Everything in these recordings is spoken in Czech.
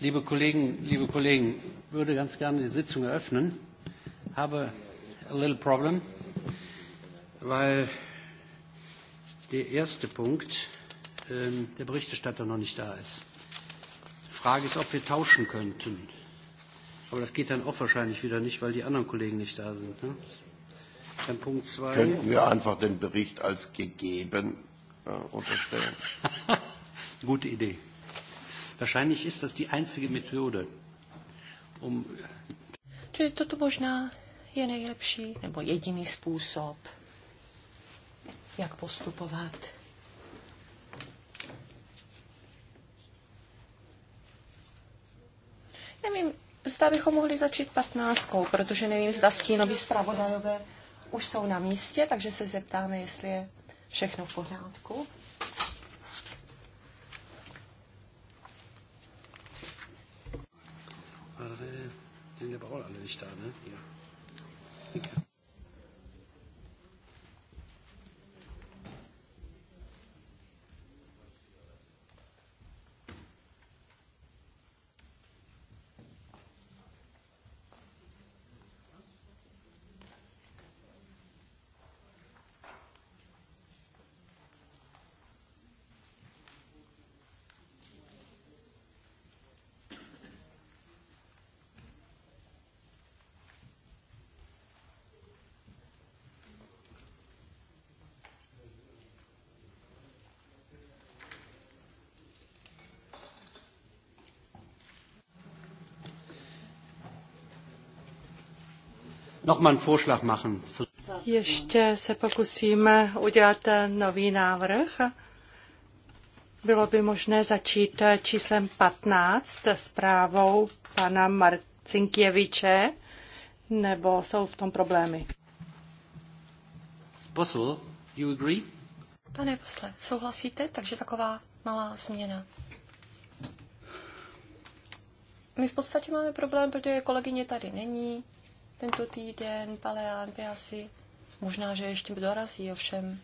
Liebe Kollegen, liebe Kollegen, würde ganz gerne die Sitzung eröffnen. Habe a little problem, weil der erste Punkt ähm, der Berichterstatter noch nicht da ist. Die Frage ist, ob wir tauschen könnten. Aber das geht dann auch wahrscheinlich wieder nicht, weil die anderen Kollegen nicht da sind. Ne? Dann Punkt zwei. Könnten wir einfach den Bericht als gegeben äh, unterstellen? Gute Idee. Wahrscheinlich ist das die einzige Methode, um... Čili toto možná je nejlepší nebo jediný způsob, jak postupovat. Nevím, zda bychom mohli začít patnáctkou, protože nevím, zda stínoví zpravodajové už jsou na místě, takže se zeptáme, jestli je všechno v pořádku. Signore, la parola alle ne? Ještě se pokusíme udělat nový návrh. Bylo by možné začít číslem 15 zprávou pana Marcinkěviče, nebo jsou v tom problémy? Pane posle, souhlasíte? Takže taková malá změna. My v podstatě máme problém, protože kolegyně tady není, tento týden, Paleán asi, možná, že ještě dorazí, ovšem.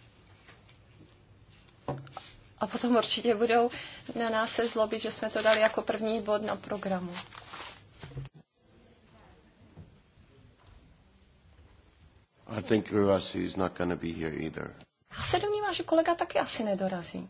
A potom určitě budou na nás se zlobit, že jsme to dali jako první bod na programu. I think Ruasi is not be here either. Já se domnívám, že kolega taky asi nedorazí.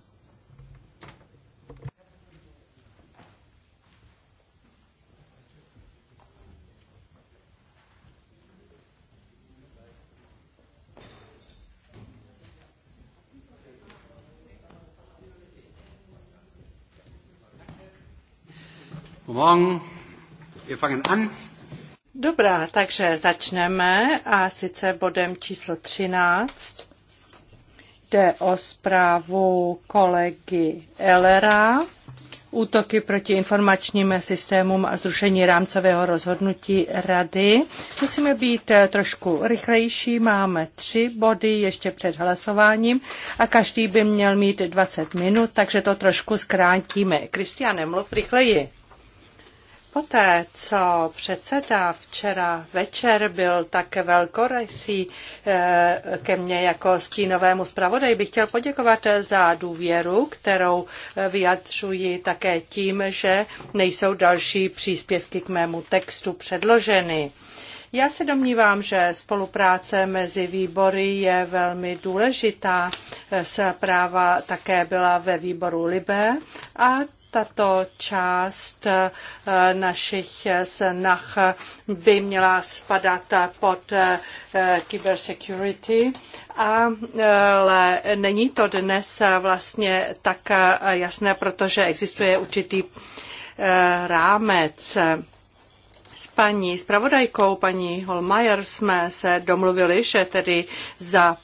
Dobrá, takže začneme a sice bodem číslo 13. Jde o zprávu kolegy Elera. Útoky proti informačním systémům a zrušení rámcového rozhodnutí rady. Musíme být eh, trošku rychlejší, máme tři body ještě před hlasováním a každý by měl mít 20 minut, takže to trošku zkrátíme. Kristiane, mluv rychleji. Poté, co předseda včera večer byl tak velkorysý eh, ke mně jako stínovému zpravodaji, bych chtěl poděkovat za důvěru, kterou vyjadřuji také tím, že nejsou další příspěvky k mému textu předloženy. Já se domnívám, že spolupráce mezi výbory je velmi důležitá. Eh, Zpráva také byla ve výboru Libe a tato část eh, našich snah by měla spadat pod cybersecurity, eh, ale není to dnes vlastně tak jasné, protože existuje určitý eh, rámec paní zpravodajkou, paní Holmajer, jsme se domluvili, že tedy za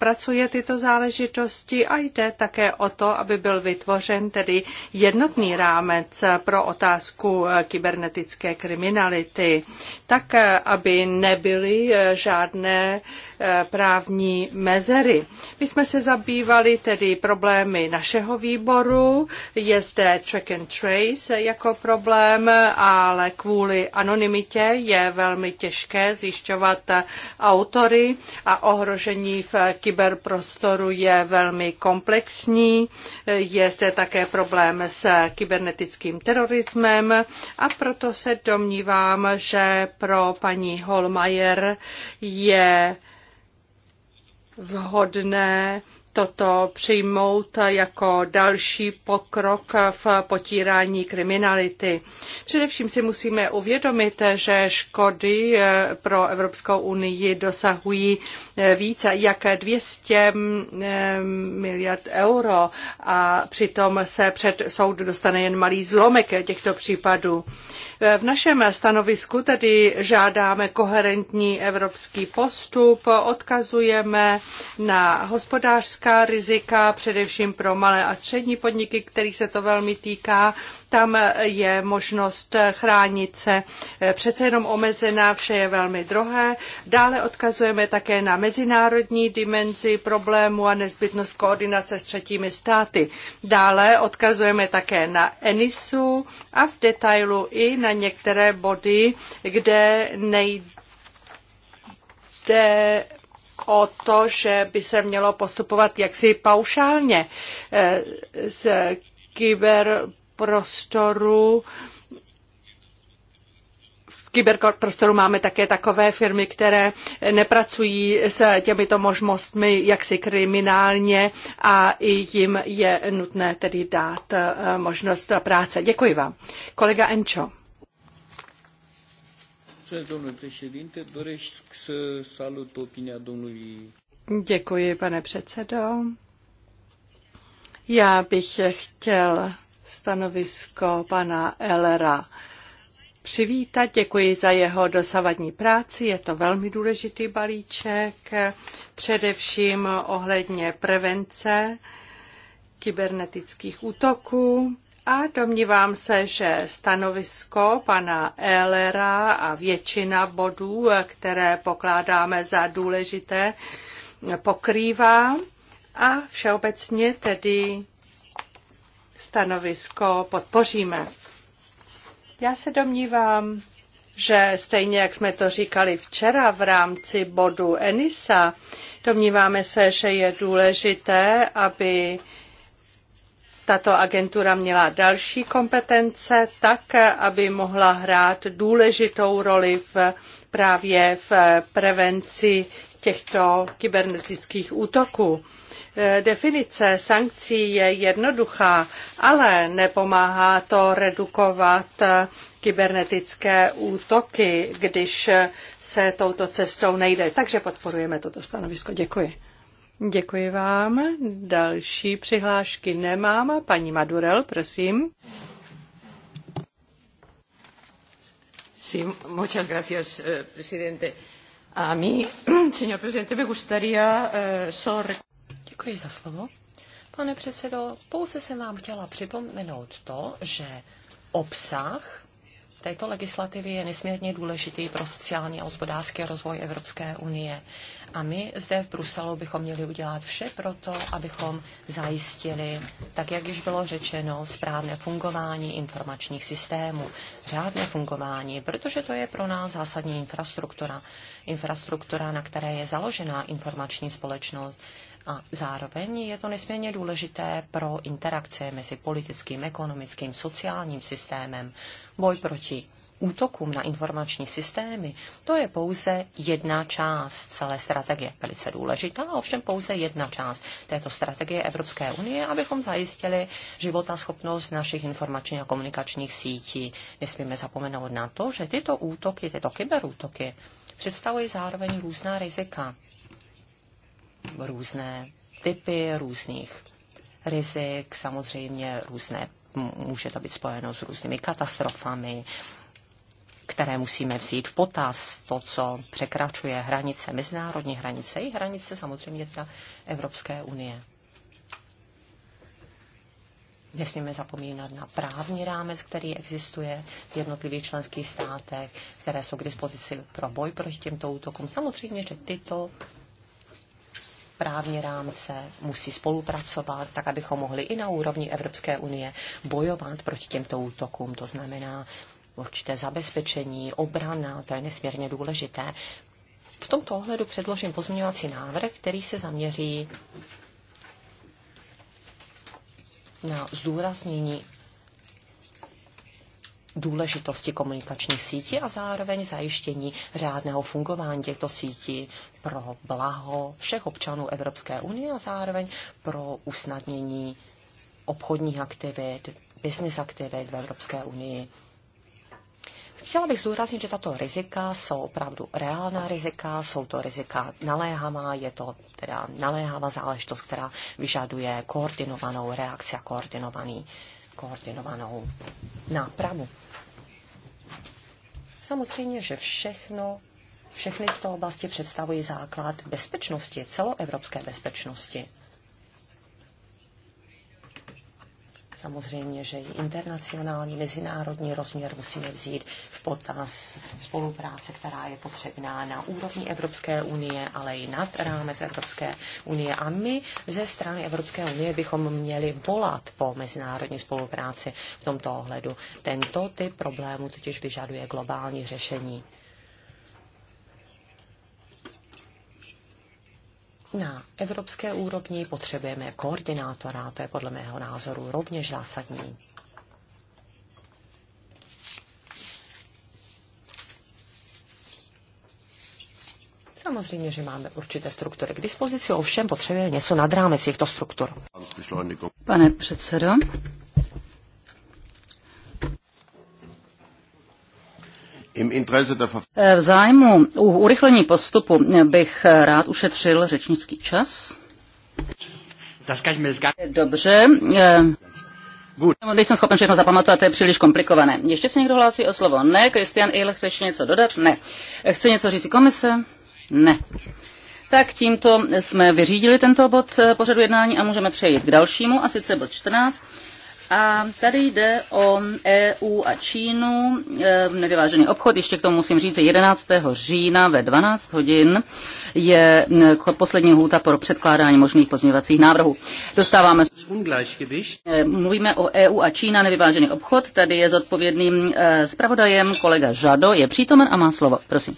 pracuje tyto záležitosti a jde také o to, aby byl vytvořen tedy jednotný rámec pro otázku eh, kybernetické kriminality, tak eh, aby nebyly eh, žádné Eh, právní mezery. My jsme se zabývali tedy problémy našeho výboru, je zde track and trace jako problém, ale kvůli anonymitě je velmi těžké zjišťovat autory a ohrožení v kyberprostoru je velmi komplexní. Je zde také problém s kybernetickým terorismem a proto se domnívám, že pro paní Holmajer je vhodné toto přijmout jako další pokrok v potírání kriminality. Především si musíme uvědomit, že škody eh, pro Evropskou unii dosahují eh, více jak 200 eh, miliard euro a přitom se před soud dostane jen malý zlomek těchto případů. V našem stanovisku tedy žádáme koherentní evropský postup, odkazujeme na hospodářské obrovská rizika, především pro malé a střední podniky, kterých se to velmi týká. Tam je možnost chránit se přece jenom omezená, vše je velmi drohé. Dále odkazujeme také na mezinárodní dimenzi problému a nezbytnost koordinace s třetími státy. Dále odkazujeme také na ENISu a v detailu i na některé body, kde nejde o to, že by se mělo postupovat jaksi paušálně eh, z kyberprostoru kyberprostoru máme také takové firmy, které nepracují s těmito možnostmi jaksi kriminálně a i jim je nutné tedy dát eh, možnost práce. Děkuji vám. Kolega Enčo. Mulțumesc, domnule președinte. Doresc să salut opinia domnului. Děkuji, pane předsedo. Já bych chtěl stanovisko pana Elera přivítat. Děkuji za jeho dosavadní práci. Je to velmi důležitý balíček, především ohledně prevence kybernetických útoků a domnívám se, že stanovisko pana Ehlera a většina bodů, které pokládáme za důležité, pokrývá a všeobecně tedy stanovisko podpoříme. Já se domnívám, že stejně jak jsme to říkali včera v rámci bodu Enisa, domníváme se, že je důležité, aby tato agentura měla další kompetence, tak aby mohla hrát důležitou roli v, právě v prevenci těchto kybernetických útoků. Eh, definice sankcí je jednoduchá, ale nepomáhá to redukovat eh, kybernetické útoky, když eh, se touto cestou nejde. Takže podporujeme toto stanovisko. Děkuji. Děkuji vám. Další přihlášky nemám. Paní Madurel, prosím. Sí, muchas gracias, eh, presidente. A mí, señor presidente, me gustaría... Uh, Děkuji za slovo. Pane předsedo, pouze jsem vám chtěla připomenout to, že obsah této legislativy je nesmírně důležitý pro sociální a hospodářský rozvoj Evropské unie. A my zde v Bruselu bychom měli udělat vše pro to, abychom zajistili, tak jak již bylo řečeno, správné fungování informačních systémů, řádné fungování, protože to je pro nás zásadní infrastruktura. Infrastruktura, na které je založená informační společnost. A zároveň je to nesmírně důležité pro interakce mezi politickým, ekonomickým, sociálním systémem, boj proti útokům na informační systémy, to je pouze jedna část celé strategie. Velice důležitá, ovšem pouze jedna část této strategie Evropské unie, abychom zajistili schopnost našich informačních a komunikačních sítí. Nesmíme zapomenout na to, že tyto útoky, tyto kyberútoky, představují zároveň různá rizika, různé typy různých rizik, samozřejmě různé může to být spojeno s různými katastrofami, které musíme vzít v potaz, to, co překračuje hranice, mezinárodní hranice i hranice samozřejmě teda Evropské unie. Nesmíme zapomínat na právní rámec, který existuje v jednotlivých členských státech, které jsou k dispozici pro boj proti těmto útokům. Samozřejmě, že tyto právní rámce musí spolupracovat, tak abychom mohli i na úrovni Evropské unie bojovat proti těmto útokům. To znamená, určité zabezpečení, obrana, to je nesmírně důležité. V tomto ohledu předložím pozměňovací návrh, který se zaměří na zdůraznění důležitosti komunikačních sítí a zároveň zajištění řádného fungování těchto sítí pro blaho všech občanů Evropské unie a zároveň pro usnadnění obchodních aktivit, business aktivit v Evropské unii. Chtěla bych zdůraznit, že tato rizika jsou opravdu reálná rizika, jsou to rizika naléhavá, je to teda naléhavá záležitost, která vyžaduje koordinovanou reakci a koordinovaný, koordinovanou nápravu. Samozřejmě, že všechno, všechny tyto oblasti představují základ bezpečnosti, celoevropské bezpečnosti. Samozřejmě, že i internacionální, mezinárodní rozměr musíme vzít v potaz spolupráce, která je potřebná na úrovni Evropské unie, ale i nad rámec Evropské unie. A my ze strany Evropské unie bychom měli volat po mezinárodní spolupráci v tomto ohledu. Tento typ problému totiž vyžaduje globální řešení. na evropské úrovni potřebujeme koordinátora, to je podle mého názoru rovněž zásadní. Samozřejmě, že máme určité struktury k dispozici, ovšem potřebujeme něco nad rámec těchto struktur. Pane předsedo, Eh, v zájmu u urychlení postupu bych eh, rád ušetřil řečnický čas. Dobře. Když eh, jsem schopen všechno zapamatovat, to je příliš komplikované. Ještě se někdo hlásí o slovo? Ne. Kristian Il, chceš něco dodat? Ne. Chce něco říct komise? Ne. Tak tímto jsme vyřídili tento bod pořadu jednání a můžeme přejít k dalšímu, a sice bod 14. A tady jde o EU a Čínu, eh, nevyvážený obchod, ještě k tomu musím říct, 11. října ve 12 hodin je eh, poslední lhůta pro předkládání možných pozměňovacích návrhů. Dostáváme eh, Mluvíme o EU a Čína, nevyvážený obchod. Tady je zodpovědným zpravodajem kolega Žado, je přítomen a má slovo. Prosím.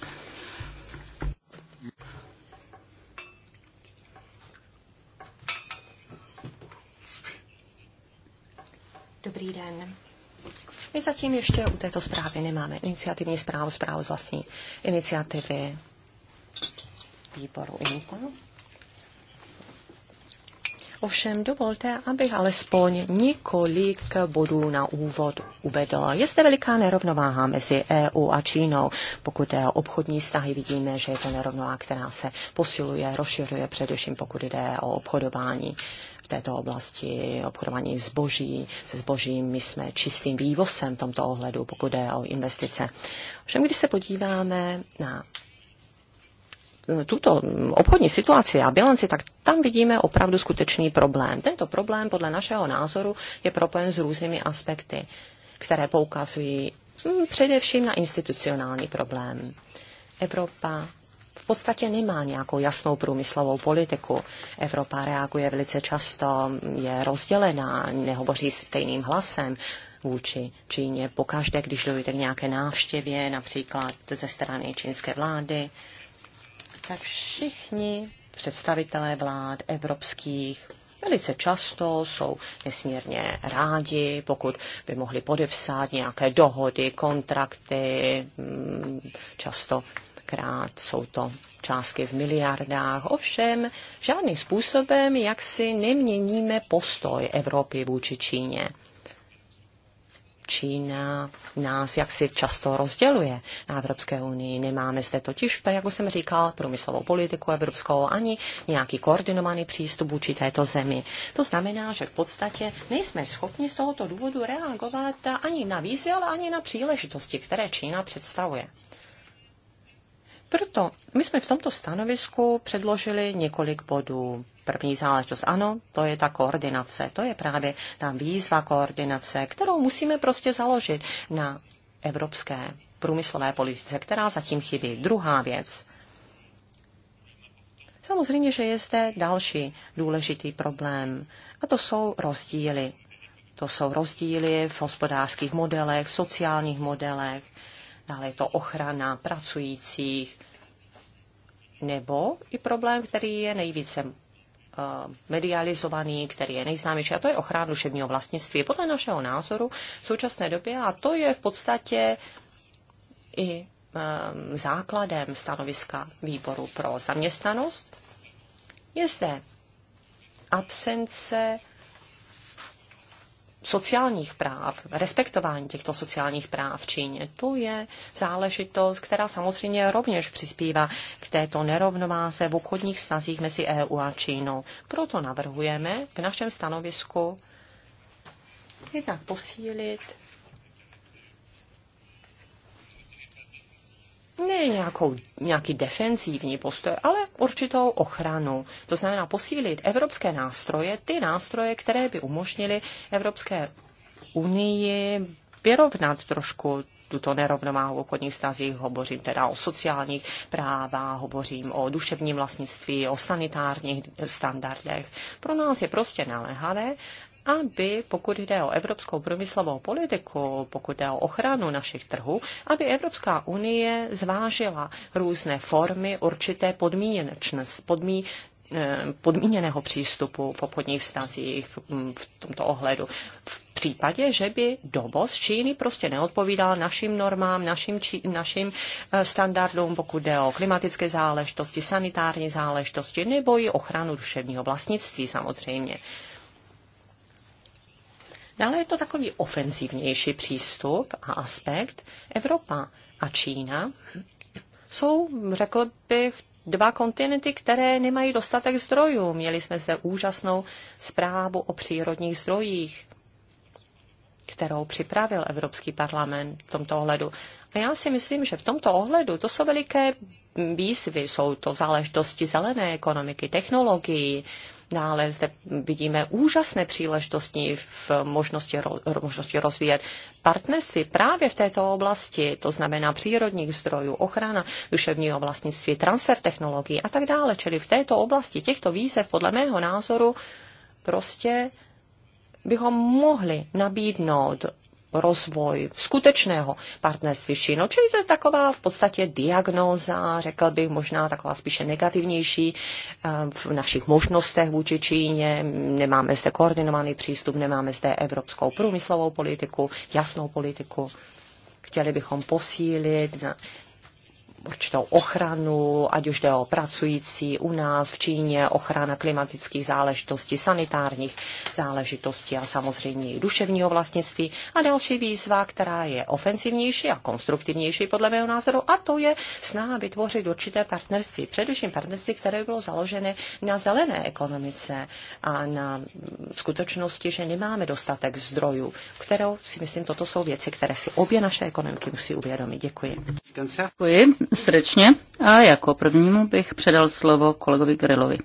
Dobrý den. My zatím ještě u této zprávy nemáme iniciativní zprávu, zprávu z vlastní iniciativy výboru INKO. Ovšem dovolte, abych alespoň několik bodů na úvod uvedl. Je zde veliká nerovnováha mezi EU a Čínou. Pokud je o obchodní vztahy, vidíme, že je to nerovnováha, která se posiluje, rozšiřuje, především pokud jde o obchodování v této oblasti obchodování zboží, se zbožím. My jsme čistým vývozem v tomto ohledu, pokud jde o investice. Všem, když se podíváme na tuto obchodní situaci a bilanci, tak tam vidíme opravdu skutečný problém. Tento problém podle našeho názoru je propojen s různými aspekty, které poukazují hm, především na institucionální problém. Evropa v podstatě nemá nějakou jasnou průmyslovou politiku. Evropa reaguje velice často, je rozdělená, nehovoří stejným hlasem vůči Číně. Pokaždé, když dojde k nějaké návštěvě, například ze strany čínské vlády, tak všichni představitelé vlád evropských velice často jsou nesmírně rádi, pokud by mohli podepsat nějaké dohody, kontrakty, mm, často kolikrát jsou to částky v miliardách. Ovšem, žádným způsobem, jak si neměníme postoj Evropy vůči Číně. Čína nás jaksi často rozděluje na Evropské unii. Nemáme zde totiž, jak jsem říkal, průmyslovou politiku evropskou ani nějaký koordinovaný přístup vůči této zemi. To znamená, že v podstatě nejsme schopni z tohoto důvodu reagovat ani na výzvy, ale ani na příležitosti, které Čína představuje. Proto my jsme v tomto stanovisku předložili několik bodů. První záležitost, ano, to je ta koordinace, to je právě ta výzva koordinace, kterou musíme prostě založit na evropské průmyslové politice, která zatím chybí. Druhá věc. Samozřejmě, že je zde další důležitý problém, a to jsou rozdíly. To jsou rozdíly v hospodářských modelech, sociálních modelech, dále je to ochrana pracujících, nebo i problém, který je nejvíce uh, medializovaný, který je nejznámější, a to je ochrana duševního vlastnictví. Podle našeho názoru v současné době, a to je v podstatě i um, základem stanoviska výboru pro zaměstnanost, je zde absence sociálních práv, respektování těchto sociálních práv v Číně. To je záležitost, která samozřejmě rovněž přispívá k této nerovnováze v obchodních snazích mezi EU a Čínou. Proto navrhujeme v našem stanovisku jednak posílit ne nějakou, nějaký defensivní postoj, ale určitou ochranu. To znamená posílit evropské nástroje, ty nástroje, které by umožnily Evropské unii vyrovnat trošku tuto nerovnováhu v obchodních stazích, hovořím teda o sociálních právách, hovořím o duševním vlastnictví, o sanitárních standardech. Pro nás je prostě naléhavé, aby, pokud jde o evropskou průmyslovou politiku, pokud jde o ochranu našich trhů, aby Evropská unie zvážila různé formy určité podmí, eh, podmíněného přístupu v obchodních vztazích v tomto ohledu. V případě, že by dovoz Číny prostě neodpovídal našim normám, našim, či, našim eh, standardům, pokud jde o klimatické záležitosti, sanitární záležitosti nebo i ochranu duševního vlastnictví samozřejmě. Dále je to takový ofenzivnější přístup a aspekt. Evropa a Čína jsou, řekl bych, dva kontinenty, které nemají dostatek zdrojů. Měli jsme zde úžasnou zprávu o přírodních zdrojích, kterou připravil Evropský parlament v tomto ohledu. A já si myslím, že v tomto ohledu to jsou veliké výzvy, jsou to záležitosti zelené ekonomiky, technologií, Dále zde vidíme úžasné příležitosti v možnosti, možnosti rozvíjet partnerství právě v této oblasti, to znamená přírodních zdrojů, ochrana duševního vlastnictví, transfer technologií a tak dále. Čili v této oblasti těchto výzev, podle mého názoru, prostě bychom mohli nabídnout rozvoj skutečného partnerství s Čínou. Čili to je taková v podstatě diagnóza, řekl bych možná taková spíše negativnější eh, v našich možnostech vůči Číně. Nemáme zde koordinovaný přístup, nemáme zde evropskou průmyslovou politiku, jasnou politiku. Chtěli bychom posílit určitou ochranu, ať už jde o pracující u nás v Číně, ochrana klimatických záležitostí, sanitárních záležitostí a samozřejmě i duševního vlastnictví. A další výzva, která je ofensivnější a konstruktivnější podle mého názoru, a to je snaha vytvořit určité partnerství, především partnerství, které bylo založené na zelené ekonomice a na skutečnosti, že nemáme dostatek zdrojů, kterou si myslím, toto jsou věci, které si obě naše ekonomiky musí uvědomit. Děkuji. Děkuji srdečně a jako prvnímu bych předal slovo kolegovi Grillovi.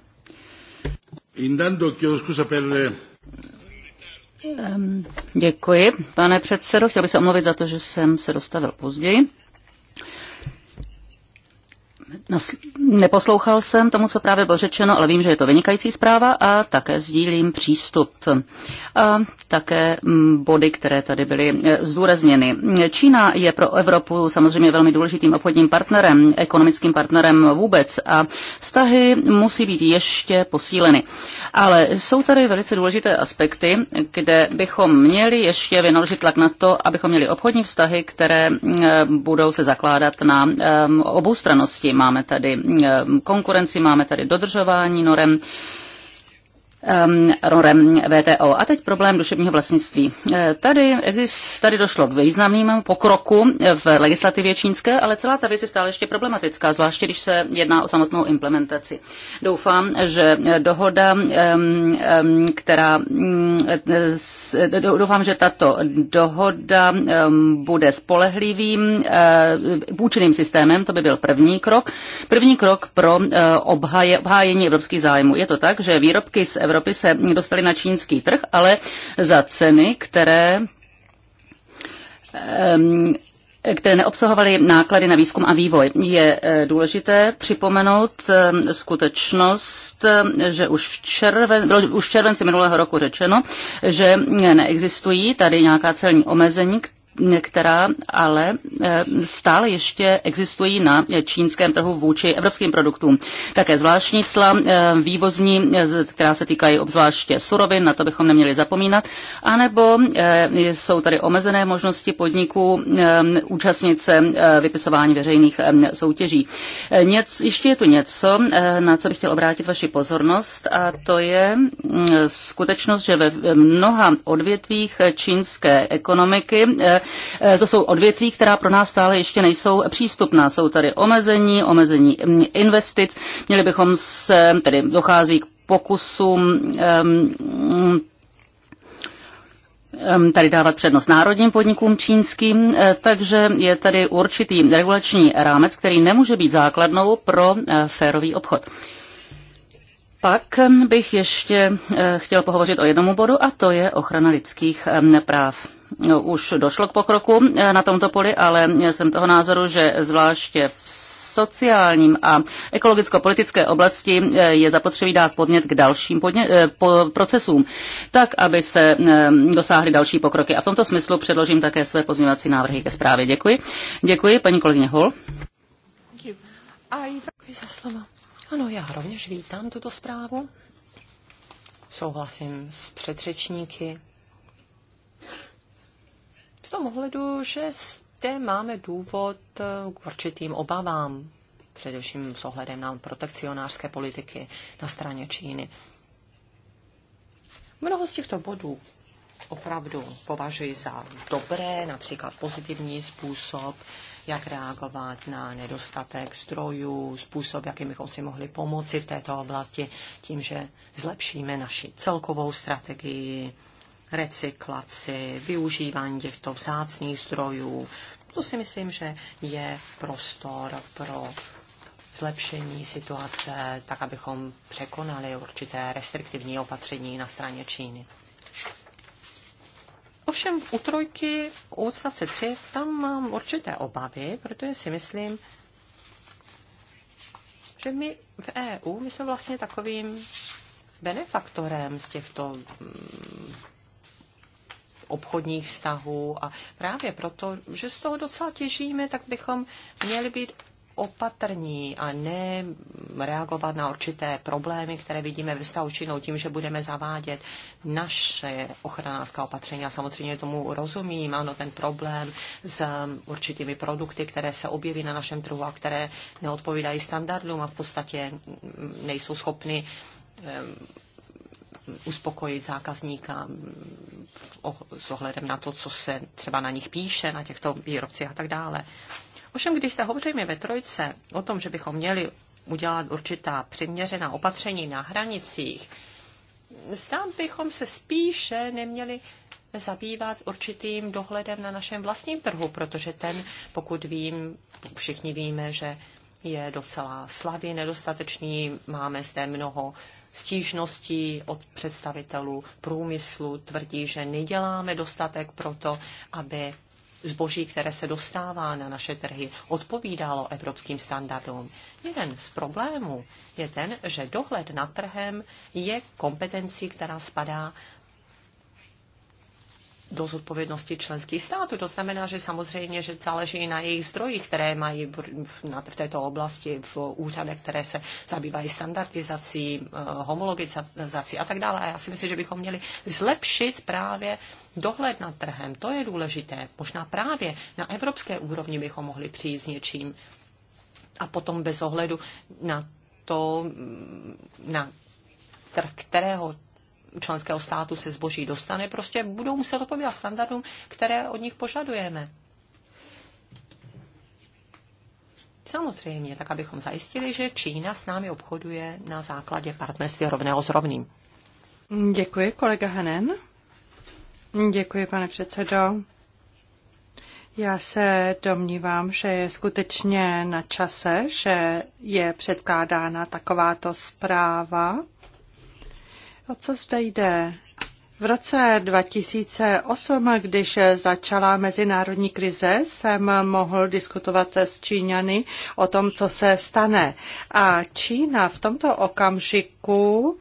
Ehm, děkuji, pane předsedo. Chtěl bych se omluvit za to, že jsem se dostavil později. Neposlouchal jsem tomu, co právě bylo řečeno, ale vím, že je to vynikající zpráva a také sdílím přístup. A také mm, body, které tady byly e, zúrazněny. Čína je pro Evropu samozřejmě velmi důležitým obchodním partnerem, ekonomickým partnerem vůbec a vztahy musí být ještě posíleny. Ale jsou tady velice důležité aspekty, kde bychom měli ještě vynaložit tlak na to, abychom měli obchodní vztahy, které mm, budou se zakládat na obou stranosti máme tady eh, konkurenci, máme tady dodržování norem. Um, RORem VTO. A teď problém duševního vlastnictví. Eh, tady, exist, tady došlo k významným pokroku v legislativě čínské, ale celá ta věc je stále ještě problematická, zvláště když se jedná o samotnou implementaci. Doufám, že dohoda, která, mm, eh, eh, doufám, že tato dohoda bude spolehlivým účinným systémem, to by byl první krok. První krok pro obhájení evropských zájmů. Je to tak, že výrobky z Evropy se dostaly na čínský trh, ale za ceny, které které neobsahovaly náklady na výzkum a vývoj. Je eh, důležité připomenout skutečnost, eh, že už v, červen, bylo už v červenci minulého roku řečeno, že neexistují tady nějaká celní omezení, která ale eh, stále ještě existují na čínském trhu vůči evropským produktům. Také zvláštní cla eh, vývozní, eh, která se týkají obzvláště surovin, na to bychom neměli zapomínat, anebo jsou tady omezené možnosti podniků účastnit se vypisování veřejných soutěží. Něc, ještě je tu něco, na co bych chtěl obrátit vaši pozornost, a to je mm, skutečnost, že ve mnoha odvětvích čínské ekonomiky Eh, to jsou odvětví, která pro nás stále ještě nejsou přístupná. Jsou tady omezení, omezení mm, investic. Měli bychom se, tedy dochází k pokusům um, tady dávat přednost národním podnikům čínským, eh, takže je tady určitý regulační rámec, který nemůže být základnou pro eh, férový obchod. Pak bych ještě chtěl pohovořit o jednomu bodu a to je ochrana lidských práv už došlo k pokroku eh, na tomto poli, ale jsem toho názoru, že zvláště v sociálním a ekologicko-politické oblasti eh, je zapotřebí dát podnět k dalším podně, eh, po, procesům, tak, aby se dosáhly další pokroky. A v tomto smyslu předložím také své pozměňovací návrhy ke zprávě. Děkuji. Děkuji, paní kolegyně Hol. Děkuji za slovo. Ano, já rovněž vítám tuto zprávu. Souhlasím s předřečníky tom ohledu, že zde máme důvod eh, k určitým obavám, především s ohledem na protekcionářské politiky na straně Číny. Mnoho z těchto bodů opravdu považuji za dobré, například pozitivní způsob, jak reagovat na nedostatek zdrojů, způsob, jakým bychom si mohli pomoci v této oblasti, tím, že zlepšíme naši celkovou strategii, recyklaci, využívání těchto vzácných zdrojů. To si myslím, že je prostor pro zlepšení situace, tak abychom překonali určité restriktivní opatření na straně Číny. Ovšem u trojky, u odstavce 3, tam mám určité obavy, protože si myslím, že my v EU, my jsme vlastně takovým benefaktorem z těchto mm, obchodních vztahů a právě proto, že z toho docela těžíme, tak bychom měli být opatrní a ne reagovat na určité problémy, které vidíme ve vztahu činou tím, že budeme zavádět naše ochranářská opatření. A samozřejmě tomu rozumím, ano, ten problém s určitými produkty, které se objeví na našem trhu a které neodpovídají standardům a v podstatě nejsou schopny uspokojit zákazníka mm, s ohledem na to, co se třeba na nich píše, na těchto výrobcích a tak dále. Ovšem, když se hovoříme ve trojce o tom, že bychom měli udělat určitá přiměřená opatření na hranicích, zdá bychom se spíše neměli zabývat určitým dohledem na našem vlastním trhu, protože ten, pokud vím, všichni víme, že je docela slabý, nedostatečný, máme zde mnoho stížností od představitelů průmyslu. Tvrdí, že neděláme dostatek pro to, aby zboží, které se dostává na naše trhy, odpovídalo evropským standardům. Jeden z problémů je ten, že dohled nad trhem je kompetencí, která spadá do zodpovědnosti členských států. To znamená, že samozřejmě, že záleží na jejich zdrojích, které mají v této oblasti v úřadech, které se zabývají standardizací, eh, homologizací a tak dále. A já si myslím, že bychom měli zlepšit právě dohled nad trhem. To je důležité. Možná právě na evropské úrovni bychom mohli přijít s něčím. A potom bez ohledu na to, mm, na trh kterého členského státu se zboží dostane, prostě budou muset odpovědět standardům, které od nich požadujeme. Samozřejmě, tak abychom zajistili, že Čína s námi obchoduje na základě partnerství rovného s rovným. Děkuji, kolega Hanen. Děkuji, pane předsedo. Já se domnívám, že je skutečně na čase, že je předkládána takováto zpráva. O co zde jde? V roce 2008, když začala mezinárodní krize, jsem mohl diskutovat s Číňany o tom, co se stane. A Čína v tomto okamžiku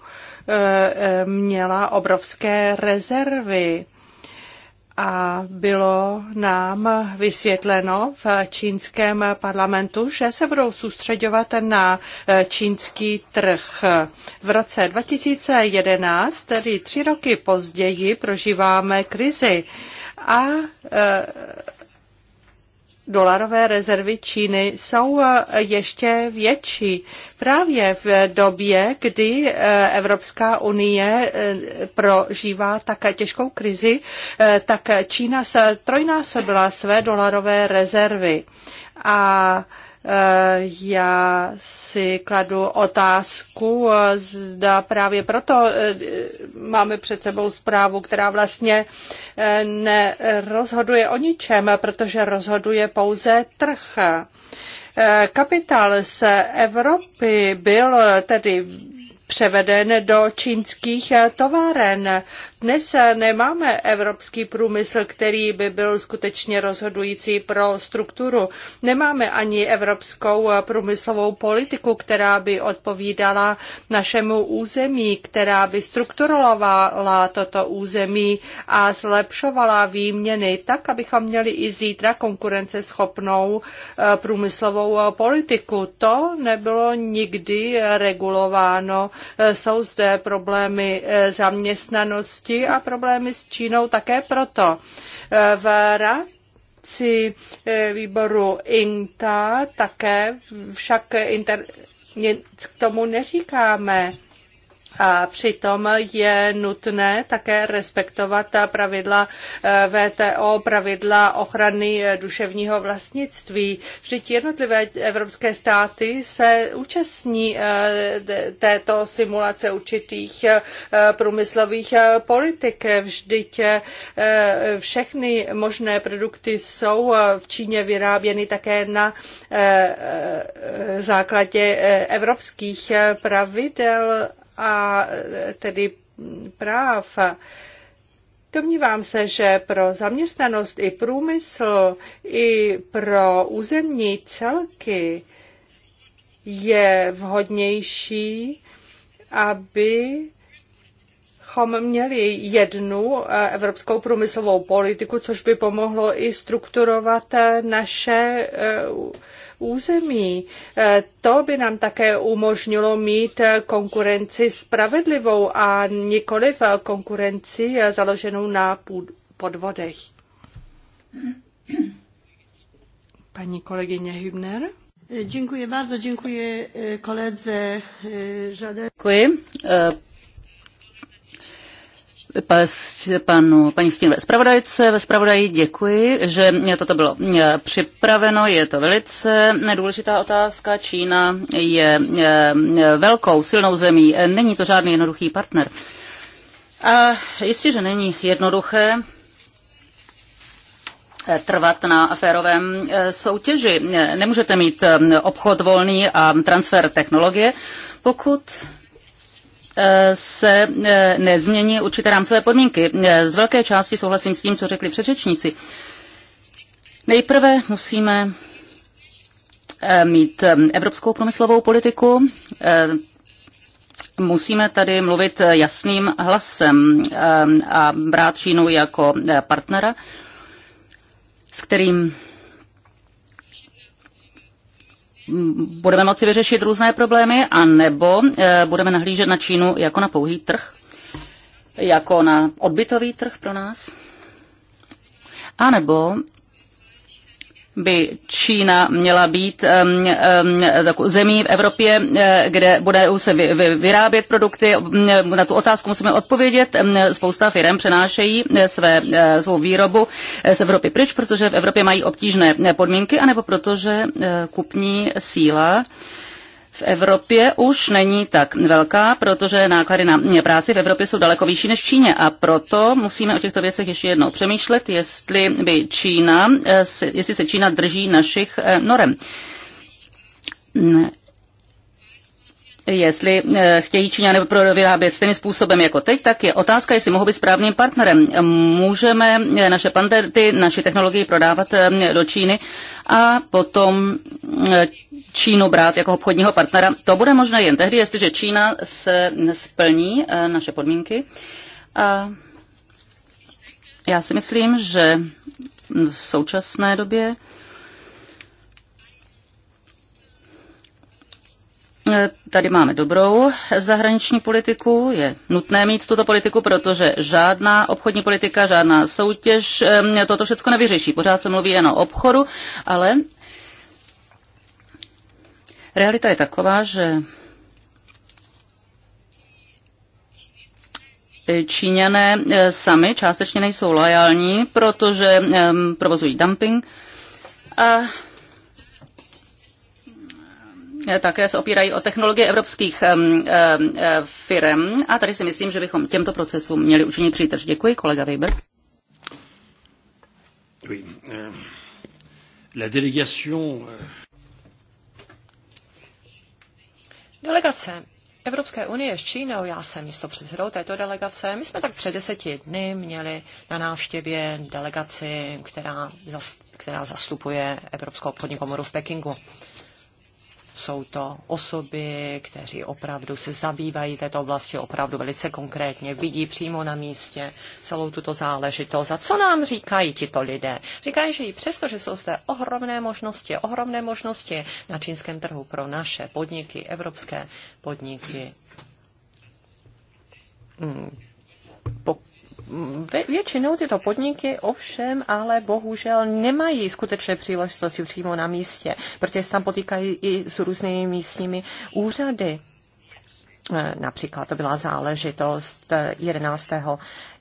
e, e, měla obrovské rezervy a bylo nám vysvětleno v čínském parlamentu, že se budou soustředovat na e, čínský trh. V roce 2011, tedy tři roky později, prožíváme krizi a e, dolarové rezervy Číny jsou eh, ještě větší. Právě v době, kdy eh, Evropská unie eh, prožívá tak těžkou krizi, tak Čína se trojnásobila své dolarové rezervy. A Eh, já si kladu otázku, eh, zda právě proto eh, máme před sebou zprávu, která vlastně nerozhoduje o ničem, protože rozhoduje pouze trh. Kapitál z Evropy byl tedy převeden do čínských továren, dnes nemáme evropský průmysl, který by byl skutečně rozhodující pro strukturu. Nemáme ani evropskou průmyslovou politiku, která by odpovídala našemu území, která by strukturovala toto území a zlepšovala výměny tak, abychom měli i zítra konkurenceschopnou eh, průmyslovou eh, politiku. To nebylo nikdy regulováno. Eh, jsou zde problémy zaměstnanosti, Burundi a problémy s Čínou také proto. Eh, v rámci eh, výboru INTA také však inter, k tomu neříkáme. A přitom je nutné také respektovat pravidla eh, VTO, pravidla ochrany eh, duševního vlastnictví. Vždyť jednotlivé evropské státy se účastní eh, této simulace určitých průmyslových politik. Vždyť všechny možné produkty jsou v Číně vyráběny také na základě evropských pravidel a tedy práv. Domnívám se, že pro zaměstnanost i průmysl, i pro územní celky je vhodnější, aby bychom měli jednu eh, evropskou průmyslovou politiku, což by pomohlo i strukturovat eh, naše eh, území. To by nám také umožnilo mít konkurenci spravedlivou a nikoliv konkurenci založenou na podvodech. Paní kolegyně Hübner. Děkuji bardzo, děkuji koledze Žadé. Děkuji panu, paní Stínové zpravodajce, ve zpravodaji děkuji, že toto bylo připraveno. Je to velice důležitá otázka. Čína je velkou, silnou zemí. Není to žádný jednoduchý partner. A jistě, že není jednoduché eh, trvat na férovém eh, soutěži. Eh, nemůžete mít obchod volný a transfer technologie, pokud se eh, nezmění určité rámcové podmínky. Eh, z velké části souhlasím s tím, co řekli předřečníci. Nejprve musíme eh, mít evropskou průmyslovou politiku, Musíme tady mluvit jasným hlasem a brát Čínu jako partnera, s kterým Mm, budeme moci vyřešit různé problémy, anebo eh, budeme nahlížet na Čínu jako na pouhý trh, jako na odbytový trh pro nás, anebo by Čína měla být zemí v Evropě, eh, kde bude se vyrábět produkty. Na tu otázku musíme odpovědět. Spousta firm přenášejí eh, své, eh, svou výrobu z Evropy pryč, protože v Evropě mají obtížné podmínky, anebo protože kupní síla v Evropě už není tak velká, protože náklady na práci v Evropě jsou daleko vyšší než v Číně a proto musíme o těchto věcech ještě jednou přemýšlet, jestli by Čína, eh, jestli se Čína drží našich eh, norem jestli eh, chtějí Číňané vyrábět stejným způsobem jako teď, tak je otázka, jestli mohou být správným partnerem. Můžeme eh, naše patenty, naši technologii prodávat eh, do Číny a potom Čínu brát jako obchodního partnera. To bude možné jen tehdy, jestliže Čína se splní naše podmínky. A já si myslím, že v současné době Tady máme dobrou zahraniční politiku, je nutné mít tuto politiku, protože žádná obchodní politika, žádná soutěž toto všechno nevyřeší. Pořád se mluví jen o obchodu, ale realita je taková, že Číňané eh, sami částečně nejsou lojální, protože provozují dumping a také se opírají o technologie evropských eh, firm a tady si myslím, že bychom těmto procesům měli učinit přítrž. Děkuji, kolega Weber. Oui. Euh, la délégation... Euh, delegace Evropské unie s Čínou, já jsem místo předsedou této delegace, my jsme tak před deseti dny měli na návštěvě delegaci, která, zas, která zastupuje Evropskou obchodní komoru v Pekingu. Jsou to osoby, kteří opravdu se zabývají této oblasti opravdu velice konkrétně, vidí přímo na místě celou tuto záležitost. A co nám říkají tito lidé? Říkají, že i přesto, že jsou zde ohromné možnosti, ohromné možnosti na čínském trhu pro naše podniky, evropské podniky, hmm, Většinou tyto podniky ovšem ale bohužel nemají skutečné příležitosti přímo na místě, protože se tam potýkají i s různými místními úřady. E, například to byla záležitost 11. E,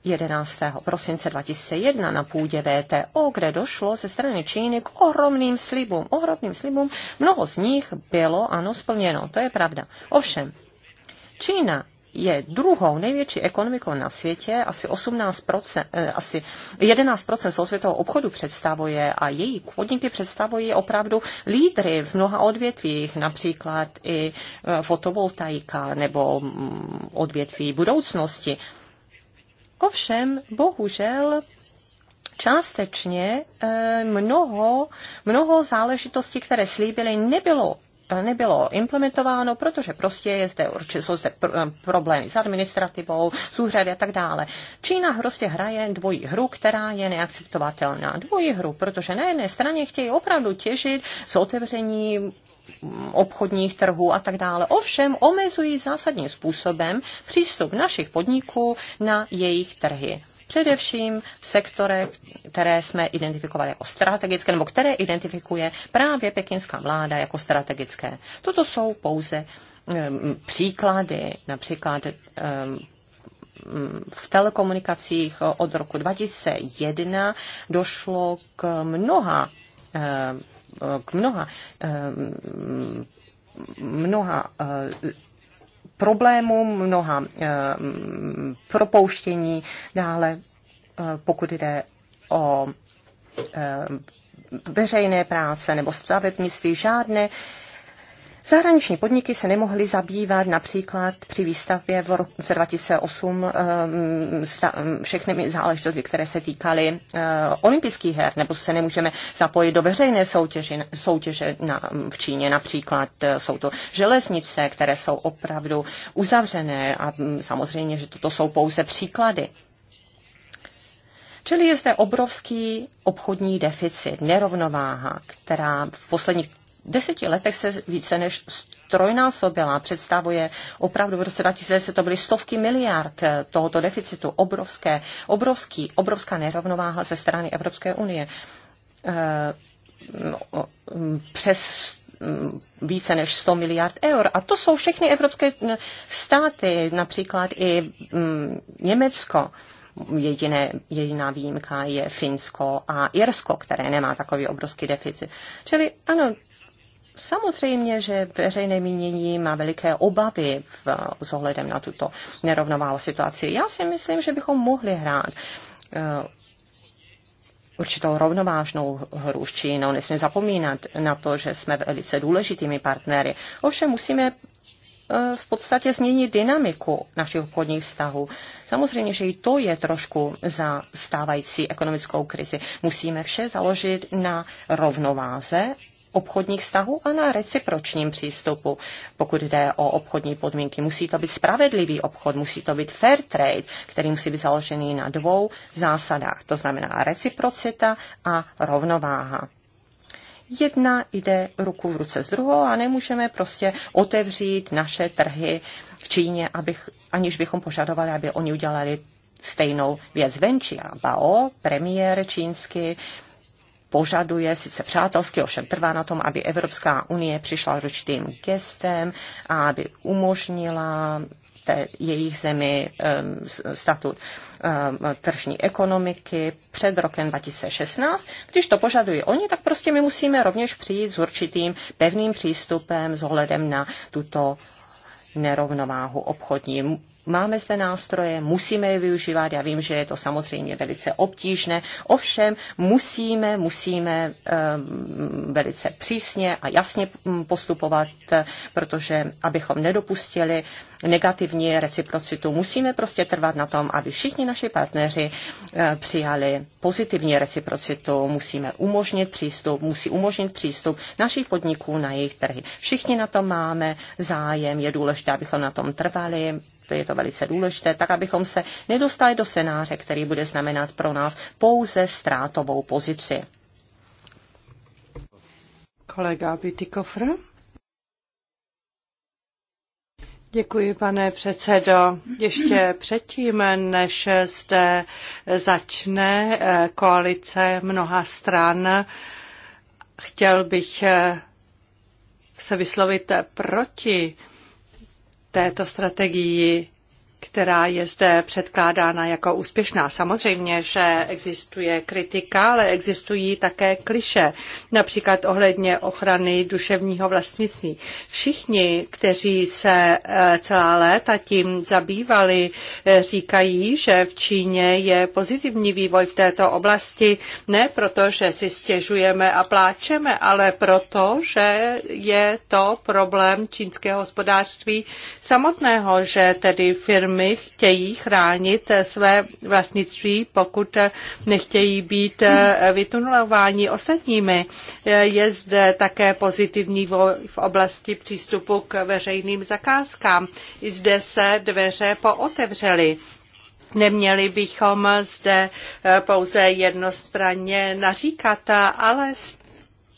11. prosince 2001 na půdě VTO, kde došlo ze strany Číny k ohromným slibům. Ohromným slibům mnoho z nich bylo, ano, splněno, to je pravda. Ovšem, Čína je druhou největší ekonomikou na světě, asi 18%, eh, asi 11% celosvětového obchodu představuje a její podniky představují opravdu lídry v mnoha odvětvích, například i eh, fotovoltaika nebo mm, odvětví budoucnosti. Ovšem, bohužel, částečně eh, mnoho, mnoho záležitostí, které slíbily, nebylo Eh, nebylo implementováno, protože prostě je zde určitě, jsou zde pr- eh, problémy s administrativou, s úřady a tak dále. Čína prostě hraje dvojí hru, která je neakceptovatelná. Dvojí hru, protože na jedné straně chtějí opravdu těžit z otevření mm, obchodních trhů a tak dále. Ovšem omezují zásadním způsobem přístup našich podniků na jejich trhy. Především sektory, které jsme identifikovali jako strategické, nebo které identifikuje právě pekinská vláda jako strategické. Toto jsou pouze um, příklady, například um, v telekomunikacích od roku 2001 došlo k mnoha, k mnoha, mnoha problémů, mnoha eh, propouštění. Dále, eh, pokud jde o eh, veřejné práce nebo stavebnictví, žádné Zahraniční podniky se nemohly zabývat například při výstavbě v roce 2008 eh, všechny záležitosti, které se týkaly eh, olympijských her, nebo se nemůžeme zapojit do veřejné soutěže, soutěže na, v Číně například. Eh, jsou to železnice, které jsou opravdu uzavřené a hm, samozřejmě, že toto jsou pouze příklady. Čili je zde obrovský obchodní deficit, nerovnováha, která v posledních deseti letech se více než trojnásobila. Představuje opravdu v roce 2010 to byly stovky miliard eh, tohoto deficitu. Obrovské, obrovský, obrovská nerovnováha ze strany Evropské unie. Eh, přes více než 100 miliard eur. A to jsou všechny evropské státy, například i Německo. Jediné, jediná výjimka je Finsko a Irsko, které nemá takový obrovský deficit. Čili ano, Samozřejmě, že veřejné mínění má veliké obavy v, s ohledem na tuto nerovnováhu situaci. Já si myslím, že bychom mohli hrát eh, určitou rovnovážnou hru s Čínou. Nesmíme zapomínat na to, že jsme velice důležitými partnery. Ovšem musíme eh, v podstatě změnit dynamiku našich obchodních vztahů. Samozřejmě, že i to je trošku za stávající ekonomickou krizi. Musíme vše založit na rovnováze obchodních vztahů a na recipročním přístupu, pokud jde o obchodní podmínky. Musí to být spravedlivý obchod, musí to být fair trade, který musí být založený na dvou zásadách, to znamená reciprocita a rovnováha jedna jde ruku v ruce s druhou a nemůžeme prostě otevřít naše trhy v Číně, abych, aniž bychom požadovali, aby oni udělali stejnou věc venčí. A Bao, premiér čínsky, požaduje, sice přátelsky, ovšem trvá na tom, aby Evropská unie přišla s gestem a aby umožnila té jejich zemi um, statut um, tržní ekonomiky před rokem 2016. Když to požadují oni, tak prostě my musíme rovněž přijít s určitým pevným přístupem s ohledem na tuto nerovnováhu obchodní. Máme zde nástroje, musíme je využívat. Já vím, že je to samozřejmě velice obtížné, ovšem musíme, musíme ehm, velice přísně a jasně hm, postupovat, protože abychom nedopustili negativní reciprocitu, musíme prostě trvat na tom, aby všichni naši partneři eh, přijali pozitivní reciprocitu. Musíme umožnit přístup, musí umožnit přístup našich podniků na jejich trhy. Všichni na tom máme zájem, je důležité, abychom na tom trvali to je to velice důležité, tak abychom se nedostali do scénáře, který bude znamenat pro nás pouze ztrátovou pozici. Kolega Bytykofr. Děkuji, pane předsedo. Ještě předtím, než zde začne eh, koalice mnoha stran, chtěl bych eh, se vyslovit proti této strategii která je zde předkládána jako úspěšná. Samozřejmě, že existuje kritika, ale existují také kliše, například ohledně ochrany duševního vlastnictví. Všichni, kteří se eh, celá léta tím zabývali, eh, říkají, že v Číně je pozitivní vývoj v této oblasti, ne proto, že si stěžujeme a pláčeme, ale proto, že je to problém čínského hospodářství samotného, že tedy firmy firmy chtějí chránit své vlastnictví, pokud nechtějí být eh, vytunulováni ostatními. Eh, je zde také pozitivní v oblasti přístupu k veřejným zakázkám. I zde se dveře pootevřely. Neměli bychom zde eh, pouze jednostranně naříkat, ale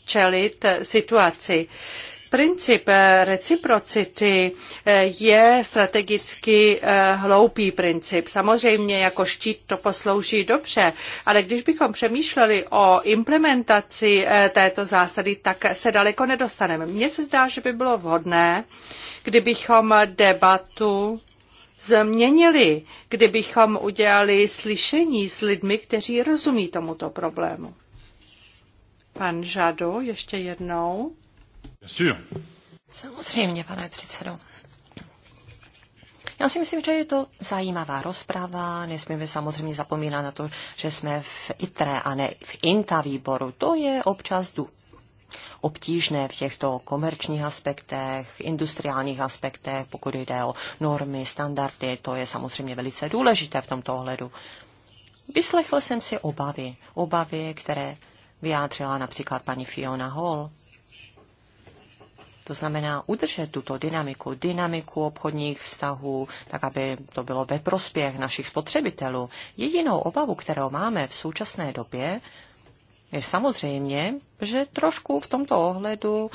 čelit situaci. Princip eh, reciprocity eh, je strategicky eh, hloupý princip. Samozřejmě jako štít to poslouží dobře, ale když bychom přemýšleli o implementaci této zásady, tak se daleko nedostaneme. Mně se zdá, že by bylo vhodné, kdybychom debatu změnili, kdybychom udělali slyšení s lidmi, kteří rozumí tomuto problému. Pan Žado, ještě jednou. Samozřejmě, pane předsedo. Já si myslím, že je to zajímavá rozprava. Nesmíme samozřejmě zapomínat na to, že jsme v ITRE a ne v INTA výboru. To je občas du obtížné v těchto komerčních aspektech, industriálních aspektech, pokud jde o normy, standardy, to je samozřejmě velice důležité v tomto ohledu. Vyslechl jsem si obavy, obavy, které vyjádřila například paní Fiona Hall to znamená udržet tuto dynamiku, dynamiku obchodních vztahů, tak aby to bylo ve prospěch našich spotřebitelů. Jedinou obavu, kterou máme v současné době, je samozřejmě, že trošku v tomto ohledu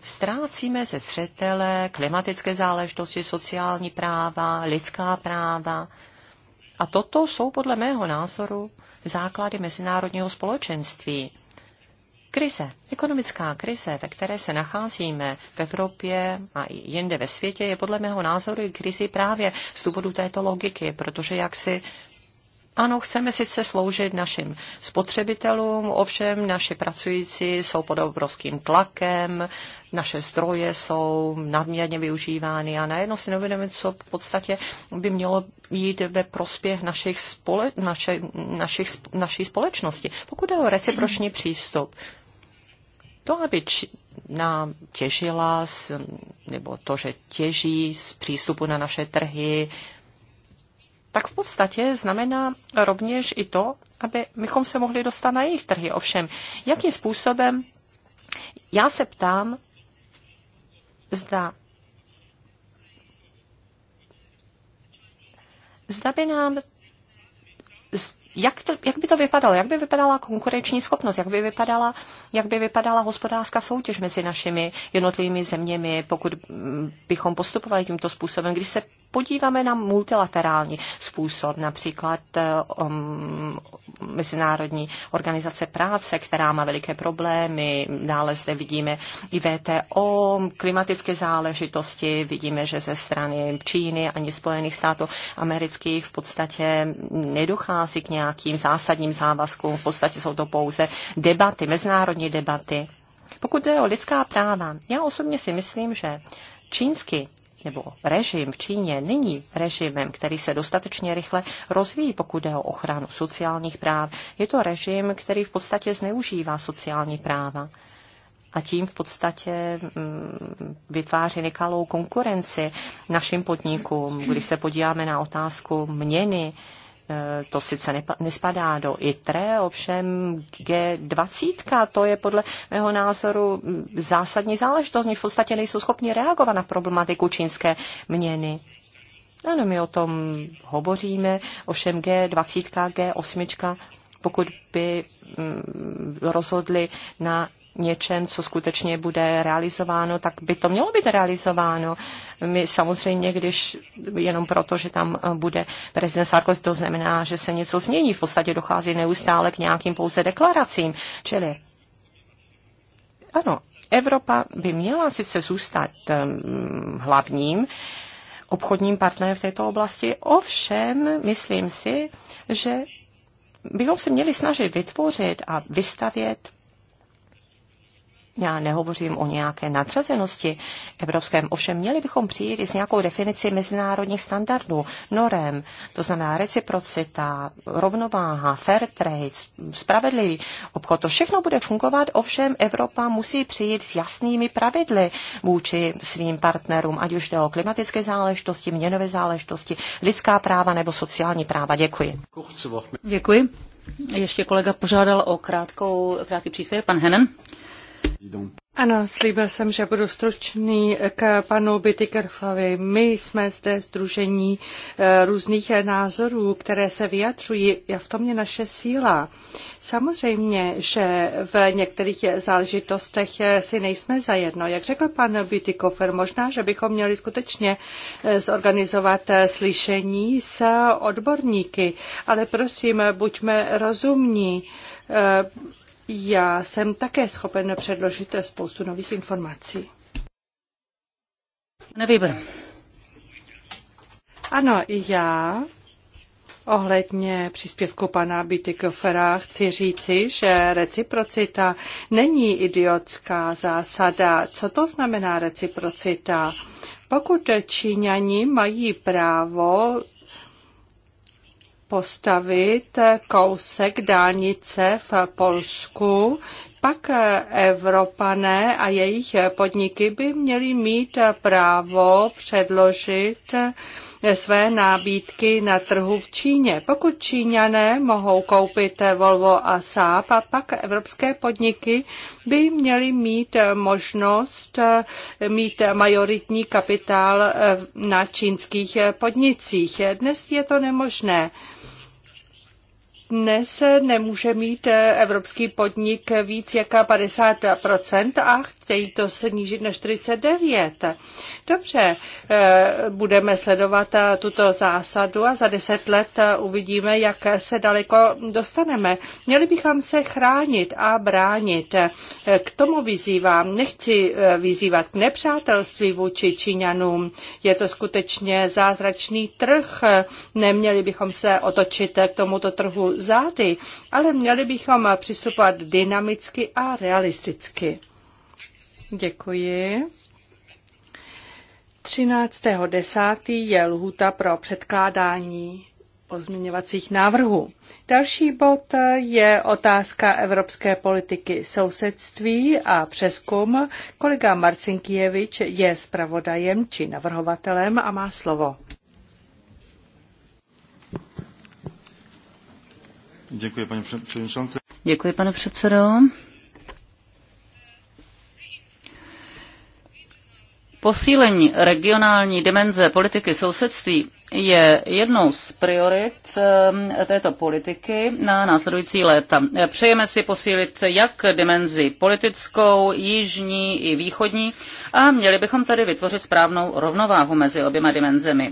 ztrácíme ze zřetele klimatické záležitosti, sociální práva, lidská práva. A toto jsou podle mého názoru základy mezinárodního společenství. Krize, ekonomická krize, ve které se nacházíme v Evropě a i jinde ve světě, je podle mého názoru krizi právě z důvodu této logiky, protože jak si ano, chceme sice sloužit našim spotřebitelům, ovšem naši pracující jsou pod obrovským tlakem, naše zdroje jsou nadměrně využívány a najednou si nevědeme, co v podstatě by mělo jít ve prospěch našich spole, naše, našich, naší společnosti. Pokud je o reciproční přístup, to, aby nám těžila, z, nebo to, že těží z přístupu na naše trhy, tak v podstatě znamená rovněž i to, aby bychom se mohli dostat na jejich trhy. Ovšem, jakým způsobem, já se ptám, zda Zda by nám jak, to, jak by to vypadalo? Jak by vypadala konkurenční schopnost? Jak by vypadala, jak by vypadala hospodářská soutěž mezi našimi jednotlivými zeměmi, pokud mm, bychom postupovali tímto způsobem? Když se podíváme na multilaterální způsob, například eh, um, Mezinárodní organizace práce, která má veliké problémy, dále zde vidíme i VTO, klimatické záležitosti, vidíme, že ze strany Číny ani Spojených států amerických v podstatě nedochází k nějakým zásadním závazkům, v podstatě jsou to pouze debaty, mezinárodní debaty. Pokud jde o lidská práva, já osobně si myslím, že čínský nebo režim v Číně není režimem, který se dostatečně rychle rozvíjí, pokud jde o ochranu sociálních práv. Je to režim, který v podstatě zneužívá sociální práva a tím v podstatě mm, vytváří nekalou konkurenci našim podnikům. Když se podíváme na otázku měny, Eh, to sice nespadá do ITRE, ovšem G20, to je podle mého názoru hm, zásadní záležitost. Oni v podstatě nejsou schopni reagovat na problematiku čínské měny. Ano, my o tom hovoříme, ovšem G20, G8, pokud by hm, rozhodli na něčem, co skutečně bude realizováno, tak by to mělo být realizováno. My samozřejmě, když jenom proto, že tam eh, bude prezident Sarkozy, to znamená, že se něco změní. V podstatě dochází neustále k nějakým pouze deklaracím. Čili ano, Evropa by měla sice zůstat um, hlavním obchodním partnerem v této oblasti, ovšem myslím si, že bychom se měli snažit vytvořit a vystavět já nehovořím o nějaké nadřazenosti evropském, ovšem měli bychom přijít i s nějakou definici mezinárodních standardů, norem, to znamená reciprocita, rovnováha, fair trade, spravedlivý obchod. To všechno bude fungovat, ovšem Evropa musí přijít s jasnými pravidly vůči svým partnerům, ať už jde o klimatické záležitosti, měnové záležitosti, lidská práva nebo sociální práva. Děkuji. Děkuji. Ještě kolega požádal o krátkou, krátký příspěvek, pan Henen. Ano, slíbil jsem, že budu stručný k panu Bytykerfovi. My jsme zde združení eh, různých názorů, které se vyjadřují a v tom je naše síla. Samozřejmě, že v některých záležitostech eh, si nejsme zajedno. Jak řekl pan Bytykofer, možná, že bychom měli skutečně eh, zorganizovat slyšení s odborníky, ale prosím, buďme rozumní já jsem také schopen předložit spoustu nových informací. Nevýbor. Ano, i já Ohledně příspěvku pana Bitykofera chci říci, že reciprocita není idiotská zásada. Co to znamená reciprocita? Pokud Číňani mají právo postavit kousek dálnice v Polsku, pak Evropané a jejich podniky by měli mít právo předložit své nábídky na trhu v Číně. Pokud Číňané mohou koupit Volvo a Saab, a pak evropské podniky by měly mít možnost mít majoritní kapitál na čínských podnicích. Dnes je to nemožné dnes nemůže mít evropský podnik víc jak 50% a chtějí to snížit na 49%. Dobře, eh, budeme sledovat eh, tuto zásadu a za deset let eh, uvidíme, jak se daleko dostaneme. Měli bychom se chránit a bránit. K tomu vyzývám. Nechci vyzývat k nepřátelství vůči Číňanům. Je to skutečně zázračný trh. Neměli bychom se otočit k tomuto trhu zády, ale měli bychom přistupovat dynamicky a realisticky. Děkuji. 13.10. je lhůta pro předkládání pozměňovacích návrhů. Další bod je otázka evropské politiky sousedství a přeskum. Kolega Marcinkievič je zpravodajem či navrhovatelem a má slovo. Děkuji, paní předsedající. Děkuji, pane předsedo. Posílení regionální dimenze politiky sousedství je jednou z priorit ehm, této politiky na následující léta. Přejeme si posílit jak dimenzi politickou, jižní i východní a měli bychom tady vytvořit správnou rovnováhu mezi oběma dimenzemi.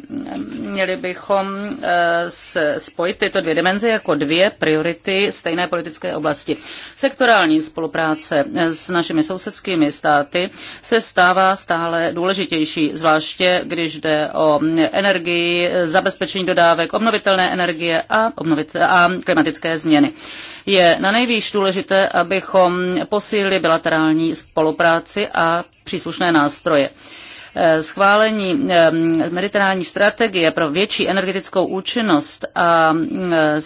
Měli bychom eh, spojit tyto dvě dimenze jako dvě priority stejné politické oblasti. Sektorální spolupráce s našimi sousedskými státy se stává stále důležitější důležitější, zvláště když jde o energii, zabezpečení dodávek, obnovitelné energie a, obnovit, a klimatické změny. Je na nejvýš důležité, abychom posílili bilaterální spolupráci a příslušné nástroje. Eh, schválení eh, mediterální strategie pro větší energetickou účinnost a mm, eh,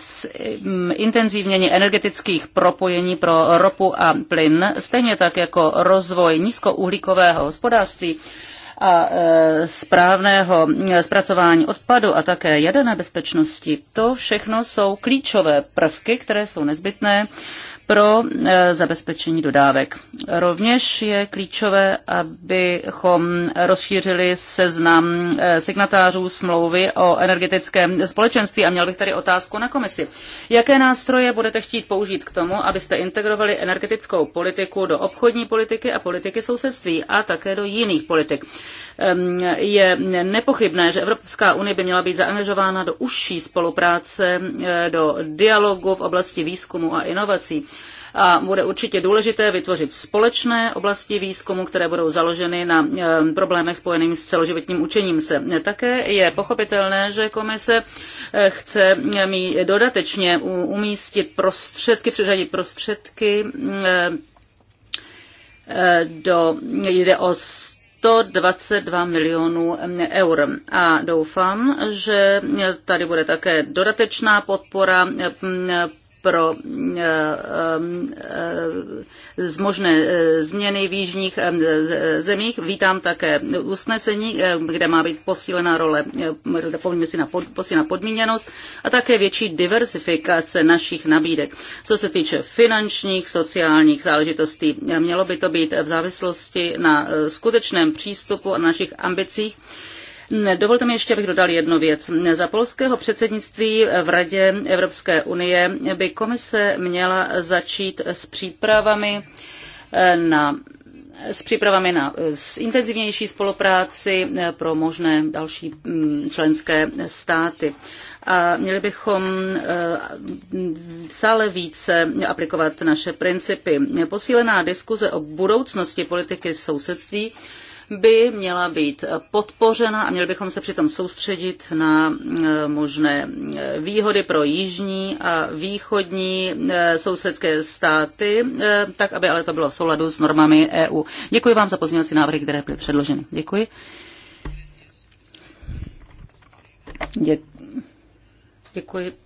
mm, intenzivnění energetických propojení pro ropu a plyn, stejně tak jako rozvoj nízkouhlíkového hospodářství, a správného mm, zpracování odpadu a také jaderné bezpečnosti. To všechno jsou klíčové prvky, které jsou nezbytné pro eh, zabezpečení dodávek. Rovněž je klíčové, abychom rozšířili seznam eh, signatářů smlouvy o energetickém společenství a měl bych tady otázku na komisi. Jaké nástroje budete chtít použít k tomu, abyste integrovali energetickou politiku do obchodní politiky a politiky sousedství a také do jiných politik? Ehm, je nepochybné, že Evropská unie by měla být zaangažována do užší spolupráce, eh, do dialogu v oblasti výzkumu a inovací a bude určitě důležité vytvořit společné oblasti výzkumu, které budou založeny na eh, problémech spojeným s celoživotním učením se. Také je pochopitelné, že komise eh, chce eh, mít dodatečně umístit prostředky, přiřadit prostředky do, jde o 122 milionů eur. A doufám, že tady bude také dodatečná podpora pro eh, eh, z možné eh, změny v jižních zemích. Vítám také usnesení, kde má být posílená role, doplňme si na posílená podmíněnost a také větší diversifikace našich nabídek. Co se týče finančních, sociálních záležitostí, mělo by to být v závislosti na skutečném přístupu a našich ambicích Dovolte mi ještě, abych dodal jednu věc. Za polského předsednictví v Radě Evropské unie by komise měla začít s přípravami eh, na s přípravami na eh, intenzivnější spolupráci eh, pro možné další mm, členské státy. A měli bychom stále více aplikovat naše principy. Posílená diskuze o budoucnosti politiky sousedství by měla být podpořena a měli bychom se přitom soustředit na eh, možné eh, výhody pro jižní a východní eh, sousedské státy, tak aby ale to bylo v souladu s normami EU. Děkuji vám za pozměňovací návrhy, které byly předloženy. Děkuji. Děkuji. Děkuji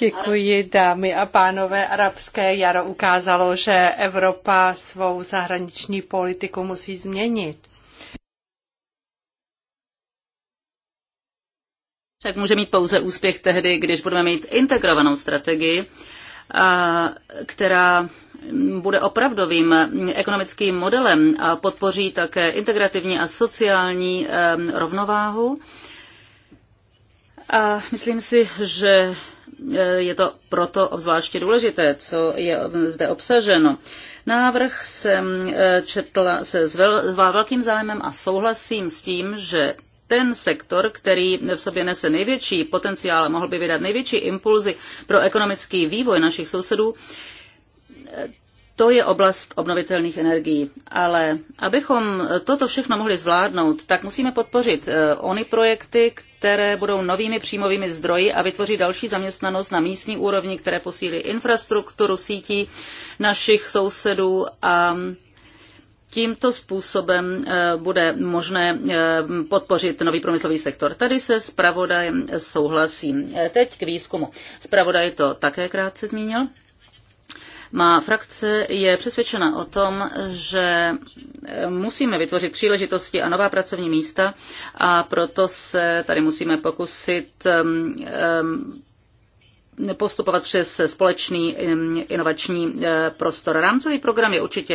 Děkuji, dámy a pánové. Arabské jaro ukázalo, že Evropa svou zahraniční politiku musí změnit. Tak může mít pouze úspěch tehdy, když budeme mít integrovanou strategii, která bude opravdovým ekonomickým modelem a podpoří také integrativní a sociální rovnováhu. A myslím si, že je to proto obzvláště důležité, co je zde obsaženo. Návrh jsem eh, četla se s velkým zájmem a souhlasím s tím, že ten sektor, který v sobě nese největší potenciál a mohl by vydat největší impulzy pro ekonomický vývoj našich sousedů, to je oblast obnovitelných energií. Ale abychom toto všechno mohli zvládnout, tak musíme podpořit eh, ony projekty, které budou novými příjmovými zdroji a vytvoří další zaměstnanost na místní úrovni, které posílí infrastrukturu sítí našich sousedů a tímto způsobem eh, bude možné eh, podpořit nový průmyslový sektor. Tady se zpravodaj souhlasím. Teď k výzkumu. Zpravodaj to také krátce zmínil. Má frakce je přesvědčena o tom, že musíme vytvořit příležitosti a nová pracovní místa a proto se tady musíme pokusit um, um, postupovat přes společný um, inovační uh, prostor. Rámcový program je určitě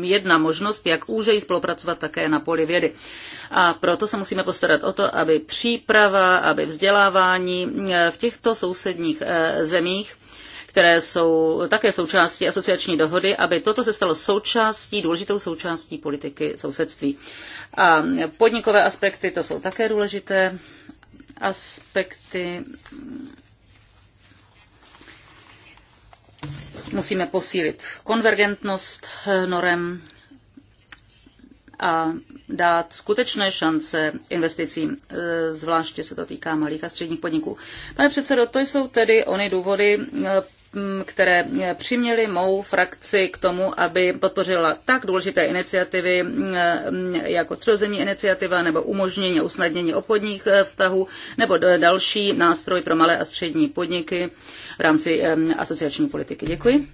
jedna možnost, jak úžej spolupracovat také na poli vědy. A proto se musíme postarat o to, aby příprava, aby vzdělávání uh, v těchto sousedních uh, zemích které jsou také součástí asociační dohody, aby toto se stalo součástí, důležitou součástí politiky sousedství. A podnikové aspekty, to jsou také důležité aspekty. Musíme posílit konvergentnost norem a dát skutečné šance investicím, zvláště se to týká malých a středních podniků. Pane předsedo, to jsou tedy ony důvody, Mm, které přiměly mou frakci k tomu, aby podpořila tak důležité iniciativy mm, jako středozemní iniciativa nebo umožnění a usnadnění obchodních eh, vztahů nebo další nástroj pro malé a střední podniky v rámci mm, asociační politiky. Děkuji.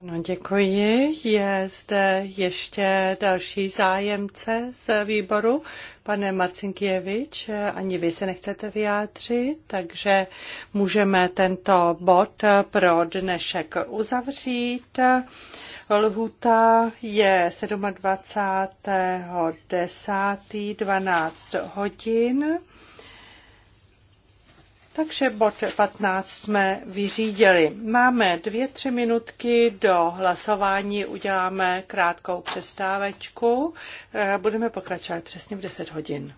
No, děkuji. Je zde ještě další zájemce z výboru, pane Marcinkěvič. Ani vy se nechcete vyjádřit, takže můžeme tento bod pro dnešek uzavřít. Lhuta je 27.10.12 hodin. Takže bod 15 jsme vyřídili. Máme dvě, tři minutky do hlasování, uděláme krátkou přestávečku. Eh, budeme pokračovat přesně v 10 hodin.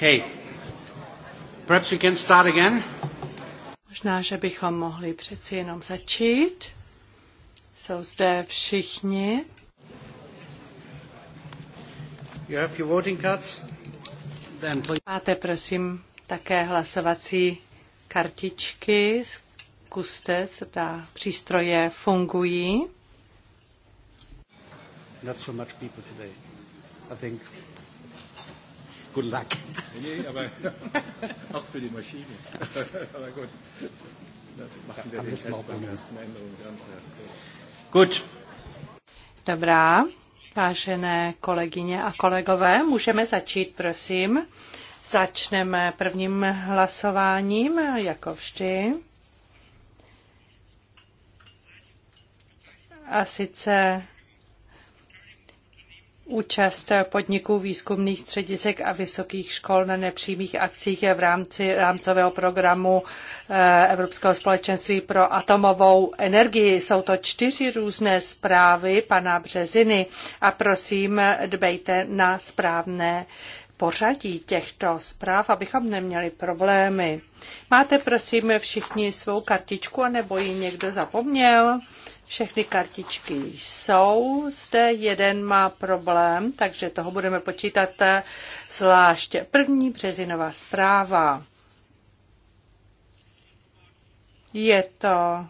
Okay. Perhaps we can start again. Možná, že bychom mohli přeci jenom začít. Jsou zde všichni. You have your voting cards? Then please. Máte prosím také hlasovací kartičky. Zkuste, zda přístroje fungují. Not so much people today. I think good luck. Nee, aber auch für die Maschine. aber gut, dann machen wir den Test beim ersten Änderungsantrag. Gut. Dobrá, vážené kolegyně a kolegové, můžeme začít, prosím. Začneme prvním hlasováním, jako vždy. A sice účast podniků výzkumných středisek a vysokých škol na nepřímých akcích v rámci rámcového programu eh, Evropského společenství pro atomovou energii. Jsou to čtyři různé zprávy pana Březiny a prosím, dbejte na správné pořadí těchto zpráv, abychom neměli problémy. Máte prosím všichni svou kartičku, anebo ji někdo zapomněl? Všechny kartičky jsou, zde jeden má problém, takže toho budeme počítat eh, zvláště První březinová zpráva. Je to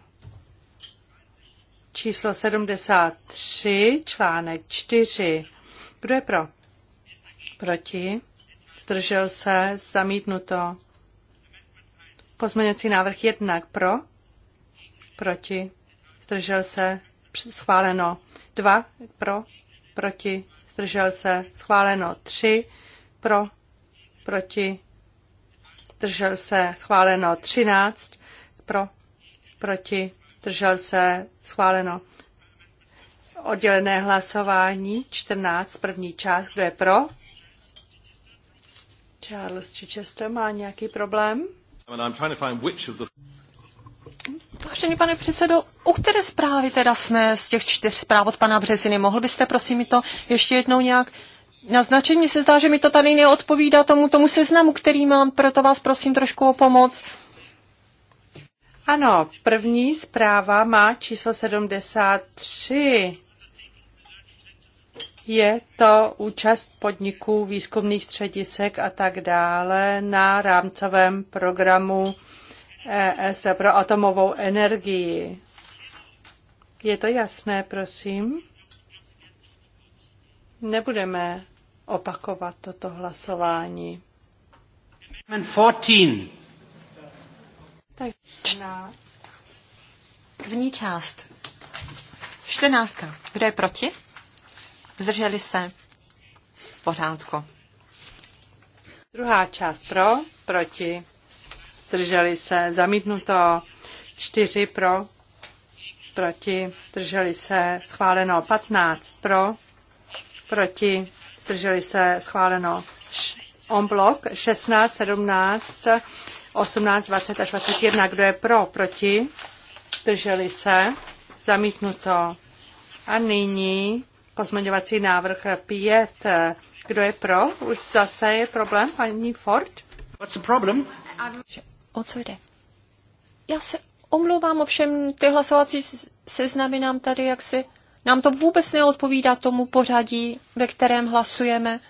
číslo 73, článek 4. Kdo je pro? Proti? Zdržel se? Zamítnuto. Pozměňovací návrh jednak Pro? Proti? Zdržel se? Schváleno. dva Pro? Proti? Zdržel se? Schváleno. tři Pro? Proti? Zdržel se? Schváleno. třináct Pro? Proti? Zdržel se? Schváleno oddělené hlasování 14, první část, kdo je pro, Charles Chichester má nějaký problém? Vážený pane předsedo, u které zprávy teda jsme z těch čtyř zpráv od pana Březiny? Mohl byste prosím mi to ještě jednou nějak naznačit? Mně se zdá, že mi to tady neodpovídá tomu, tomu seznamu, který mám, proto vás prosím trošku o pomoc. Ano, první zpráva má číslo 73 je to účast podniků, výzkumných středisek a tak dále na rámcovém programu ES eh, pro atomovou energii. Je to jasné, prosím? Nebudeme opakovat toto hlasování. 14. Tak 14. První část. 14. Kdo je proti? Zdrželi se? V pořádku. Druhá část pro, proti. Zdrželi se. Zamítnuto. Čtyři pro, proti. Zdrželi se. Schváleno. Patnáct pro, proti. Zdrželi se. Schváleno. On blok 16, 17, 18, 20 až 21. Kdo je pro, proti? Zdrželi se. Zamítnuto. A nyní Pozměňovací návrh 5. Kdo je pro? Už zase je problém, paní Ford? What's the problem? O co jde? Já se omlouvám, ovšem ty hlasovací seznamy nám tady jaksi... Nám to vůbec neodpovídá tomu pořadí, ve kterém hlasujeme.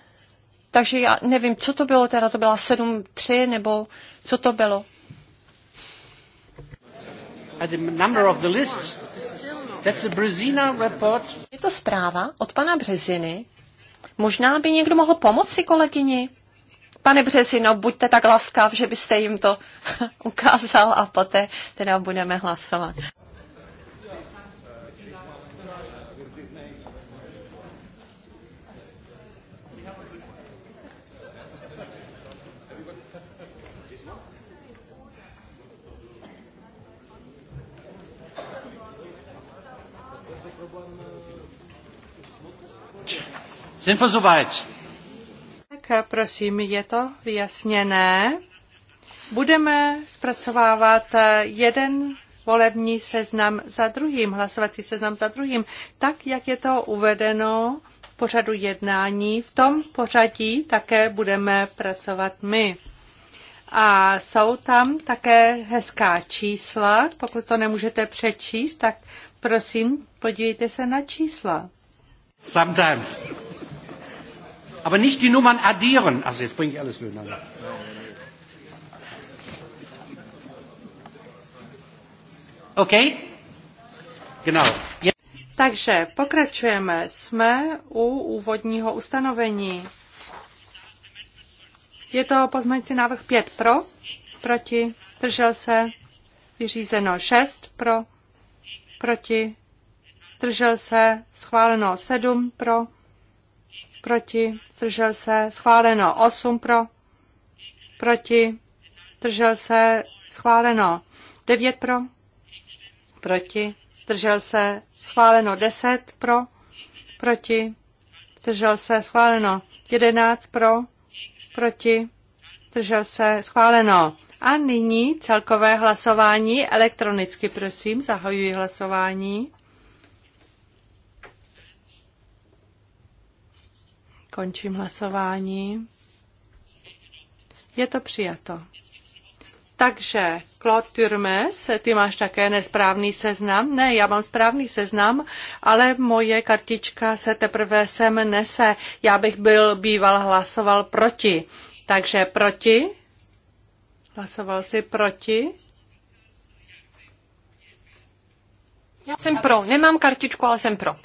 Takže já nevím, co to bylo teda, to byla 7-3 nebo co to bylo? At the number of the list. Je to zpráva od pana Březiny. Možná by někdo mohl pomoci kolegyni. Pane Březino, buďte tak laskav, že byste jim to ukázal a poté teda budeme hlasovat. Sind wir soweit? Tak eh, prosím, je to vyjasněné. Budeme zpracovávat eh, jeden volební seznam za druhým, hlasovací seznam za druhým, tak, jak je to uvedeno v pořadu jednání. V tom pořadí také budeme pracovat my. A jsou tam také hezká čísla. Pokud to nemůžete přečíst, tak prosím, podívejte se na čísla. Sometimes. Aber nicht die Nummern addieren. Also jetzt bringe ich alles durcheinander. Okay? Genau. Takže pokračujeme. Jsme u úvodního ustanovení. Je to pozměňující návrh 5 pro, proti, držel se, vyřízeno 6 pro, proti, držel se, schváleno 7 pro, proti, zdržel se, schváleno 8 pro, proti, zdržel se, schváleno 9 pro, proti, zdržel se, schváleno 10 pro, proti, zdržel se, schváleno 11 pro, proti, zdržel se, schváleno. A nyní celkové hlasování elektronicky, prosím, zahajuji hlasování. Končím hlasování. Je to přijato. Takže, Claude Turmes, ty máš také nesprávný seznam. Ne, já mám správný seznam, ale moje kartička se teprve sem nese. Já bych byl býval hlasoval proti. Takže proti? Hlasoval si proti? Já jsem pro. Nemám kartičku, ale jsem pro.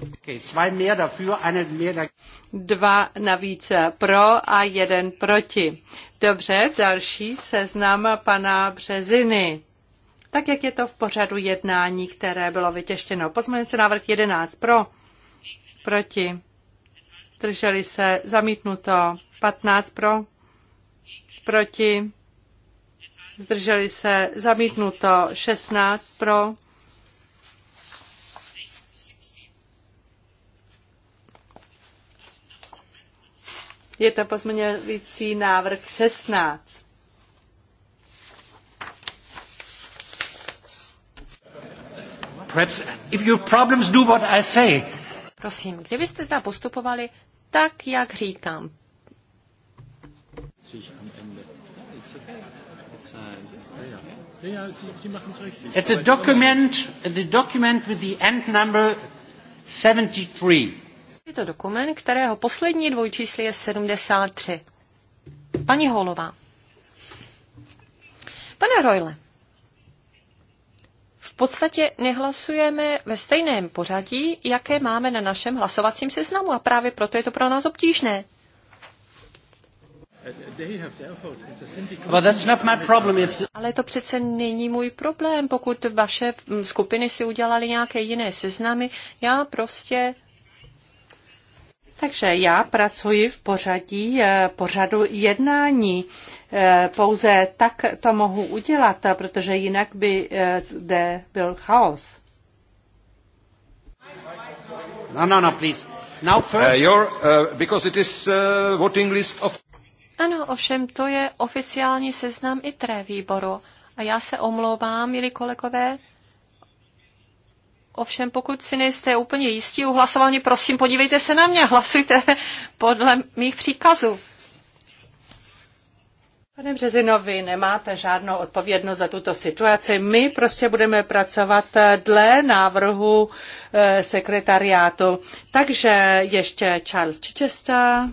Dva navíc pro a jeden proti. Dobře, další seznam pana Březiny. Tak, jak je to v pořadu jednání, které bylo vytěštěno. Pozměňující návrh 11 pro, proti. Drželi se, zamítnuto. 15 pro, proti. Zdrželi se, zamítnuto. 16 pro, Je to pozměňovací návrh 16. Perhaps if your problems do what I say. Prosím, kdybyste teda postupovali tak, jak říkám. It's a document, the document with the end number 73. Je to dokument, kterého poslední dvojčísli je 73. Paní Holová. Pane Royle, v podstatě nehlasujeme ve stejném pořadí, jaké máme na našem hlasovacím seznamu a právě proto je to pro nás obtížné. Ale to přece není můj problém, pokud vaše skupiny si udělali nějaké jiné seznamy. Já prostě takže já pracuji v pořadí eh, pořadu jednání. Eh, pouze tak to mohu udělat, protože jinak by eh, zde byl chaos. No, no, no, please. Now first. Uh, your, uh, because it is uh, voting list of... Ano, ovšem to je oficiální seznam ITRE výboru. A já se omlouvám, milí kolegové, Ovšem, pokud si nejste úplně jistí u hlasování, prosím, podívejte se na mě, hlasujte podle mých příkazů. Pane Březinovi, nemáte žádnou odpovědnost za tuto situaci. My prostě budeme pracovat dle návrhu Eh, sekretariátu. Takže ještě Charles Chichester.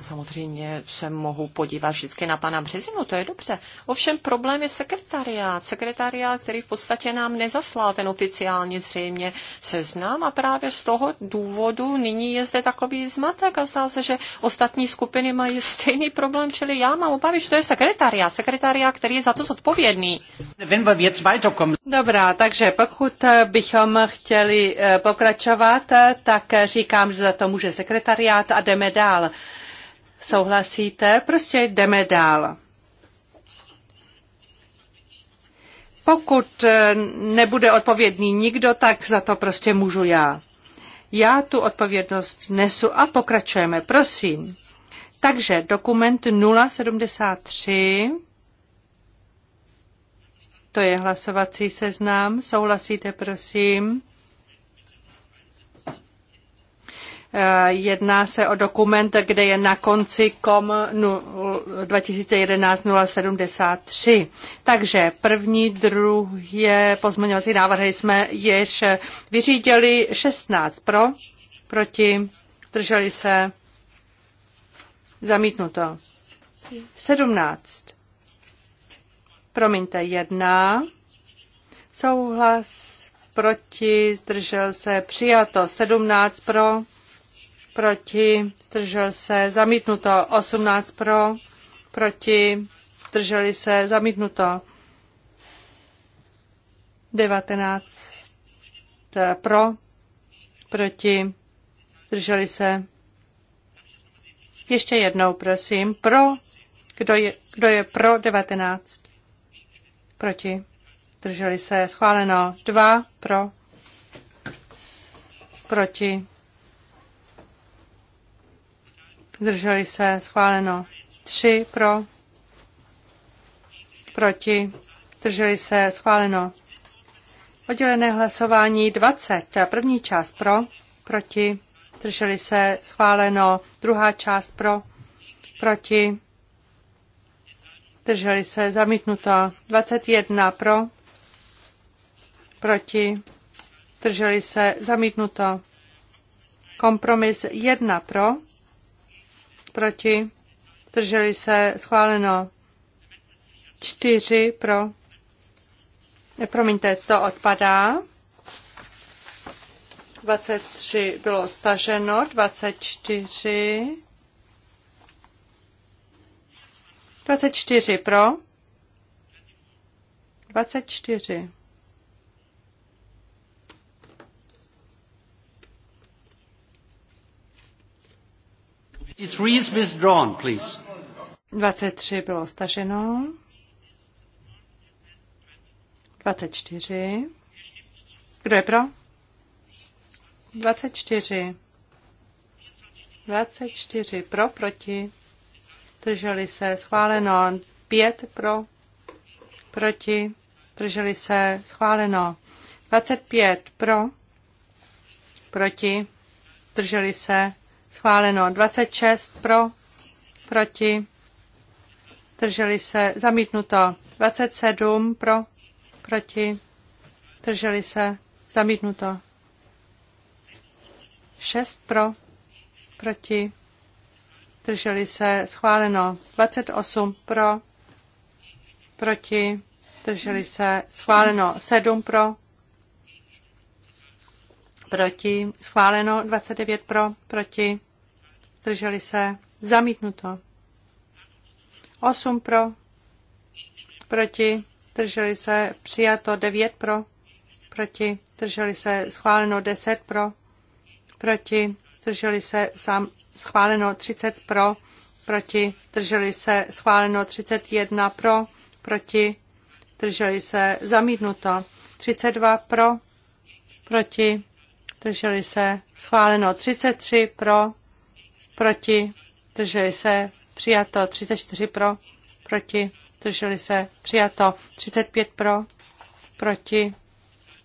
Samozřejmě se mohu podívat vždycky na pana Březinu, to je dobře. Ovšem problém je sekretariát. Sekretariát, který v podstatě nám nezaslal ten oficiálně zřejmě seznam a právě z toho důvodu nyní je zde takový zmatek a zdá se, že ostatní skupiny mají stejný problém, čili já mám obavy, že to je sekretariát. Sekretariát, který je za to zodpovědný. Wenn wir jetzt weiter Dobrá, takže pokud bychom chtěli eh, pokračovat, eh, tak eh, říkám, že za to může sekretariát a jdeme dál. Souhlasíte? Prostě jdeme dál. Pokud nebude odpovědný nikdo, tak za to prostě můžu já. Já tu odpovědnost nesu a pokračujeme, prosím. Takže dokument 073 to je hlasovací seznam. Souhlasíte, prosím? Eh, jedná se o dokument, kde je na konci kom 2011-073. Takže první, druhé pozměňovací návrhy jsme již vyřídili 16 pro, proti, drželi se, zamítnuto. 17 promiňte, jedna, souhlas, proti, zdržel se, přijato, sedmnáct pro, proti, zdržel se, zamítnuto, osmnáct pro, proti, zdrželi se, zamítnuto, devatenáct eh, pro, proti, zdrželi se. Ještě jednou, prosím, pro, kdo je, kdo je pro 19? proti, drželi se, schváleno dva pro, proti, drželi se, schváleno tři pro, proti, drželi se, schváleno Oddělené hlasování 20. První část pro, proti, drželi se, schváleno. Druhá část pro, proti, zdrželi se. Zamítnuto. 21 pro. Proti. zdrželi se. Zamítnuto. Kompromis 1 pro. Proti. zdrželi se. Schváleno. 4 pro. Promiňte, to odpadá. 23 bylo staženo, 24 24 pro. 24. Three is withdrawn, please. 23 bylo staženo. 24. Kdo je pro? 24. 24 pro, proti zdrželi se. Schváleno. Pět pro. Proti. zdrželi se. Schváleno. 25 pro. Proti. zdrželi se. Schváleno. 26 pro. Proti. zdrželi se. Zamítnuto. 27 pro. Proti. zdrželi se. Zamítnuto. 6 pro. Proti zdrželi se, schváleno. 28 pro, proti, zdrželi se, schváleno. 7 pro, proti, schváleno. 29 pro, proti, zdrželi se, zamítnuto. 8 pro, proti, zdrželi se, přijato 9 pro, proti, zdrželi se, schváleno 10 pro, proti, zdrželi se, sam, schváleno 30 pro, proti, drželi se, schváleno 31 pro, proti, drželi se, zamítnuto 32 pro, proti, drželi se, schváleno 33 pro, proti, drželi se, přijato 34 pro, proti, drželi se, přijato 35 pro, proti,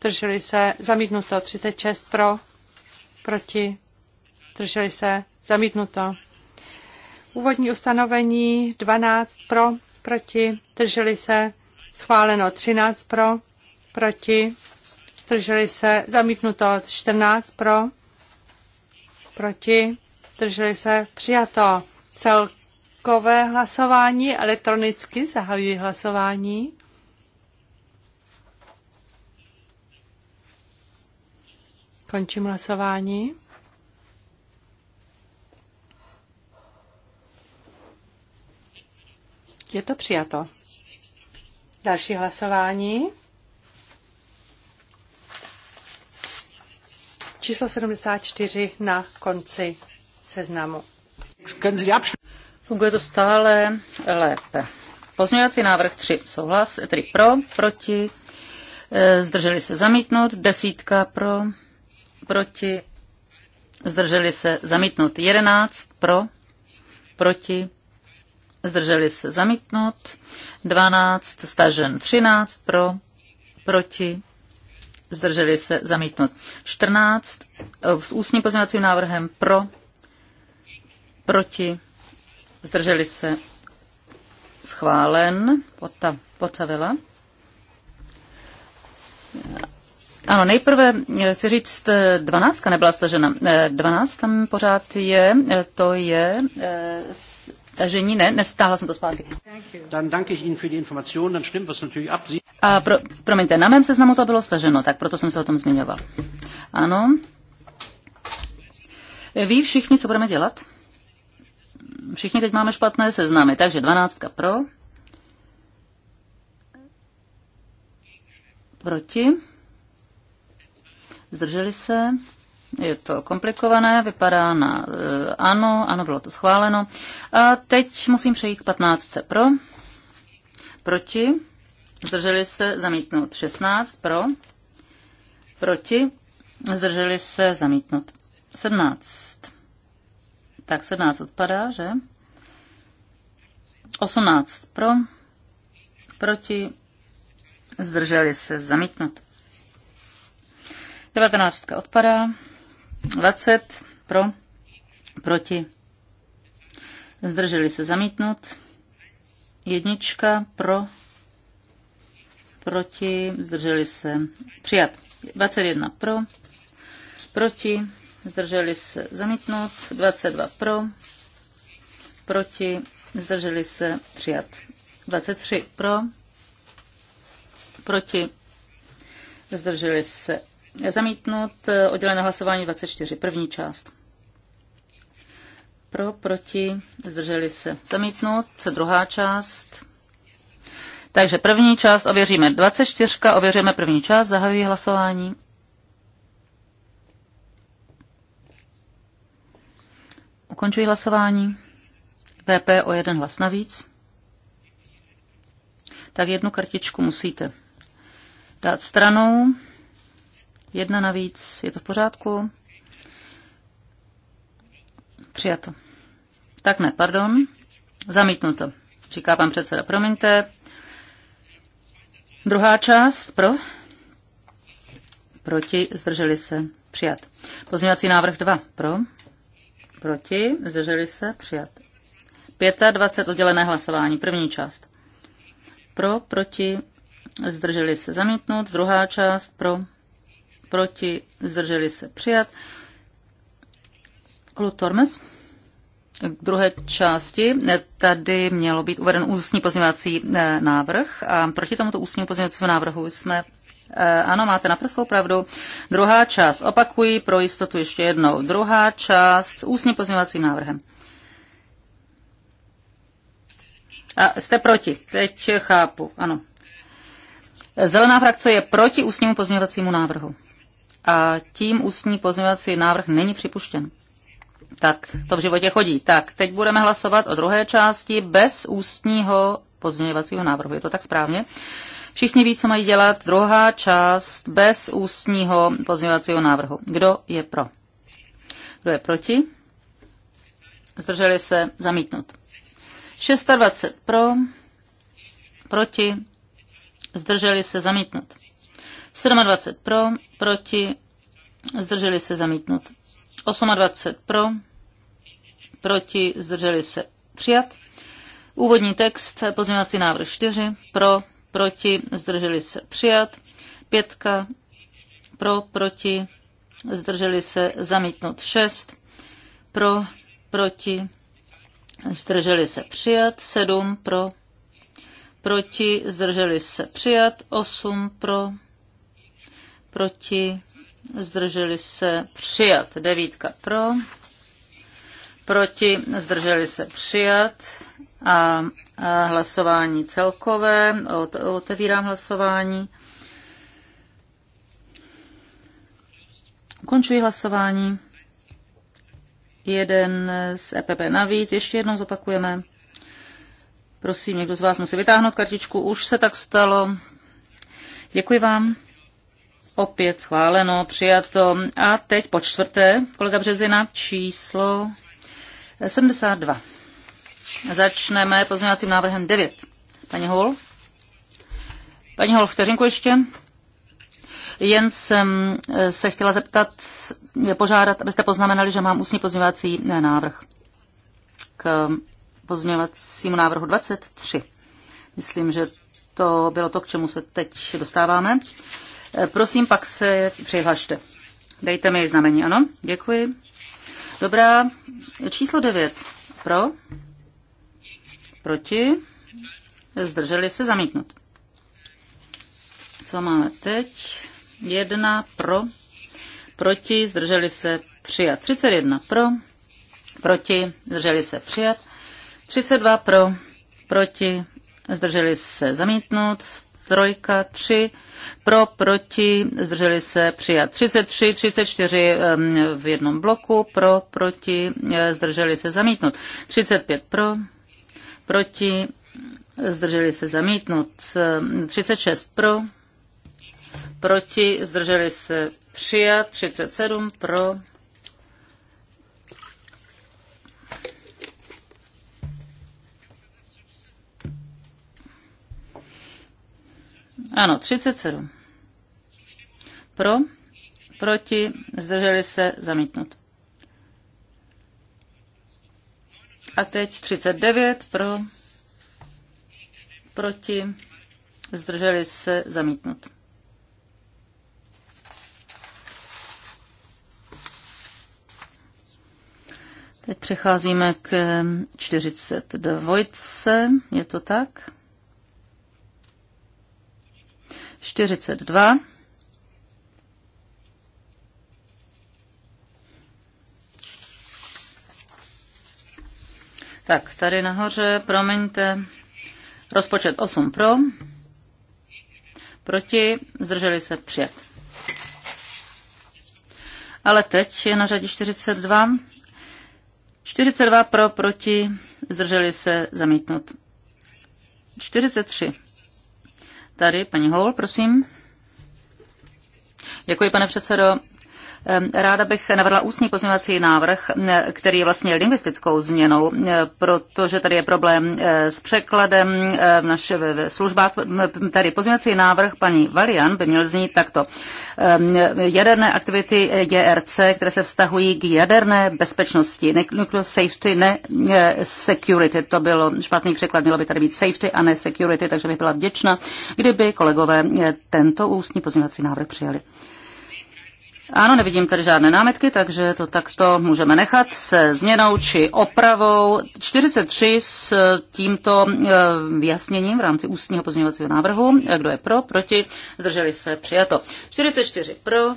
drželi se, zamítnuto 36 pro, proti, drželi se, Zamítnuto. Úvodní ustanovení 12 pro, proti, drželi se, schváleno 13 pro, proti, drželi se, zamítnuto 14 pro, proti, drželi se, přijato celkové hlasování, elektronicky zahajuji hlasování. Končím hlasování. Je to přijato. Další hlasování. Číslo 74 na konci seznamu. Funguje to stále lépe. Pozměňovací návrh 3 souhlas, tedy pro, proti, e, zdrželi se zamítnout, desítka pro, proti, zdrželi se zamítnout, jedenáct pro, proti, zdrželi se zamítnout, 12, stažen 13 pro, proti, zdrželi se zamítnout, 14 eh, s ústním pozměňovacím návrhem pro, proti, zdrželi se schválen, pota, potavila. Ano, nejprve eh, chci říct, eh, dvanáctka nebyla stažena. Dvanáct tam pořád je, to je takže ní ne, nestáhla jsem to zpátky. Dan danke ich Ihnen für die Information, dann stimmt was natürlich ab. A pro, promiňte, na mém seznamu to bylo staženo, tak proto jsem se o tom zmiňoval. Ano. Ví všichni, co budeme dělat? Všichni teď máme špatné seznamy, takže 12 pro. Proti. Zdrželi se. Je to komplikované, vypadá na eh, ano, ano, bylo to schváleno. A teď musím přejít k 15. Pro, proti, zdrželi se zamítnout 16. Pro, proti, zdrželi se zamítnout 17. Tak 17 odpadá, že? 18 pro, proti, zdrželi se zamítnout. 19 odpadá. 20 pro, proti, zdrželi se zamítnout. Jednička pro, proti, zdrželi se přijat. 21 pro, proti, zdrželi se zamítnout. 22 pro, proti, zdrželi se přijat. 23 pro, proti, zdrželi se Zamítnut oddělené hlasování 24, první část. Pro, proti, zdrželi se. Zamítnut, druhá část. Takže první část ověříme 24, ověříme první část, zahajuji hlasování. Ukončuji hlasování. VP o jeden hlas navíc. Tak jednu kartičku musíte dát stranou. Jedna navíc. Je to v pořádku? Přijato. Tak ne, pardon. Zamítnuto. Říká pan předseda, promiňte. Druhá část pro. Proti, zdrželi se, přijat. Pozměňovací návrh 2 pro. Proti, zdrželi se, přijat. 25 oddělené hlasování, první část. Pro, proti, zdrželi se, zamítnout. Druhá část pro, proti, zdrželi se přijat. Klub Tormes. K druhé části tady mělo být uveden ústní pozměňovací eh, návrh a proti tomuto ústnímu pozměňovacímu návrhu jsme eh, ano, máte naprostou pravdu. Druhá část, opakuji pro jistotu ještě jednou. Druhá část s ústním pozměňovacím návrhem. A jste proti, teď chápu, ano. Zelená frakce je proti ústnímu pozměňovacímu návrhu a tím ústní pozměňovací návrh není připuštěn. Tak to v životě chodí. Tak, teď budeme hlasovat o druhé části bez ústního pozměňovacího návrhu. Je to tak správně? Všichni ví, co mají dělat. Druhá část bez ústního pozměňovacího návrhu. Kdo je pro? Kdo je proti? Zdrželi se zamítnout. 26 pro, proti, zdrželi se zamítnout. 27 pro, proti, zdrželi se zamítnut. 28 pro, proti, zdrželi se přijat. Úvodní text, pozměňovací návrh 4, pro, proti, zdrželi se přijat. Pětka, pro, proti, zdrželi se zamítnut 6, pro, proti, zdrželi se přijat, 7 pro, proti, zdrželi se přijat, 8 pro, proti, zdrželi se přijat. Devítka pro, proti, zdrželi se přijat. A hlasování celkové, otevírám hlasování. Končuji hlasování. Jeden z EPP navíc. Ještě jednou zopakujeme. Prosím, někdo z vás musí vytáhnout kartičku. Už se tak stalo. Děkuji vám. Opět schváleno, přijato. A teď po čtvrté, kolega Březina, číslo 72. Začneme pozměňovacím návrhem 9. Paní Hol? Paní Hol, vteřinku ještě. Jen jsem eh, se chtěla zeptat, eh, požádat, abyste poznamenali, že mám ústní pozměňovací eh, návrh k pozměňovacímu návrhu 23. Myslím, že to bylo to, k čemu se teď dostáváme. Eh, prosím, pak se přihlašte. Dejte mi znamení, ano? Děkuji. Dobrá. Číslo 9. Pro? Proti? Zdrželi se zamítnout. Co máme teď? Jedna pro, proti, zdrželi se přijat. 31 pro, proti, zdrželi se přijat. 32 pro, proti, zdrželi se zamítnout trojka, tři, pro, proti, zdrželi se přijat 33, 34 v jednom bloku, pro, proti, eh, zdrželi se zamítnut 35 pro, proti, zdrželi se zamítnut 36 pro, proti, zdrželi se přijat 37 pro, Ano, 37. Pro, proti, zdrželi se, zamítnut. A teď 39 pro, proti, zdrželi se, zamítnut. Teď přecházíme k 42. Je to tak? 42. Tak, tady nahoře, promiňte, rozpočet 8 pro, proti, zdrželi se přijat. Ale teď je na řadě 42. 42 pro, proti, zdrželi se zamítnout. 43 tady, paní Hall, prosím. Děkuji, pane předsedo. Ehm, ráda bych navrhla ústní pozměňovací návrh, který je vlastně lingvistickou změnou, protože tady je problém e, s překladem e, v naše službách. Tady pozměňovací návrh paní Valian by měl znít takto. Ehm, jaderné aktivity JRC, které se vztahují k jaderné bezpečnosti, nuclear safety, ne e, security. To bylo špatný překlad, mělo by tady být safety a ne security, takže bych byla vděčna, kdyby kolegové tento ústní pozměňovací návrh přijali. Ano, nevidím tady žádné námitky, takže to takto můžeme nechat se změnou či opravou. 43 s tímto eh, vyjasněním v rámci ústního pozměňovacího návrhu. Eh, kdo je pro, proti, zdrželi se, přijato. 44 pro,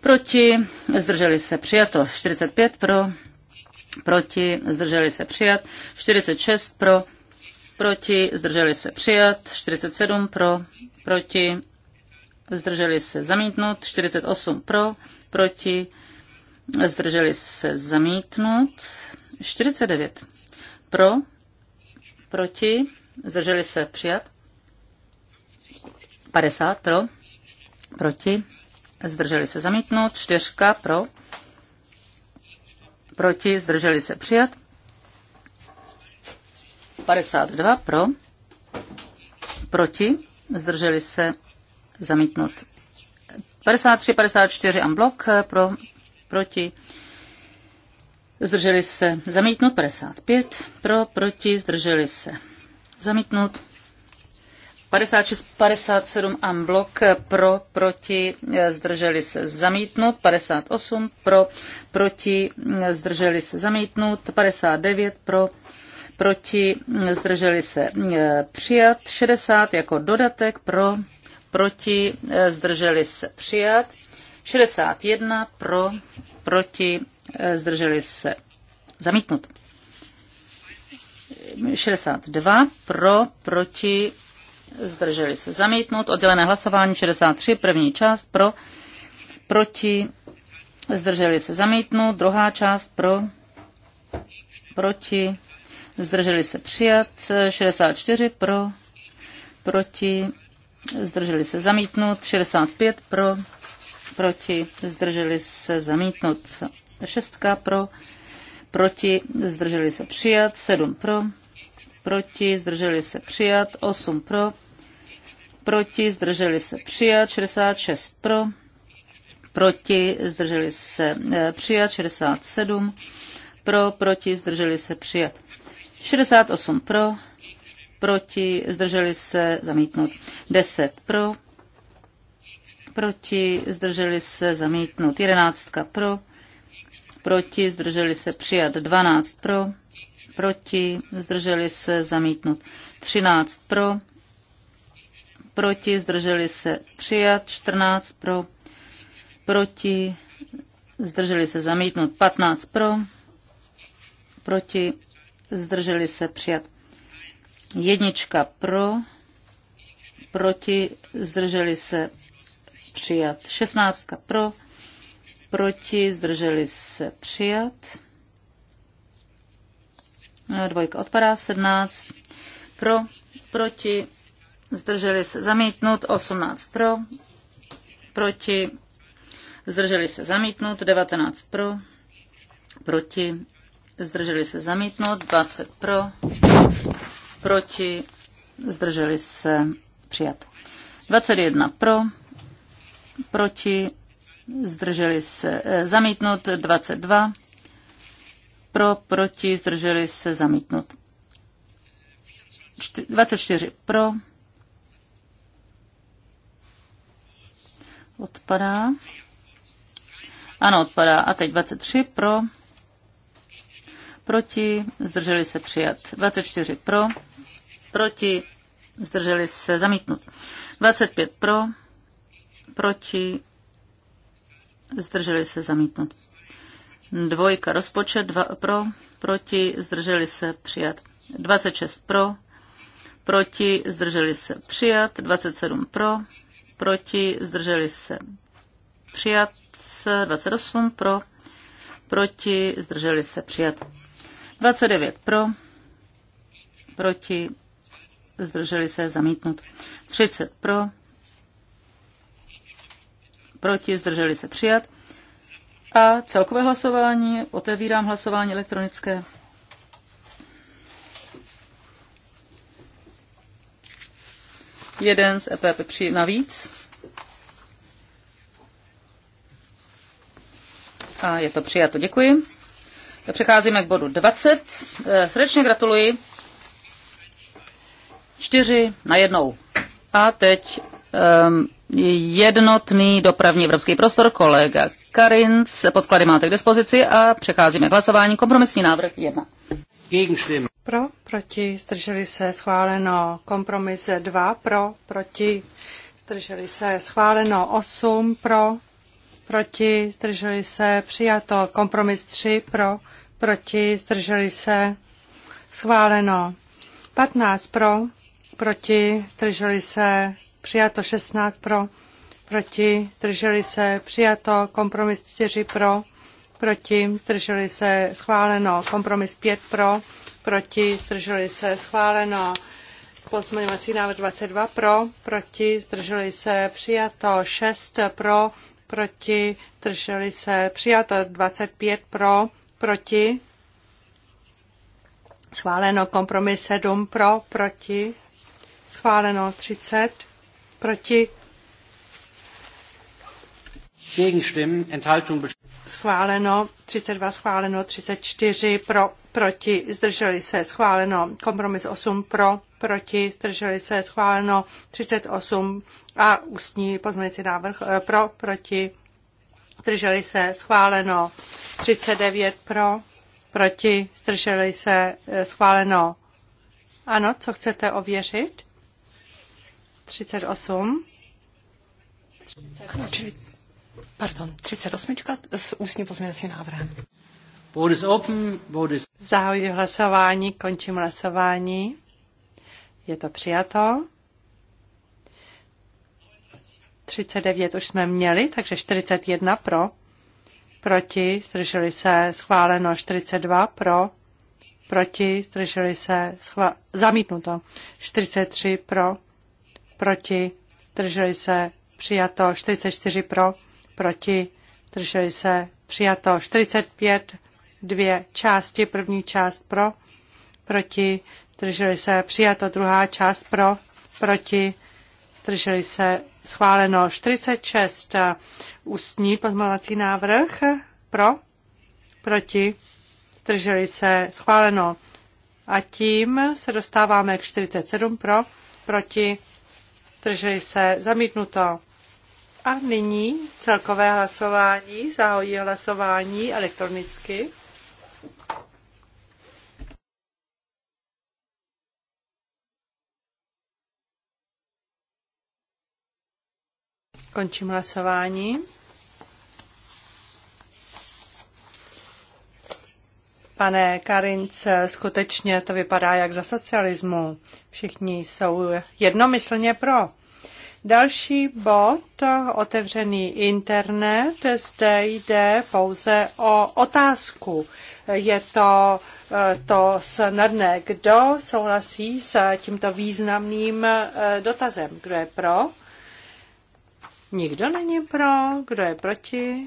proti, zdrželi se, přijato. 45 pro, proti, zdrželi se, přijat. 46 pro, proti, zdrželi se, přijat. 47 pro, proti, zdrželi se zamítnut, 48 pro, proti, zdrželi se zamítnut, 49 pro, proti, zdrželi se přijat, 50 pro, proti, zdrželi se zamítnout, 4 pro, proti, zdrželi se přijat, 52 pro, proti, zdrželi se zamítnut. 53, 54 amblok pro, proti, zdrželi se, zamítnut 55, pro, proti, zdrželi se, zamítnut 56, 57 amblok pro, proti, zdrželi se, zamítnut 58, pro, proti, zdrželi se, zamítnut 59, pro, proti, zdrželi se, e, přijat 60 jako dodatek pro, proti, eh, zdrželi se přijat. 61 pro, proti, eh, zdrželi se zamítnut. 62 pro, proti, zdrželi se zamítnut. Oddělené hlasování 63, první část pro, proti, zdrželi se zamítnout, druhá část pro, proti, zdrželi se přijat, 64 pro, proti, zdrželi se zamítnout, 65 pro, proti, zdrželi se zamítnout, 6 pro, proti, zdrželi se přijat, 7 pro, proti, zdrželi se přijat, 8 pro, proti, zdrželi se přijat, 66 eh, pro, proti, zdrželi se přijat, 67 pro, proti, zdrželi se přijat, 68 pro, proti, zdrželi se, zamítnout. 10 pro, proti, zdrželi se, zamítnout. 11 pro, proti, zdrželi se, přijat. 12 pro, proti, zdrželi se, zamítnout. 13 pro, proti, zdrželi se, přijat. 14 pro, proti, zdrželi se, zamítnout. 15 pro, proti, zdrželi se, přijat. Jednička pro, proti, zdrželi se přijat. Šestnáctka pro, proti, zdrželi se přijat. No, dvojka odpadá, sedmnáct pro, proti, zdrželi se zamítnut, osmnáct pro, proti, zdrželi se zamítnut, devatenáct pro, proti, zdrželi se zamítnout, dvacet pro, proti, zdrželi se, přijat. 21 eh, pro, proti, zdrželi se, zamítnut. 22 pro, proti, zdrželi se, zamítnut. 24 pro, odpadá. Ano, odpadá. A teď 23 pro, proti, zdrželi se přijat. 24 pro, proti, zdrželi se zamítnut. 25 pro, proti, zdrželi se zamítnut. Dvojka rozpočet, dva pro, proti, zdrželi se přijat. 26 pro, proti, zdrželi se přijat. 27 pro, proti, zdrželi se přijat. 28 pro, proti, zdrželi se přijat. 29 pro, proti, zdrželi se, zamítnut. 30 pro, proti, zdrželi se, přijat. A celkové hlasování, otevírám hlasování elektronické. Jeden z EPP při navíc. A je to přijato, děkuji. Přecházíme k bodu 20. Eh, srdečně gratuluji Čtyři na jednou. A teď um, jednotný dopravní evropský prostor, kolega Karinc. Podklady máte k dispozici a přecházíme k hlasování. Kompromisní návrh jedna Pro, proti, zdrželi se, schváleno. Kompromis dva pro, proti, zdrželi se, schváleno. osm pro, proti, zdrželi se, přijato. Kompromis tři pro, proti, zdrželi se, schváleno. 15 pro, proti, zdrželi se, přijato 16 pro, proti, zdrželi se, přijato, kompromis 4 pro, proti, zdrželi se, schváleno, kompromis 5 pro, proti, zdrželi se, schváleno, pozměňovací návrh 22 pro, proti, zdrželi se, přijato 6 pro, proti, zdrželi se, přijato 25 pro, proti, schváleno, kompromis 7 pro, proti, Schváleno 30. Proti. Gegenstimmen, Enthaltung. Schváleno 32, schváleno 34, pro, proti, zdrželi se, schváleno, kompromis 8 pro, proti, zdrželi se, schváleno 38 a ústní pozměnící návrh eh, pro, proti, zdrželi se, schváleno 39 pro, proti, zdrželi se, eh, schváleno. Ano, co chcete ověřit? 38. 38. Čili, pardon, 38 s ústním pozměňovacím návrhem. Vote is open, vote is... Zahajuji hlasování, končím hlasování. Je to přijato. 39 už jsme měli, takže 41 pro. Proti, zdrželi se, schváleno 42 pro. Proti, zdrželi se, schvá... zamítnuto. 43 pro proti, drželi se, přijato 44 pro, proti, drželi se, přijato 45, dvě části, první část pro, proti, drželi se, přijato druhá část pro, proti, drželi se, schváleno 46, ústní pozmalací návrh pro, proti, drželi se, schváleno. A tím se dostáváme k 47 pro, proti, zdrželi se zamítnuto. A nyní celkové hlasování, zahojí hlasování elektronicky. Končím hlasování. Pane Karinc, skutečně to vypadá jak za socialismu. Všichni jsou jednomyslně pro. Další bod, otevřený internet, zde jde pouze o otázku. Je to to snadné. Kdo souhlasí s tímto významným eh, dotazem? Kdo je pro? Nikdo není pro. Kdo je proti?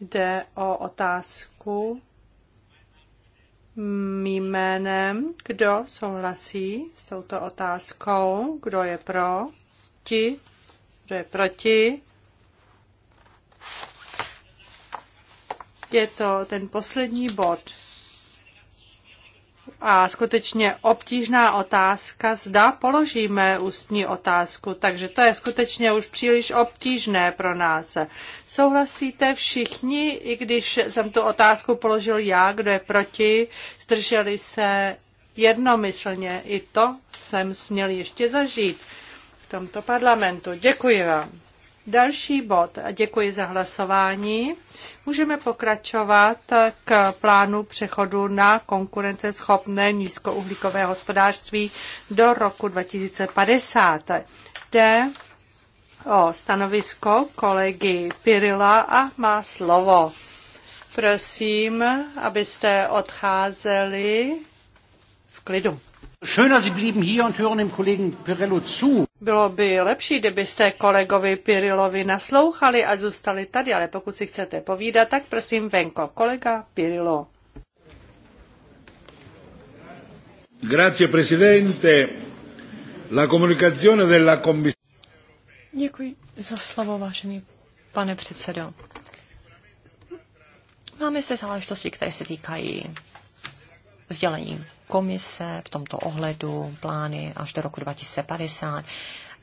Jde o otázku mým jménem, kdo souhlasí s touto otázkou, kdo je pro, ti, kdo je proti. Je to ten poslední bod. A skutečně obtížná otázka, zda položíme ústní otázku, takže to je skutečně už příliš obtížné pro nás. Souhlasíte všichni, i když jsem tu otázku položil já, kdo je proti, zdrželi se jednomyslně. I to jsem směl ještě zažít v tomto parlamentu. Děkuji vám. Další bod. Děkuji za hlasování. Můžeme pokračovat k plánu přechodu na konkurenceschopné nízkouhlíkové hospodářství do roku 2050. Jde o stanovisko kolegy Pirila a má slovo. Prosím, abyste odcházeli v klidu. Bylo by lepší, kdybyste kolegovi Pirilovi naslouchali a zůstali tady, ale pokud si chcete povídat, tak prosím venko. Kolega Pirilo. Grazie, presidente. La comunicazione della Děkuji za slovo, vážený pane předsedo. Máme zde záležitosti, které se týkají sdělení komise v tomto ohledu, plány až do roku 2050.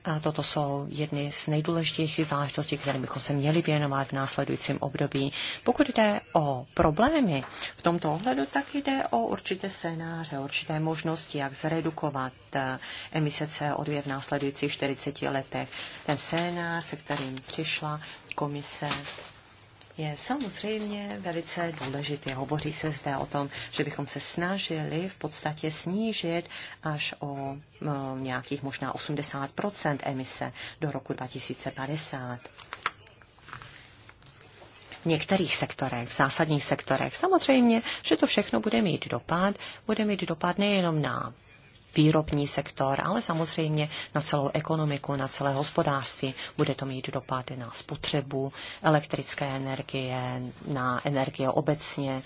A toto jsou jedny z nejdůležitějších záležitostí, které bychom se měli věnovat v následujícím období. Pokud jde o problémy v tomto ohledu, tak jde o určité scénáře, určité možnosti, jak zredukovat eh, emise CO2 v následujících 40 letech. Ten scénář, se kterým přišla komise je samozřejmě velice důležitý. Hovoří se zde o tom, že bychom se snažili v podstatě snížit až o no, nějakých možná 80 emise do roku 2050 některých sektorech, v zásadních sektorech. Samozřejmě, že to všechno bude mít dopad. Bude mít dopad nejenom na výrobní sektor, ale samozřejmě na celou ekonomiku, na celé hospodářství. Bude to mít dopady na spotřebu elektrické energie, na energie obecně,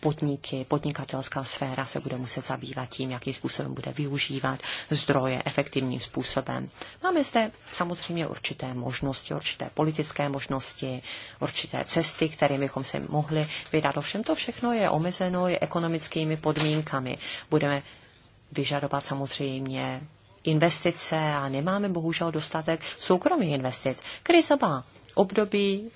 podniky, podnikatelská sféra se bude muset zabývat tím, jakým způsobem bude využívat zdroje efektivním způsobem. Máme zde samozřejmě určité možnosti, určité politické možnosti, určité cesty, kterými bychom se mohli vydat. Ovšem to všechno je omezeno je ekonomickými podmínkami. Budeme vyžadovat samozřejmě investice a nemáme bohužel dostatek soukromých investic. Krizová období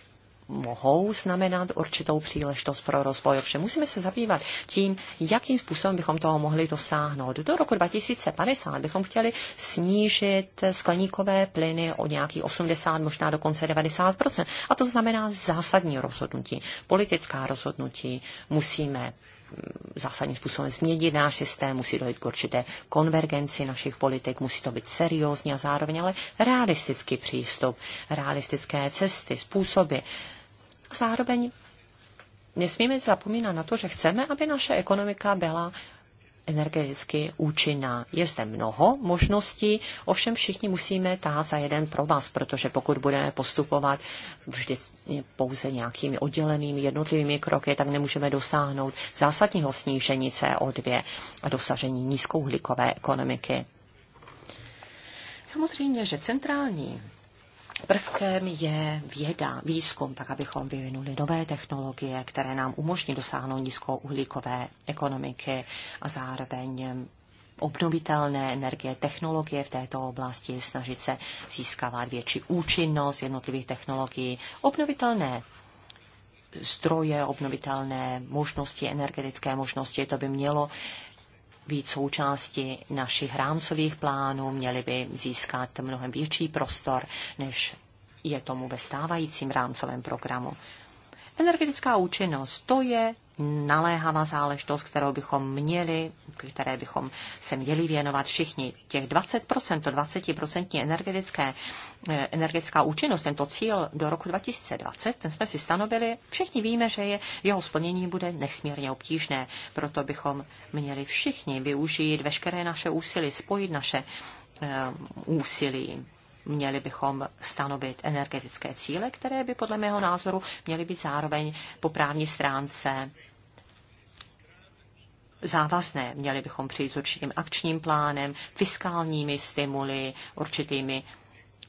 mohou znamenat určitou příležitost pro rozvoj. Ovšem musíme se zabývat tím, jakým způsobem bychom toho mohli dosáhnout. Do roku 2050 bychom chtěli snížit skleníkové plyny o nějakých 80, možná dokonce 90 A to znamená zásadní rozhodnutí, politická rozhodnutí. Musíme zásadním způsobem změnit náš systém, musí dojít k určité konvergenci našich politik, musí to být seriózní a zároveň ale realistický přístup, realistické cesty, způsoby. Zároveň nesmíme zapomínat na to, že chceme, aby naše ekonomika byla energeticky účinná. Je zde mnoho možností, ovšem všichni musíme tahat za jeden pro vás, protože pokud budeme postupovat vždy pouze nějakými oddělenými jednotlivými kroky, tak nemůžeme dosáhnout zásadního snížení CO2 a dosažení nízkouhlíkové ekonomiky. Samozřejmě, že centrální prvkem je věda, výzkum, tak abychom vyvinuli nové technologie, které nám umožní dosáhnout nízkouhlíkové ekonomiky a zároveň obnovitelné energie, technologie v této oblasti, snažit se získávat větší účinnost jednotlivých technologií, obnovitelné stroje, obnovitelné možnosti, energetické možnosti, to by mělo být součástí našich rámcových plánů, měli by získat mnohem větší prostor, než je tomu ve stávajícím rámcovém programu. Energetická účinnost, to je naléhavá záležitost, kterou bychom měli, které bychom se měli věnovat všichni. Těch 20%, to 20% energetické, eh, energetická účinnost, tento cíl do roku 2020, ten jsme si stanovili, všichni víme, že je, jeho splnění bude nesmírně obtížné. Proto bychom měli všichni využít veškeré naše úsilí, spojit naše eh, úsilí Měli bychom stanovit energetické cíle, které by podle mého názoru měly být zároveň po právní stránce závazné. Měli bychom přijít s určitým akčním plánem, fiskálními stimuly, určitými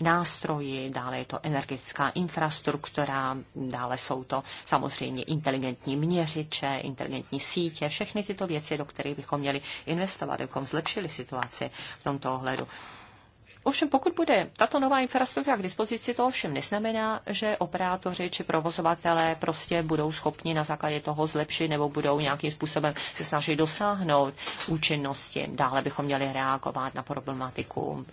nástroji, dále je to energetická infrastruktura, dále jsou to samozřejmě inteligentní měřiče, inteligentní sítě, všechny tyto věci, do kterých bychom měli investovat, abychom zlepšili situaci v tomto ohledu. Ovšem, pokud bude tato nová infrastruktura k dispozici, to ovšem neznamená, že operátoři či provozovatelé prostě budou schopni na základě toho zlepšit nebo budou nějakým způsobem se snažit dosáhnout účinnosti. Dále bychom měli reagovat na problematiku um,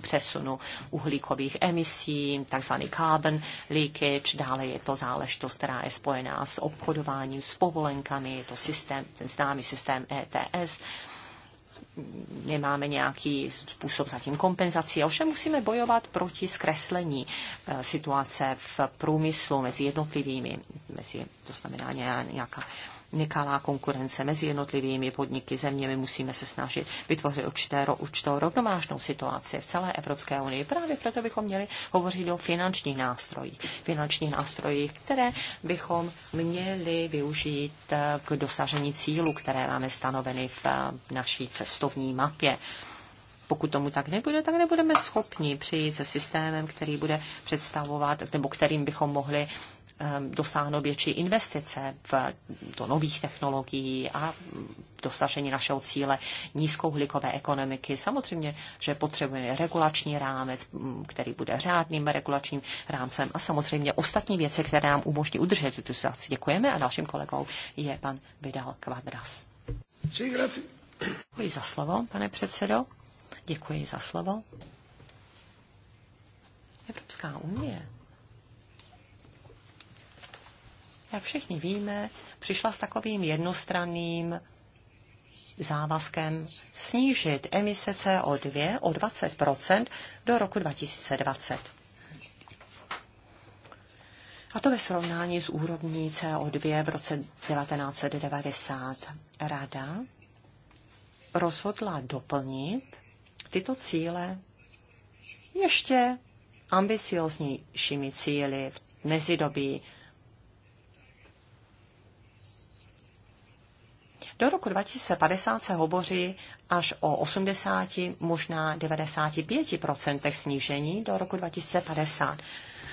přesunu uhlíkových emisí, takzvaný carbon leakage, dále je to záležitost, která je spojená s obchodováním, s povolenkami, je to systém, ten známý systém ETS, nemáme nějaký způsob zatím kompenzací. Ovšem musíme bojovat proti zkreslení eh, situace v průmyslu mezi jednotlivými, mezi, to znamená nějaká nekalá konkurence mezi jednotlivými podniky zeměmi. Musíme se snažit vytvořit určité, určitou rovnovážnou situaci v celé Evropské unii. Právě proto bychom měli hovořit o finančních nástrojích. Finančních nástrojích, které bychom měli využít eh, k dosažení cílů, které máme stanoveny v eh, naší cestovní mapě. Pokud tomu tak nebude, tak nebudeme schopni přijít se systémem, který bude představovat, nebo kterým bychom mohli Ehm, dosáhnout větší investice v, do nových technologií a dosažení našeho cíle nízkouhlíkové ekonomiky. Samozřejmě, že potřebujeme regulační rámec, mm, který bude řádným regulačním rámcem a samozřejmě ostatní věci, které nám umožní udržet tuto situaci. Děkujeme a dalším kolegou je pan Vidal Kvadras. Děkuji za slovo, pane předsedo. Děkuji za slovo. Evropská unie jak všichni víme, přišla s takovým jednostranným závazkem snížit emise CO2 o 20 do roku 2020. A to ve srovnání s úrovní CO2 v roce 1990. Rada rozhodla doplnit tyto cíle ještě ambicioznějšími cíly v mezidobí Do roku 2050 se hovoří až o 80, možná 95% snížení do roku 2050.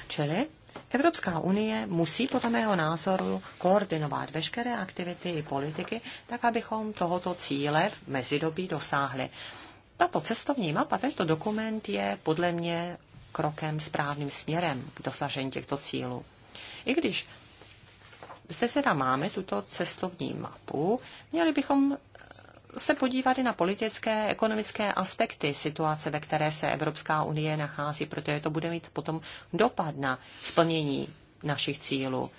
Čili Evropská unie musí podle mého názoru koordinovat veškeré aktivity i politiky, tak abychom tohoto cíle v mezidobí dosáhli. Tato cestovní mapa, tento dokument je podle mě krokem správným směrem k dosažení těchto cílů. I když zde teda máme tuto cestovní mapu. Měli bychom eh, se podívat i na politické, ekonomické aspekty situace, ve které se Evropská unie nachází, protože to bude mít potom dopad na splnění našich cílů.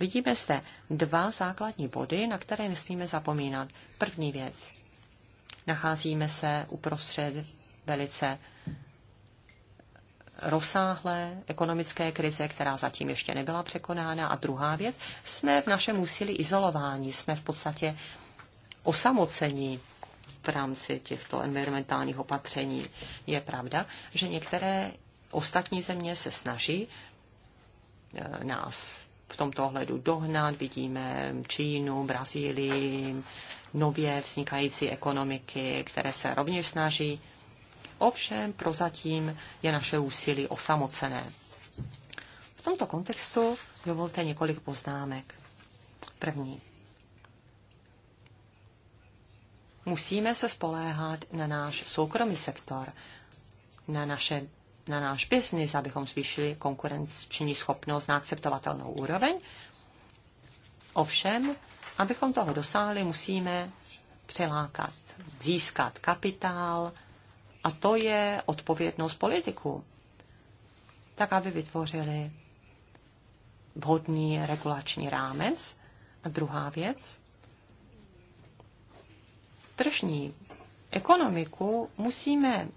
Vidíme zde dva základní body, na které nesmíme zapomínat. První věc. Nacházíme se uprostřed velice rozsáhlé ekonomické krize, která zatím ještě nebyla překonána. A druhá věc, jsme v našem úsilí izolování, jsme v podstatě osamocení v rámci těchto environmentálních opatření. Je pravda, že některé ostatní země se snaží eh, nás v tomto ohledu dohnat. Vidíme Čínu, Brazílii, nově vznikající ekonomiky, které se rovněž snaží Ovšem prozatím je naše úsilí osamocené. V tomto kontextu dovolte několik poznámek. První. Musíme se spoléhat na náš soukromý sektor, na, naše, na náš biznis, abychom zvýšili konkurenční schopnost na akceptovatelnou úroveň. Ovšem, abychom toho dosáhli, musíme přilákat, získat kapitál, a to je odpovědnost politiků. Tak, aby vytvořili vhodný regulační rámec. A druhá věc, tržní ekonomiku musíme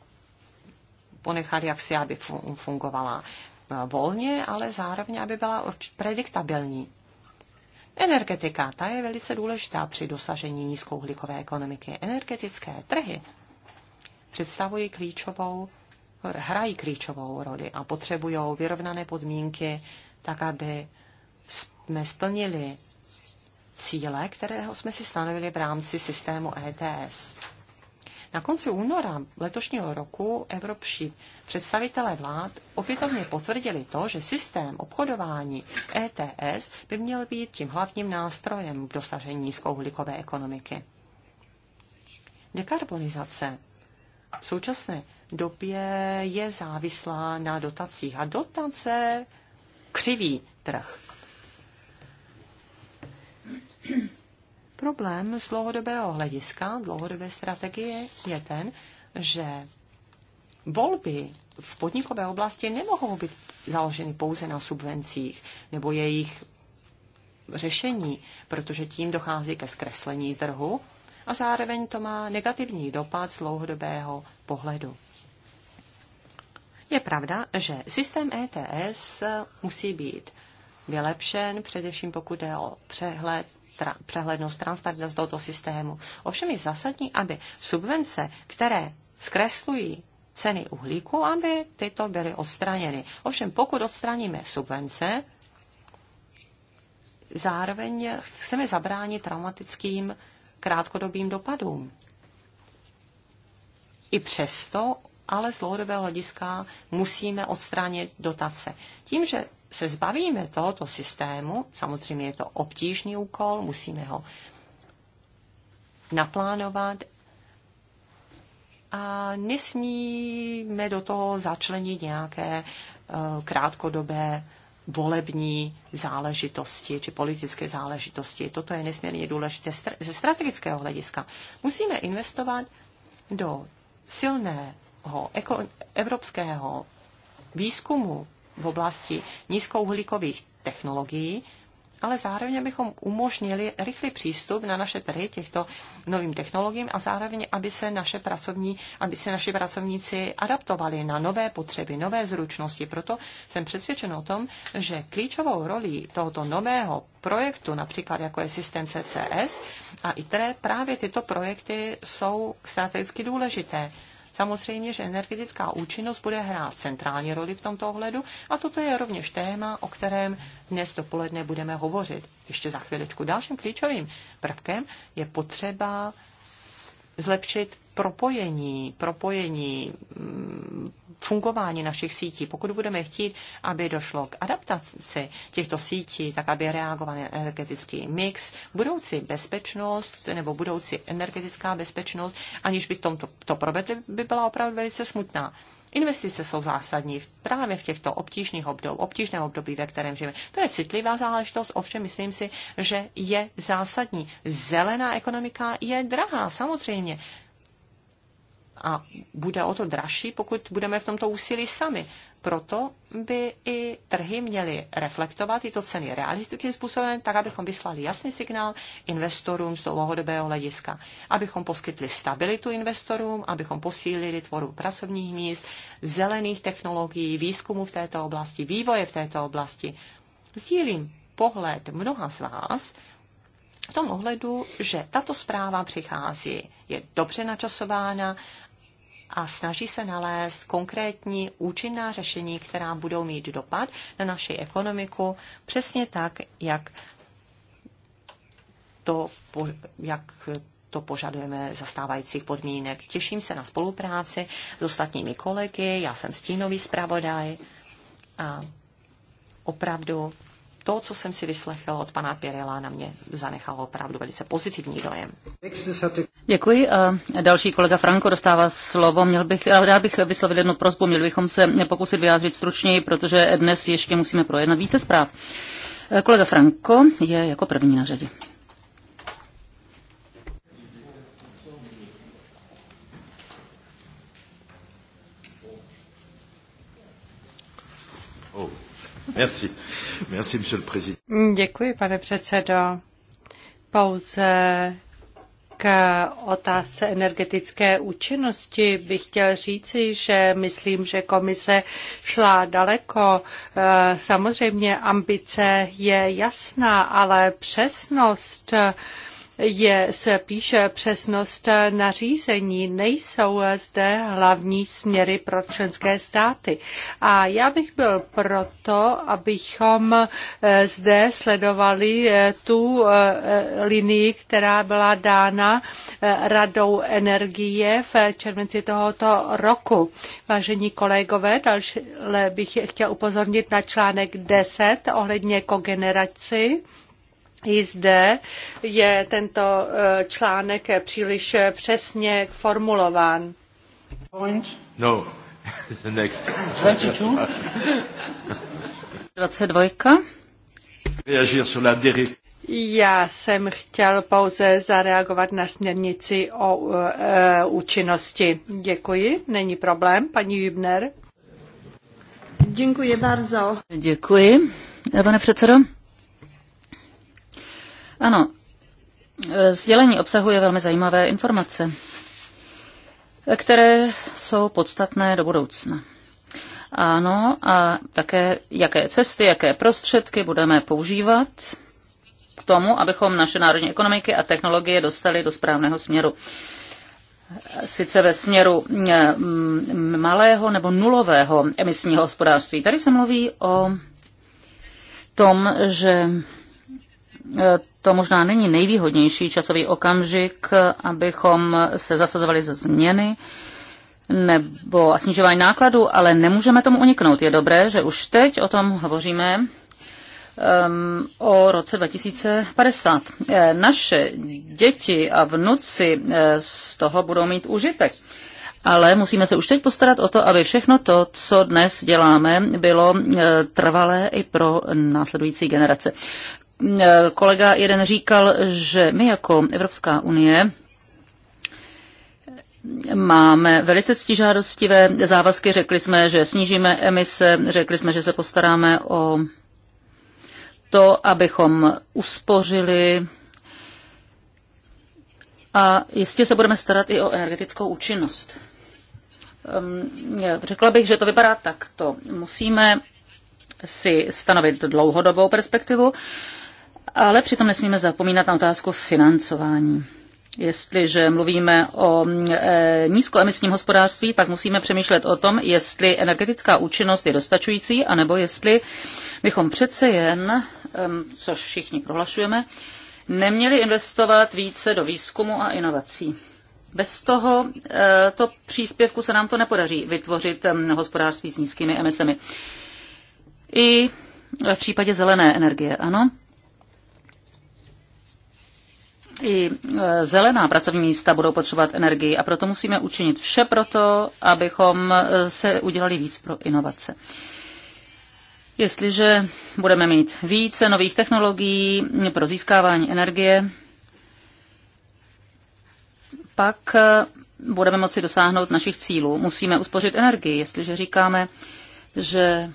ponechat jak si, aby fungovala eh, volně, ale zároveň, aby byla prediktabilní. Energetika, ta je velice důležitá při dosažení nízkouhlíkové ekonomiky. Energetické trhy představují klíčovou, hrají klíčovou roli a potřebují vyrovnané podmínky, tak aby jsme splnili cíle, kterého jsme si stanovili v rámci systému ETS. Na konci února letošního roku evropští představitelé vlád opětovně potvrdili to, že systém obchodování ETS by měl být tím hlavním nástrojem k dosažení nízkouhlíkové ekonomiky. Dekarbonizace v současné době je závislá na dotacích a dotace křiví trh. Problém z dlouhodobého hlediska, dlouhodobé strategie je ten, že volby v podnikové oblasti nemohou být založeny pouze na subvencích nebo jejich řešení, protože tím dochází ke zkreslení trhu a zároveň to má negativní dopad z dlouhodobého pohledu. Je pravda, že systém ETS musí být vylepšen, především pokud je o přehled tra- přehlednost, transparentnost tohoto systému. Ovšem je zásadní, aby subvence, které zkreslují ceny uhlíku, aby tyto byly odstraněny. Ovšem, pokud odstraníme subvence, zároveň chceme zabránit traumatickým krátkodobým dopadům. I přesto, ale z dlouhodobého hlediska musíme odstranit dotace. Tím, že se zbavíme tohoto systému, samozřejmě je to obtížný úkol, musíme ho naplánovat a nesmíme do toho začlenit nějaké eh, krátkodobé volební záležitosti či politické záležitosti. Toto je nesmírně důležité ze strategického hlediska. Musíme investovat do silného eko, evropského výzkumu v oblasti nízkouhlíkových technologií, ale zároveň bychom umožnili rychlý přístup na naše trhy těchto novým technologiím a zároveň, aby se, naše pracovní, aby se naši pracovníci adaptovali na nové potřeby, nové zručnosti. Proto jsem přesvědčen o tom, že klíčovou roli tohoto nového projektu, například jako je systém CCS a ITRE, právě tyto projekty jsou strategicky důležité. Samozřejmě, že energetická účinnost bude hrát centrální roli v tomto ohledu a toto je rovněž téma, o kterém dnes dopoledne budeme hovořit. Ještě za chvíličku. Dalším klíčovým prvkem je potřeba zlepšit propojení, propojení mm, fungování našich sítí, pokud budeme chtít, aby došlo k adaptaci těchto sítí, tak aby reagoval energetický mix, budoucí bezpečnost nebo budoucí energetická bezpečnost, aniž by tom to, to provedli, by byla opravdu velice smutná. Investice jsou zásadní právě v těchto obtížných obdob, obtížném období, ve kterém žijeme. To je citlivá záležitost, ovšem myslím si, že je zásadní. Zelená ekonomika je drahá, samozřejmě a bude o to dražší, pokud budeme v tomto úsilí sami. Proto by i trhy měly reflektovat tyto ceny realistickým způsobem, tak abychom vyslali jasný signál investorům z dlouhodobého hlediska, abychom poskytli stabilitu investorům, abychom posílili tvorbu pracovních míst, zelených technologií, výzkumu v této oblasti, vývoje v této oblasti. Sdílím pohled mnoha z vás, v tom ohledu, že tato zpráva přichází, je dobře načasována a snaží se nalézt konkrétní účinná řešení, která budou mít dopad na naši ekonomiku, přesně tak, jak to, jak to požadujeme za stávajících podmínek. Těším se na spolupráci s ostatními kolegy, já jsem stínový zpravodaj a opravdu to, co jsem si vyslechl od pana Pirela, na mě zanechalo opravdu velice pozitivní dojem. Děkuji. A další kolega Franko dostává slovo. Měl bych, rád bych vyslovil jednu prozbu. Měli bychom se pokusit vyjádřit stručněji, protože dnes ještě musíme projednat více zpráv. Kolega Franko je jako první na řadě. Merci. Merci, monsieur le président. Děkuji, pane předsedo. Pouze k otázce energetické účinnosti bych chtěl říci, že myslím, že komise šla daleko. Samozřejmě ambice je jasná, ale přesnost je píše přesnost nařízení. Nejsou zde hlavní směry pro členské státy. A já bych byl proto, abychom eh, zde sledovali eh, tu eh, linii, která byla dána Radou energie v červenci tohoto roku. Vážení kolegové, další bych chtěl upozornit na článek 10 ohledně kogeneraci. I zde je tento eh, článek příliš eh, přesně formulován. Point? No, the next. 22. 22. Já jsem chtěl pouze zareagovat na směrnici o uh, účinnosti. Děkuji, není problém. Paní Jübner. Děkuji bardzo. Děkuji, pane předsedo. Ano, e, sdělení obsahuje velmi zajímavé informace, které jsou podstatné do budoucna. Ano, a také jaké cesty, jaké prostředky budeme používat k tomu, abychom naše národní ekonomiky a technologie dostali do správného směru sice ve směru e, malého nebo nulového emisního hospodářství. Tady se mluví o tom, že E, to možná není nejvýhodnější časový okamžik, abychom se zasazovali ze změny nebo a snižování nákladů, ale nemůžeme tomu uniknout. Je dobré, že už teď o tom hovoříme um, o roce 2050. E, naše děti a vnuci e, z toho budou mít užitek. Ale musíme se už teď postarat o to, aby všechno to, co dnes děláme, bylo trvalé i pro následující generace. Eh, kolega jeden říkal, že my jako Evropská unie máme velice ctižádostivé závazky. Řekli jsme, že snížíme emise, řekli jsme, že se postaráme o to, abychom uspořili a jistě se budeme starat i o energetickou účinnost. Řekla bych, že to vypadá takto. Musíme si stanovit dlouhodobou perspektivu ale přitom nesmíme zapomínat na otázku financování. Jestliže mluvíme o e, nízkoemisním hospodářství, pak musíme přemýšlet o tom, jestli energetická účinnost je dostačující, anebo jestli bychom přece jen, e, což všichni prohlašujeme, neměli investovat více do výzkumu a inovací. Bez toho e, to příspěvku se nám to nepodaří vytvořit hospodářství s nízkými emisemi. I v případě zelené energie, ano i e, zelená pracovní místa budou potřebovat energii a proto musíme učinit vše proto, abychom e, se udělali víc pro inovace. Jestliže budeme mít více nových technologií pro získávání energie, pak e, budeme moci dosáhnout našich cílů. Musíme uspořit energii, jestliže říkáme, že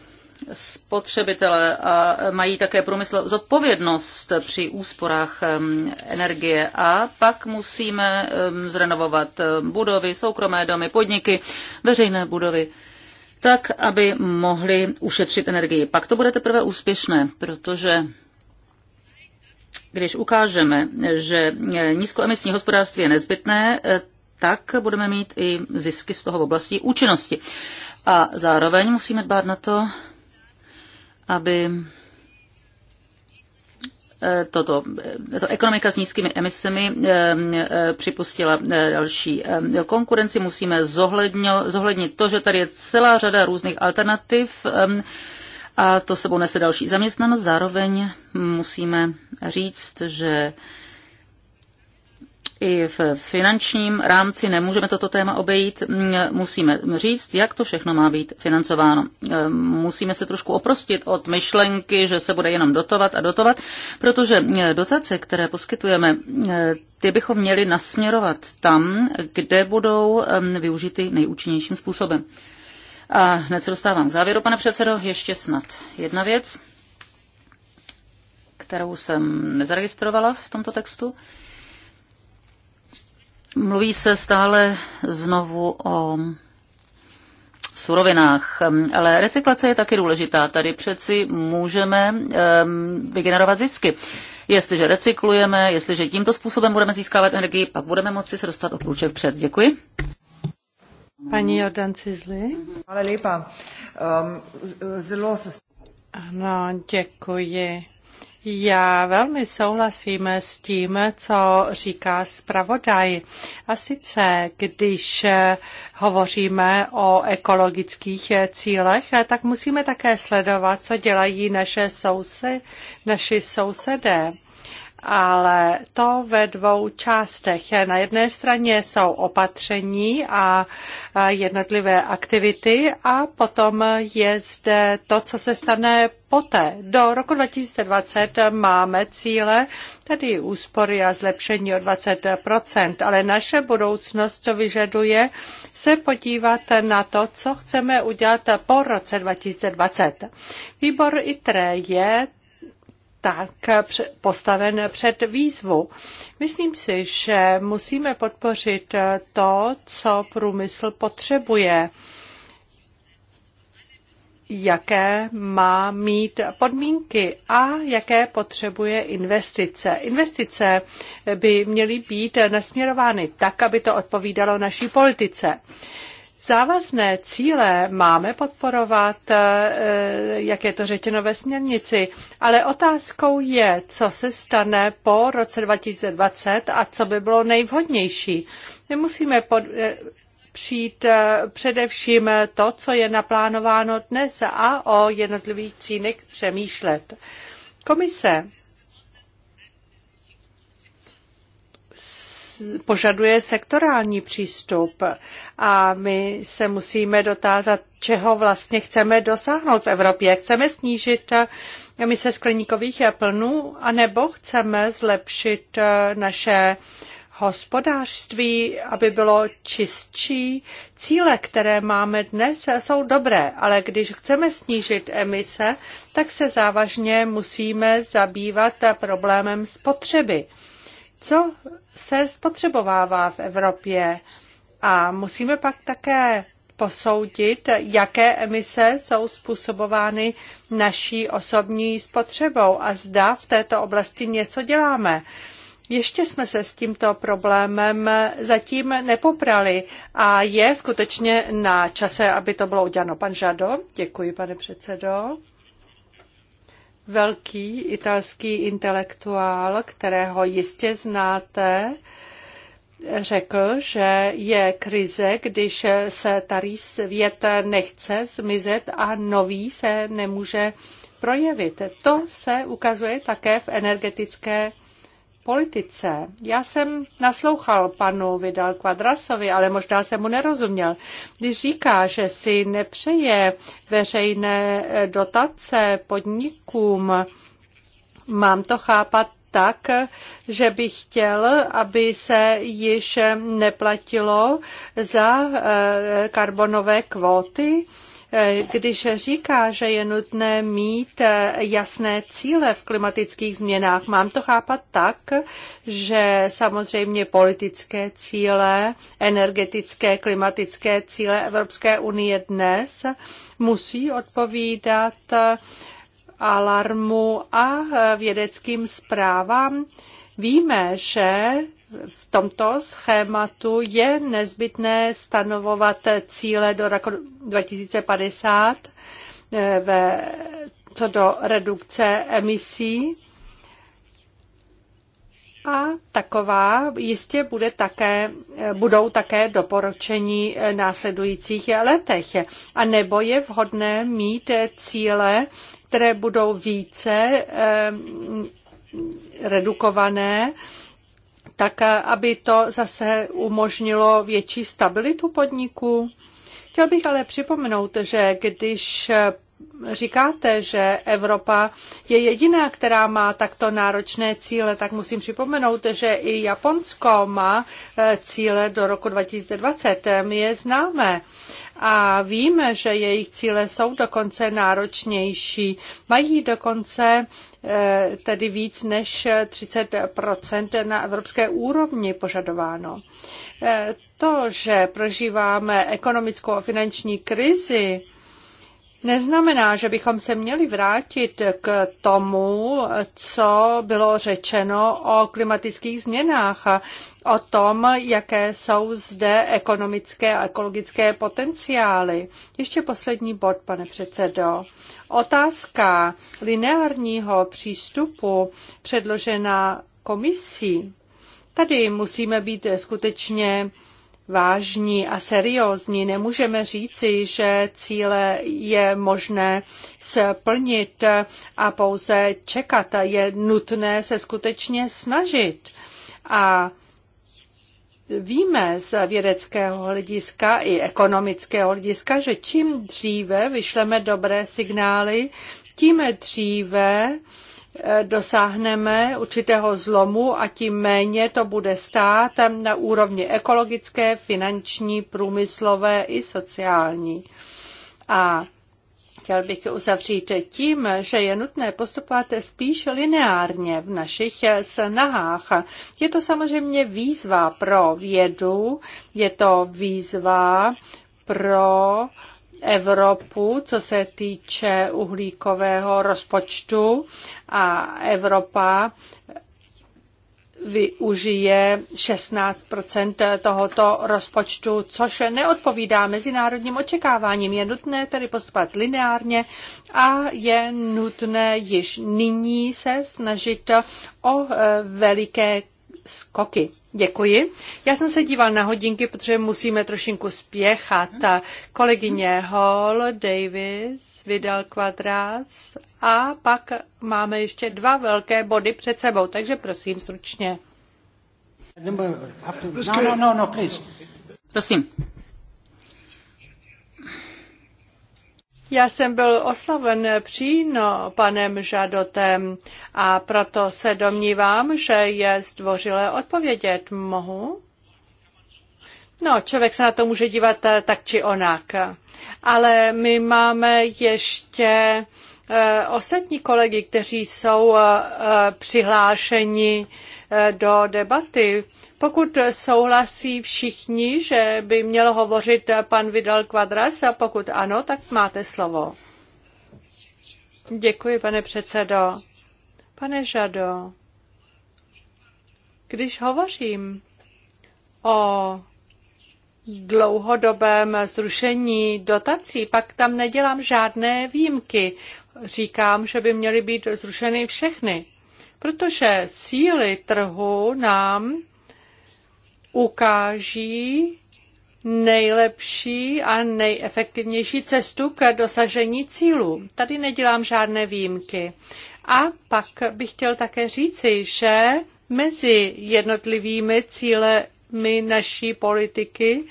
spotřebitele a mají také průmysl zodpovědnost při úsporách um, energie a pak musíme um, zrenovovat um, budovy, soukromé domy, podniky, veřejné budovy tak, aby mohli ušetřit energii. Pak to bude teprve úspěšné, protože když ukážeme, že nízkoemisní hospodářství je nezbytné, tak budeme mít i zisky z toho v oblasti účinnosti. A zároveň musíme dbát na to, aby eh, toto, to ekonomika s nízkými emisemi eh, eh, připustila další konkurenci. Musíme zohlednit to, že tady je celá řada různých alternativ ehm, a to sebou nese další zaměstnanost. Zároveň musíme říct, že i v finančním rámci nemůžeme toto téma obejít. Mm, Musíme říct, jak to všechno má být financováno. Ehm, Musíme se trošku oprostit od myšlenky, že se bude jenom dotovat a dotovat, protože mm, dotace, které poskytujeme, mm, ty bychom měli nasměrovat tam, kde budou ehm, využity nejúčinnějším způsobem. A hned se dostávám k závěru, pane předsedo. Ještě snad jedna věc, kterou jsem nezaregistrovala v tomto textu. Mluví se stále znovu o surovinách, ale recyklace je taky důležitá. Tady přeci můžeme vygenerovat zisky. Jestliže recyklujeme, jestliže tímto způsobem budeme získávat energii, pak budeme moci se dostat o kruček vpřed. Děkuji. Paní Jordan Cizli. Ale lípa. Um, zlo se... Ano, děkuji. Já velmi souhlasím s tím, co říká zpravodaj. A sice, když hovoříme o ekologických cílech, tak musíme také sledovat, co dělají naše sousedy, naši sousedé ale to ve dvou částech. Na jedné straně jsou opatření a jednotlivé aktivity a potom je zde to, co se stane poté. Do roku 2020 máme cíle, tedy úspory a zlepšení o 20 ale naše budoucnost to vyžaduje se podívat na to, co chceme udělat po roce 2020. Výbor ITRE je tak postaven před výzvu. Myslím si, že musíme podpořit to, co průmysl potřebuje jaké má mít podmínky a jaké potřebuje investice. Investice by měly být nasměrovány tak, aby to odpovídalo naší politice. Závazné cíle máme podporovat, eh, jak je to řečeno ve směrnici, ale otázkou je, co se stane po roce 2020 a co by bylo nejvhodnější. My musíme pod, eh, přijít eh, především to, co je naplánováno dnes a o jednotlivých cínech přemýšlet. Komise požaduje sektorální přístup a my se musíme dotázat, čeho vlastně chceme dosáhnout v Evropě. Chceme snížit emise skleníkových plnů, anebo chceme zlepšit naše hospodářství, aby bylo čistší. Cíle, které máme dnes, jsou dobré, ale když chceme snížit emise, tak se závažně musíme zabývat problémem spotřeby co se spotřebovává v Evropě. A musíme pak také posoudit, jaké emise jsou způsobovány naší osobní spotřebou a zda v této oblasti něco děláme. Ještě jsme se s tímto problémem zatím nepoprali a je skutečně na čase, aby to bylo uděláno. Pan Žado, děkuji, pane předsedo velký italský intelektuál, kterého jistě znáte, řekl, že je krize, když se starý svět nechce zmizet a nový se nemůže projevit. To se ukazuje také v energetické politice. Já jsem naslouchal panu Vidal Quadrasovi, ale možná jsem mu nerozuměl. Když říká, že si nepřeje veřejné eh, dotace podnikům, mám to chápat tak, že by chtěl, aby se již neplatilo za eh, karbonové kvóty když říká, že je nutné mít eh, jasné cíle v klimatických změnách. Mám to chápat tak, že samozřejmě politické cíle, energetické, klimatické cíle Evropské unie dnes musí odpovídat eh, alarmu a eh, vědeckým zprávám. Víme, že v tomto schématu je nezbytné stanovovat cíle do roku 2050 eh, ve, co do redukce emisí. A taková jistě bude také, eh, budou také doporučení eh, následujících letech. A nebo je vhodné mít cíle, které budou více redukované tak eh, aby to zase umožnilo větší stabilitu podniku. Chtěl bych ale připomenout, že když eh, říkáte, že Evropa je jediná, která má takto náročné cíle, tak musím připomenout, že i Japonsko má eh, cíle do roku 2020. My je známe a víme, že jejich cíle jsou dokonce náročnější. Mají dokonce eh, tedy víc než 30 na evropské úrovni požadováno. Eh, to, že prožíváme ekonomickou a finanční krizi, neznamená, že bychom se měli vrátit k tomu, co bylo řečeno o klimatických změnách a o tom, jaké jsou zde ekonomické a ekologické potenciály. Ještě poslední bod, pane předsedo. Otázka lineárního přístupu předložená komisí. Tady musíme být skutečně vážní a seriózní. Nemůžeme říci, že cíle je možné splnit a pouze čekat. Je nutné se skutečně snažit. A víme z vědeckého hlediska i ekonomického hlediska, že čím dříve vyšleme dobré signály, tím dříve Eh, dosáhneme určitého zlomu a tím méně to bude stát na úrovni ekologické, finanční, průmyslové i sociální. A Chtěl bych uzavřít tím, že je nutné postupovat spíš lineárně v našich eh, snahách. Je to samozřejmě výzva pro vědu, je to výzva pro Evropu, co se týče uhlíkového rozpočtu a Evropa využije 16 tohoto rozpočtu, což neodpovídá mezinárodním očekáváním. Je nutné tedy postupovat lineárně a je nutné již nyní se snažit o e, veliké skoky. Děkuji. Já jsem se díval na hodinky, protože musíme trošinku spěchat. Mhm. Kolegyně Hall, Davis, Vidal Quadras a pak máme ještě dva velké body před sebou, takže prosím stručně. No, no, no, prosím. Já jsem byl oslaven přímo panem Žadotem a proto se domnívám, že je zdvořilé odpovědět. Mohu? No, člověk se na to může dívat eh, tak či onak. Ale my máme ještě eh, ostatní kolegy, kteří jsou eh, přihlášeni do debaty. Pokud souhlasí všichni, že by měl hovořit pan Vidal Quadras, a pokud ano, tak máte slovo. Děkuji, pane předsedo. Pane Žado, když hovořím o dlouhodobém zrušení dotací, pak tam nedělám žádné výjimky. Říkám, že by měly být zrušeny všechny, protože síly trhu nám ukáží nejlepší a nejefektivnější cestu k dosažení cílů. Tady nedělám žádné výjimky. A pak bych chtěl také říci, že mezi jednotlivými cílemi naší politiky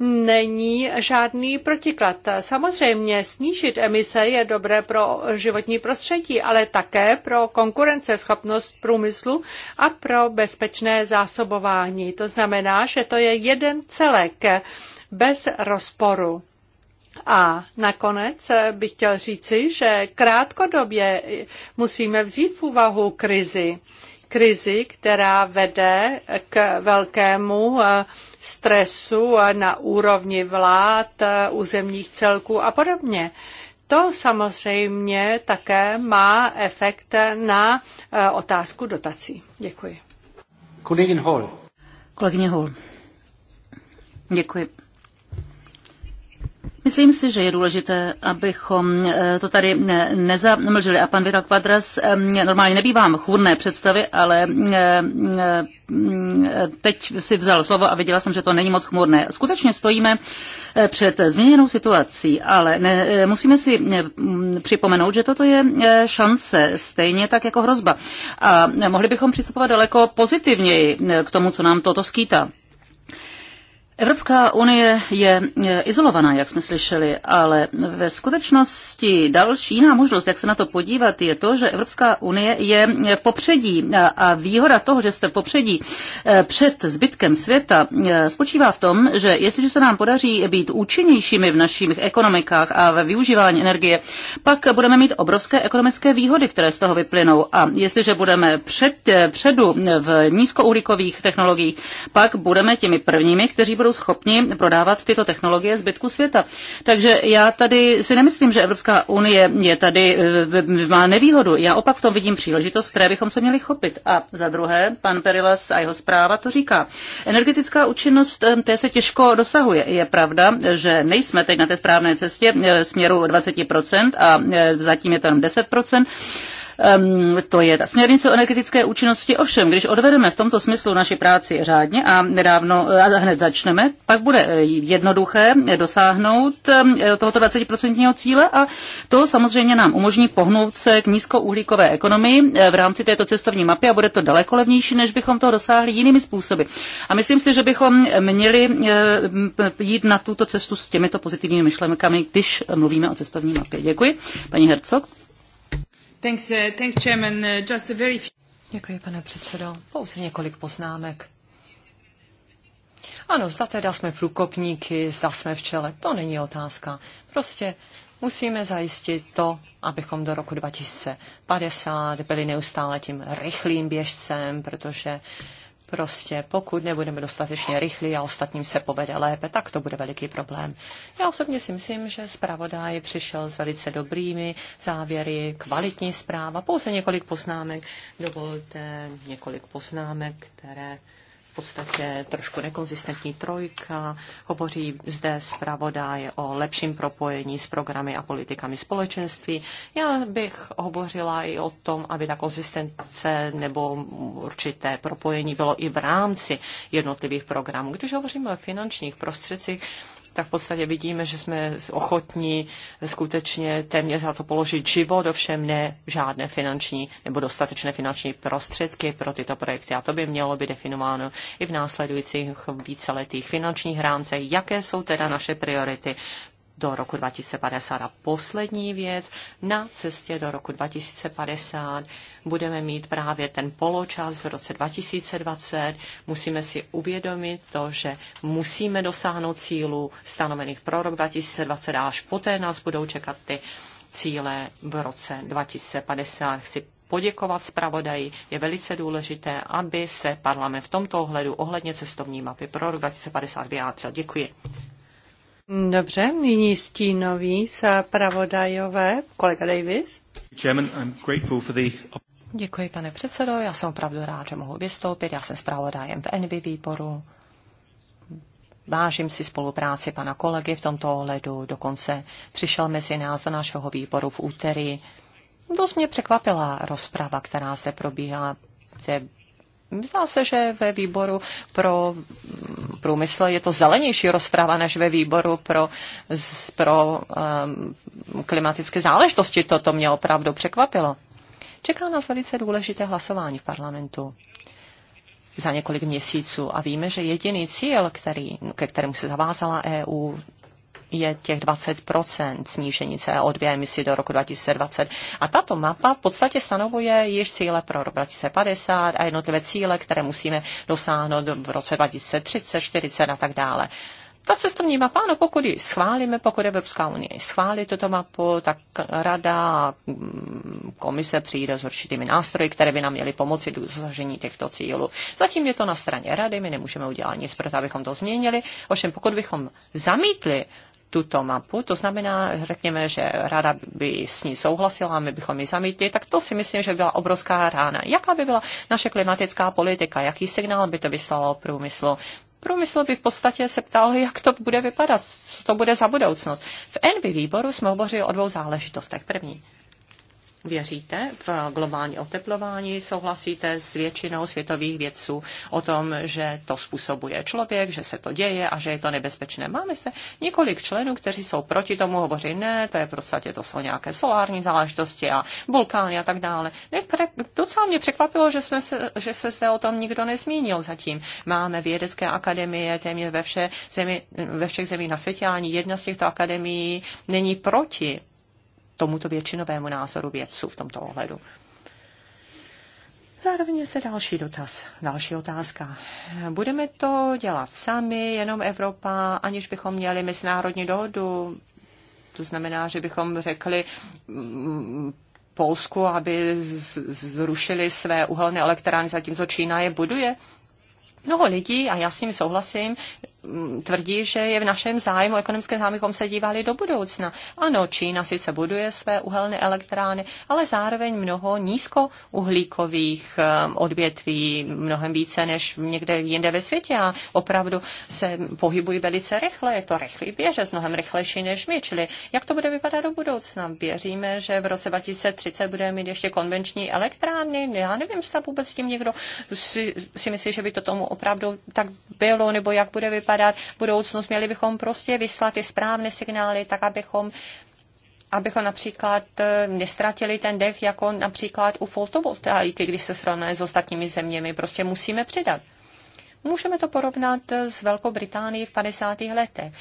není žádný protiklad. Samozřejmě snížit emise je dobré pro životní prostředí, ale také pro konkurenceschopnost průmyslu a pro bezpečné zásobování. To znamená, že to je jeden celek bez rozporu. A nakonec bych chtěl říci, že krátkodobě musíme vzít v úvahu krizi. Krizi, která vede k velkému stresu na úrovni vlád, e, územních celků a podobně. To samozřejmě také má efekt na e, otázku dotací. Děkuji. Kolegyně Hol. Kolegyně Hol. Děkuji. Myslím si, že je důležité, abychom eh, to tady eh, nezamlžili. A pan Vidal Quadras eh, normálně nebývám chůrné představy, ale teď si vzal slovo a viděla jsem, že to není moc chmurné. Skutečně stojíme před změněnou situací, ale ne, musíme si mm, připomenout, že toto je šance, stejně tak jako hrozba. A mohli bychom přistupovat daleko pozitivněji k tomu, co nám toto skýtá. Evropská unie je izolovaná, jak jsme slyšeli, ale ve skutečnosti další jiná možnost, jak se na to podívat, je to, že Evropská unie je v popředí a výhoda toho, že jste v popředí e, před zbytkem světa, e, spočívá v tom, že jestliže se nám podaří být účinnějšími v našich ekonomikách a ve využívání energie, pak budeme mít obrovské ekonomické výhody, které z toho vyplynou. A jestliže budeme před, e, předu v nízkouhlíkových technologiích, pak budeme těmi prvními, kteří budou budou schopni prodávat tyto technologie zbytku světa. Takže já tady si nemyslím, že Evropská unie je tady, eh, má nevýhodu. Já opak v tom vidím příležitost, které bychom se měli chopit. A za druhé, pan Perilas a jeho zpráva to říká. Energetická účinnost eh, té se těžko dosahuje. Je pravda, že nejsme teď na té správné cestě eh, směru 20% a zatím je to jenom 10%. Ehm, to je ta směrnice o energetické účinnosti. Ovšem, když odvedeme v tomto smyslu naši práci řádně a nedávno eh, a hned začneme, pak bude eh, jednoduché dosáhnout ehm, tohoto 20% cíle a to samozřejmě nám umožní pohnout se k nízkouhlíkové ekonomii eh, v rámci této cestovní mapy a bude to daleko levnější, než bychom to dosáhli jinými způsoby. A myslím si, že bychom měli jít na tuto cestu s těmito pozitivními myšlenkami, když mluvíme o cestovní mapě. Děkuji. Paní Hercog. Thanks, uh, thanks, Chairman. Uh, just a very few... Děkuji, pane předsedo. Pouze několik poznámek. Ano, zda teda jsme průkopníky, zda jsme v čele, to není otázka. Prostě musíme zajistit to, abychom do roku 2050 byli neustále tím rychlým běžcem, protože Prostě pokud nebudeme dostatečně rychlí a ostatním se povede lépe, tak to bude veliký problém. Já osobně si myslím, že zpravodaj přišel s velice dobrými závěry, kvalitní zpráva, pouze několik poznámek. Dovolte několik poznámek, které podstatě trošku nekonzistentní trojka. Hovoří zde zpravodaj o lepším propojení s programy a politikami společenství. Já bych hovořila i o tom, aby ta konzistence nebo určité propojení bylo i v rámci jednotlivých programů. Když hovoříme o finančních prostředcích, tak v podstatě vidíme, že jsme ochotní skutečně téměř za to položit život, ovšem ne žádné finanční nebo dostatečné finanční prostředky pro tyto projekty. A to by mělo být definováno i v následujících víceletých finančních rámcech, jaké jsou teda naše priority do roku 2050. A poslední věc, na cestě do roku 2050 budeme mít právě ten poločas v roce 2020. Musíme si uvědomit to, že musíme dosáhnout cílů stanovených pro rok 2020 a až poté nás budou čekat ty cíle v roce 2050. Chci poděkovat zpravodaji. Je velice důležité, aby se parlament v tomto ohledu ohledně cestovní mapy pro rok 2050 vyjádřil. Děkuji. Dobře, nyní stínový se pravodajové, kolega Davis. Chairman, I'm grateful for the... Děkuji, pane předsedo. Já jsem opravdu rád, že mohu vystoupit. Já jsem zpravodajem v NB výboru. Vážím si spolupráci pana kolegy v tomto ohledu. Dokonce přišel mezi nás do našeho výboru v úterý. Dost mě překvapila rozprava, která zde probíhala. Zde Zdá se, že ve výboru pro průmysl je to zelenější rozprava než ve výboru pro, pro um, klimatické záležitosti. Toto mě opravdu překvapilo. Čeká nás velice důležité hlasování v parlamentu za několik měsíců a víme, že jediný cíl, který, ke kterému se zavázala EU, je těch 20% snížení CO2 emisí do roku 2020. A tato mapa v podstatě stanovuje již cíle pro rok 2050 a jednotlivé cíle, které musíme dosáhnout v roce 2030, 40 a tak dále. Ta cestovní mapa, ano, pokud ji schválíme, pokud Evropská unie schválí tuto mapu, tak rada mm, komise přijde s určitými nástroji, které by nám měly pomoci do dosažení těchto cílů. Zatím je to na straně rady, my nemůžeme udělat nic pro to, abychom to změnili. Ovšem, pokud bychom zamítli tuto mapu, to znamená, řekněme, že rada by s ní souhlasila, my bychom ji zamítli, tak to si myslím, že byla obrovská rána. Jaká by byla naše klimatická politika, jaký signál by to vyslalo průmyslu? Průmysl by v podstatě se ptal, jak to bude vypadat, co to bude za budoucnost. V Envy výboru jsme hovořili o dvou záležitostech. První, Věříte v globální oteplování? Souhlasíte s většinou světových vědců o tom, že to způsobuje člověk, že se to děje a že je to nebezpečné? Máme se několik členů, kteří jsou proti tomu, hovoří, ne, to je v podstatě, to jsou nějaké solární záležitosti a vulkány a tak dále. Ne, pre, docela mě překvapilo, že, jsme se, že se zde o tom nikdo nezmínil zatím. Máme vědecké akademie téměř ve, vše zemi, ve všech zemích na světě, ani jedna z těchto akademií není proti tomuto většinovému názoru vědců v tomto ohledu. Zároveň se další dotaz, další otázka. Budeme to dělat sami, jenom Evropa, aniž bychom měli mezinárodní dohodu? To znamená, že bychom řekli mm, Polsku, aby zrušili své uhelné elektrárny, zatímco Čína je buduje? Mnoho lidí, a já s nimi souhlasím, Mm, tvrdí, že je v našem zájmu, ekonomickém zájmu, bychom se dívali do budoucna. Ano, Čína sice buduje své uhelné elektrárny, ale zároveň mnoho nízkouhlíkových eh, odvětví, mnohem více než někde jinde ve světě a opravdu se pohybují velice rychle. Je to rychlý běžec, mnohem rychlejší než my. Čili jak to bude vypadat do budoucna? Věříme, že v roce 2030 budeme mít ještě konvenční elektrárny. Já nevím, jestli vůbec s tím někdo si, si myslí, že by to tomu opravdu tak bylo, nebo jak bude vypadat vypadat budoucnost. Měli bychom prostě vyslat ty správné signály, tak abychom abychom například eh, nestratili ten dech jako například u fotovoltaiky, když se srovnáme s ostatními zeměmi. Prostě musíme přidat. Můžeme to porovnat s Velkou Británií v 50. letech.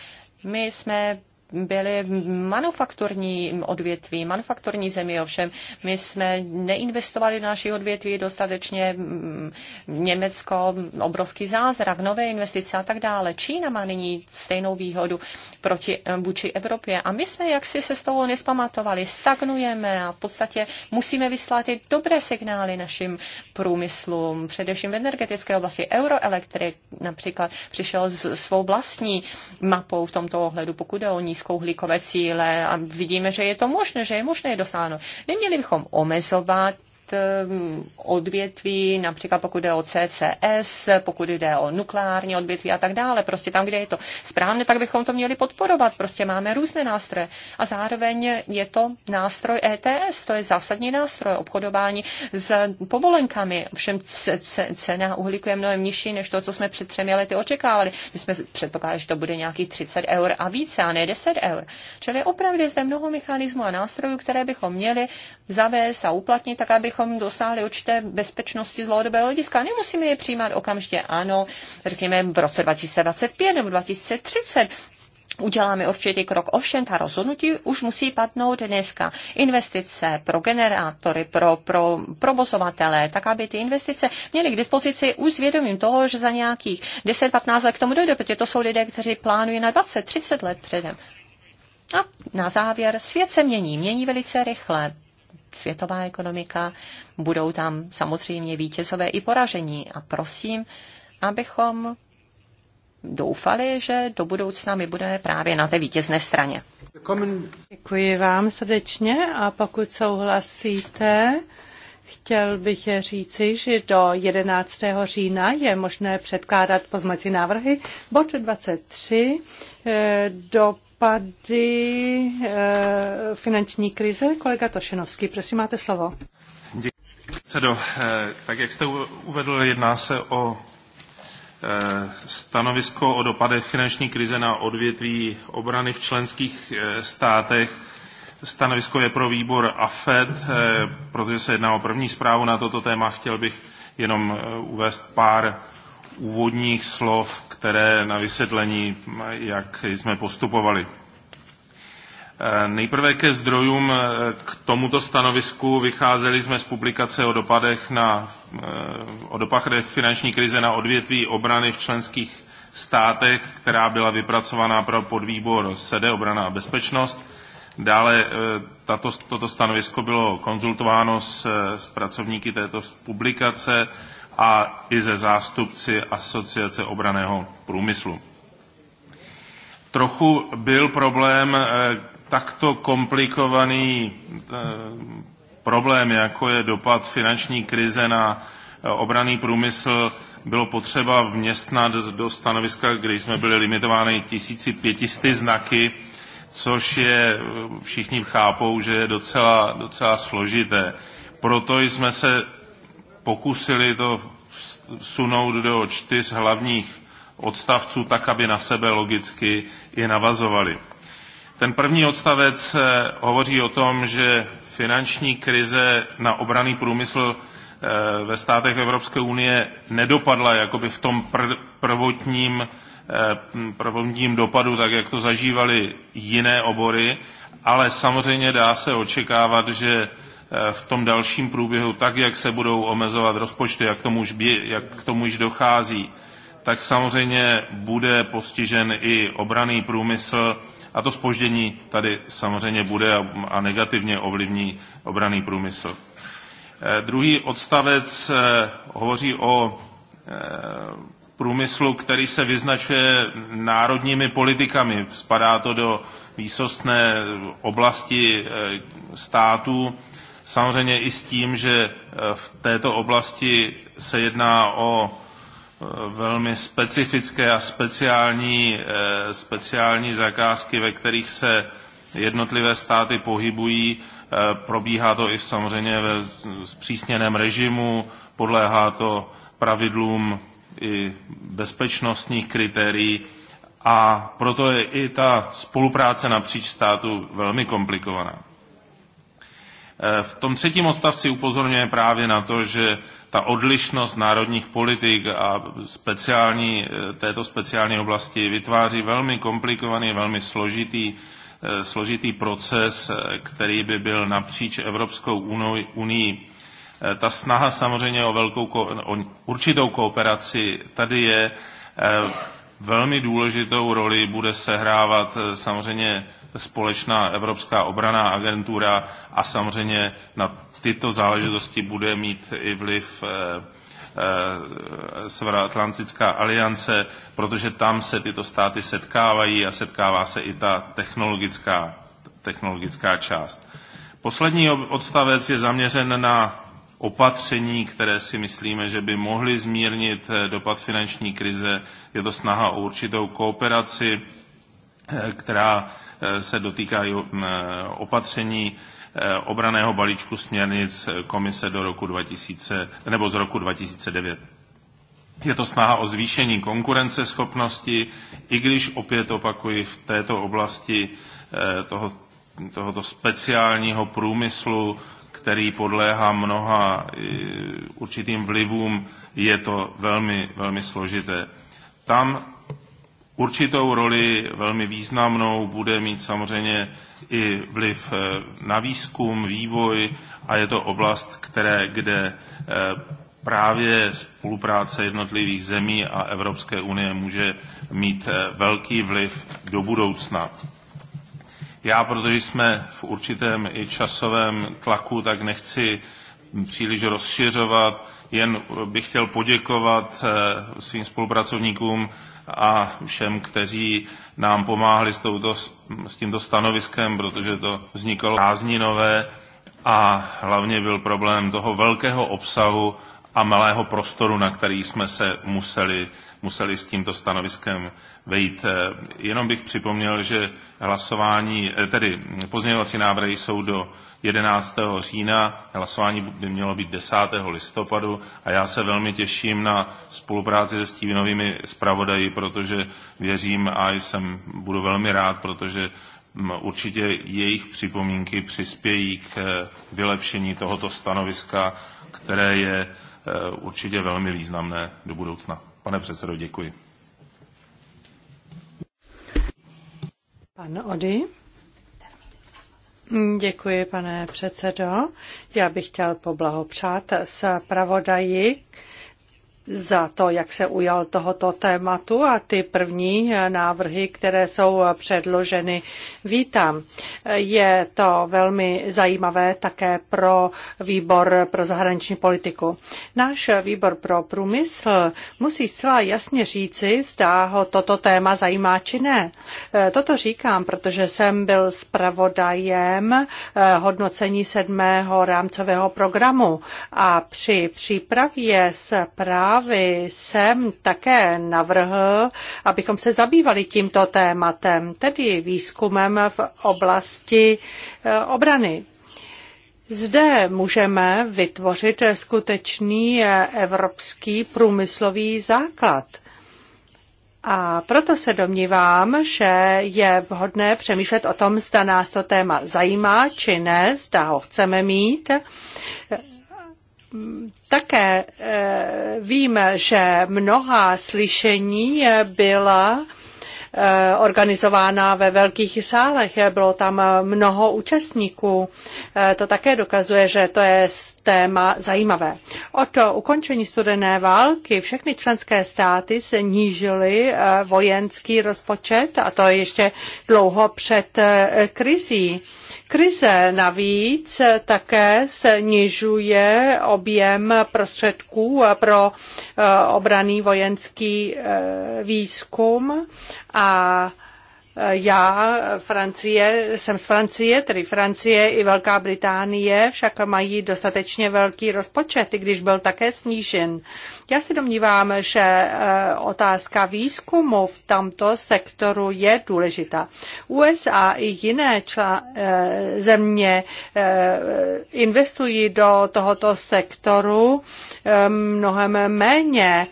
My jsme byly manufakturní odvětví, manufakturní zemi, ovšem my jsme neinvestovali do našich odvětví dostatečně mm, Německo, obrovský zázrak, nové investice a tak dále. Čína má nyní stejnou výhodu proti eh, vůči Evropě a my jsme jaksi se s toho nespamatovali, stagnujeme a v podstatě musíme vyslat i dobré signály našim průmyslům, především v energetické oblasti. Euroelektrik například přišel s svou vlastní mapou v tomto ohledu, pokud je o nízkou nízkouhlíkové cíle a vidíme, že je to možné, že je možné je dosáhnout. Neměli bychom omezovat Ehm, odvětví, například pokud jde o CCS, pokud jde o nukleární odvětví a tak dále. Prostě tam, kde je to správné, tak bychom to měli podporovat. Prostě máme různé nástroje. A zároveň je to nástroj ETS, to je zásadní nástroj obchodování s povolenkami. Všem cena uhlíku je mnohem nižší, než to, co jsme před třemi lety očekávali. My jsme předpokládali, že to bude nějakých 30 eur a více, a ne 10 eur. Čili opravdu je zde mnoho mechanismů a nástrojů, které bychom měli zavést a uplatnit, tak abychom abychom dosáhli určité bezpečnosti z dlouhodobého hlediska. Nemusíme je přijímat okamžitě, ano, řekněme v roce 2025 nebo 2030. Uděláme určitý krok, ovšem ta rozhodnutí už musí padnout dneska. Investice pro generátory, pro, pro provozovatele, tak aby ty investice měly k dispozici už s vědomím toho, že za nějakých 10-15 let k tomu dojde, protože to jsou lidé, kteří plánují na 20-30 let předem. A na závěr, svět se mění, mění velice rychle světová ekonomika, budou tam samozřejmě vítězové i poražení. A prosím, abychom doufali, že do budoucna my budeme právě na té vítězné straně. Děkuji vám srdečně a pokud souhlasíte, Chtěl bych říci, že do 11. října je možné předkládat pozmací návrhy. Bod 23 eh, do dopady eh, finanční krize. Kolega Tošenovský, prosím, máte slovo. Děkuji, předsedo. Eh, tak jak jste uvedl, jedná se o eh, stanovisko o dopadech finanční krize na odvětví obrany v členských státech. Stanovisko je pro výbor AFED, protože se jedná o první zprávu na toto téma. Chtěl bych jenom uvést pár úvodních slov, které na vysvětlení, jak jsme postupovali. E, nejprve ke zdrojům e, k tomuto stanovisku vycházeli jsme z publikace o dopadech, na, e, o dopadech finanční krize na odvětví obrany v členských státech, která byla vypracována pro podvýbor SEDE obrana a bezpečnost. Dále tato, toto stanovisko bylo konzultováno s, s pracovníky této publikace a i ze zástupci Asociace obraného průmyslu. Trochu byl problém eh, takto komplikovaný eh, problém, jako je dopad finanční krize na eh, obraný průmysl, bylo potřeba vměstnat do stanoviska, kde jsme byli limitováni 1500 znaky, což je, všichni chápou, že je docela, docela složité. Proto jsme se pokusili to sunout do čtyř hlavních odstavců, tak aby na sebe logicky i navazovali. Ten první odstavec eh, hovoří o tom, že finanční krize na obraný průmysl eh, ve státech Evropské unie nedopadla jakoby v tom pr- prvotním, eh, prvotním dopadu, tak jak to zažívaly jiné obory, ale samozřejmě dá se očekávat, že v tom dalším průběhu, tak jak se budou omezovat rozpočty, jak, tomu už bě, jak k tomu již dochází, tak samozřejmě bude postižen i obraný průmysl a to spoždění tady samozřejmě bude a negativně ovlivní obraný průmysl. Eh, druhý odstavec eh, hovoří o eh, průmyslu, který se vyznačuje národními politikami. Spadá to do výsostné oblasti států Samozřejmě i s tím, že eh, v této oblasti se jedná o eh, velmi specifické a speciální, eh, speciální zakázky, ve kterých se jednotlivé státy pohybují. Probíhá to i samozřejmě ve zpřísněném režimu, podléhá to pravidlům i bezpečnostních kritérií a proto je i ta spolupráce napříč státu velmi komplikovaná. V tom třetím odstavci upozorňuje právě na to, že ta odlišnost národních politik a speciální, eh, této speciální oblasti vytváří velmi komplikovaný, velmi složitý, eh, složitý proces, eh, který by byl napříč Evropskou unii. Ta snaha samozřejmě o, velkou, o určitou kooperaci tady je. Velmi důležitou roli bude sehrávat samozřejmě společná Evropská obraná agentura a samozřejmě na tyto záležitosti bude mít i vliv eh, eh, Severoatlantická aliance, protože tam se tyto státy setkávají a setkává se i ta technologická, technologická část. Poslední odstavec je zaměřen na opatření, které si myslíme, že by mohly zmírnit eh, dopad finanční krize. Je to snaha o určitou kooperaci, která Eh, se dotýká i mm, eh, opatření eh, obraného balíčku směrnic komise do roku 2000, nebo z roku 2009. Je to snaha o zvýšení konkurenceschopnosti, i když opět opakuji, v této oblasti toho, tohoto speciálního průmyslu, který podléhá mnoha určitým vlivům, je to velmi, velmi složité. Tam Určitou roli velmi významnou bude mít samozřejmě i vliv eh, na výzkum, vývoj a je to oblast, které, kde eh, právě spolupráce jednotlivých zemí a Evropské unie může mít eh, velký vliv do budoucna. Já, protože jsme v určitém i časovém tlaku, tak nechci příliš rozšiřovat, jen bych chtěl poděkovat svým spolupracovníkům a všem, kteří nám pomáhali s, touto, s tímto stanoviskem, protože to vznikalo prázdninové a hlavně byl problém toho velkého obsahu a malého prostoru, na který jsme se museli museli s tímto stanoviskem vejít. Eh, jenom bych připomněl, že hlasování, eh, tedy pozměňovací návrhy jsou do 11. října, hlasování by mělo být 10. listopadu a já se velmi těším na spolupráci se stínovými zpravodaji, protože věřím a jsem, budu velmi rád, protože mm, určitě jejich připomínky přispějí k eh, vylepšení tohoto stanoviska, které je určitě velmi významné do budoucna. Pane předsedo, děkuji. Pan Ody. Děkuji, pane předsedo. Já bych chtěl poblahopřát pravodají za to, jak se ujal tohoto tématu a ty první návrhy, které jsou předloženy, vítám. Je to velmi zajímavé také pro výbor pro zahraniční politiku. Náš výbor pro průmysl musí zcela jasně říci, zda ho toto téma zajímá či ne. Toto říkám, protože jsem byl zpravodajem eh, hodnocení sedmého rámcového programu a při přípravě zpráv zprávy jsem také navrhl, abychom se zabývali tímto tématem, tedy výzkumem v oblasti eh, obrany. Zde můžeme vytvořit skutečný eh, evropský průmyslový základ. A proto se domnívám, že je vhodné přemýšlet o tom, zda nás to téma zajímá či ne, zda ho chceme mít. Také eh, vím, že mnoha slyšení eh, byla eh, organizována ve velkých sálech. Bylo tam mnoho účastníků. To také dokazuje, že to je téma zajímavé. Od ukončení studené války všechny členské státy se nížily eh, vojenský rozpočet a to ještě dlouho před eh, krizí. Krize navíc také snižuje objem prostředků eh, pro obraný vojenský výzkum a já Francie, jsem z Francie, tedy Francie i Velká Británie však mají dostatečně velký rozpočet, i když byl také snížen. Já si domnívám, že eh, otázka výzkumu v tomto sektoru je důležitá. USA i jiné čla, eh, země eh, investují do tohoto sektoru mnohem méně.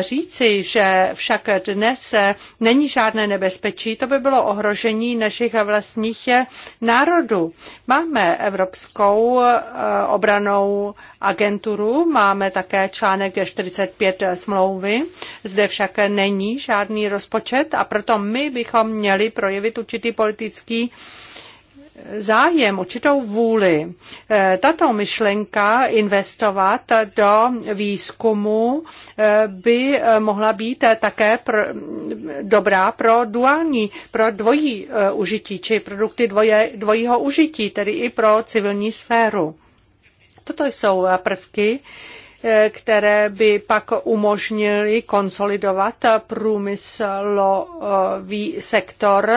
Říci, že však dnes není žádné nebezpečí, to by bylo ohrožení našich vlastních národů. Máme Evropskou eh, obranou agenturu, máme také článek 45 smlouvy, zde však není žádný rozpočet a proto my bychom měli projevit určitý politický zájem, určitou vůli. Eh, tato myšlenka investovat do výzkumu eh, by eh, mohla být také dobrá pro duální, pro dvojí užití, či produkty dvoje, dvojího užití, tedy i pro civilní sféru. Toto jsou prvky, které by pak umožnily konsolidovat průmyslový sektor.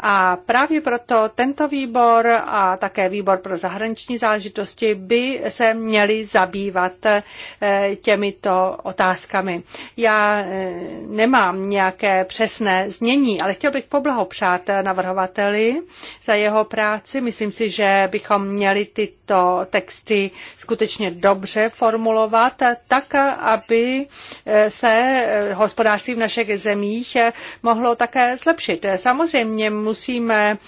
A právě proto tento výbor a také výbor pro zahraniční záležitosti by se měli zabývat eh, těmito otázkami. Já eh, nemám nějaké přesné znění, ale chtěl bych poblahopřát navrhovateli za jeho práci. Myslím si, že bychom měli tyto texty skutečně dobře formulovat dělat tak, aby eh, se eh, hospodářství v našich zemích eh, mohlo také zlepšit. Samozřejmě musíme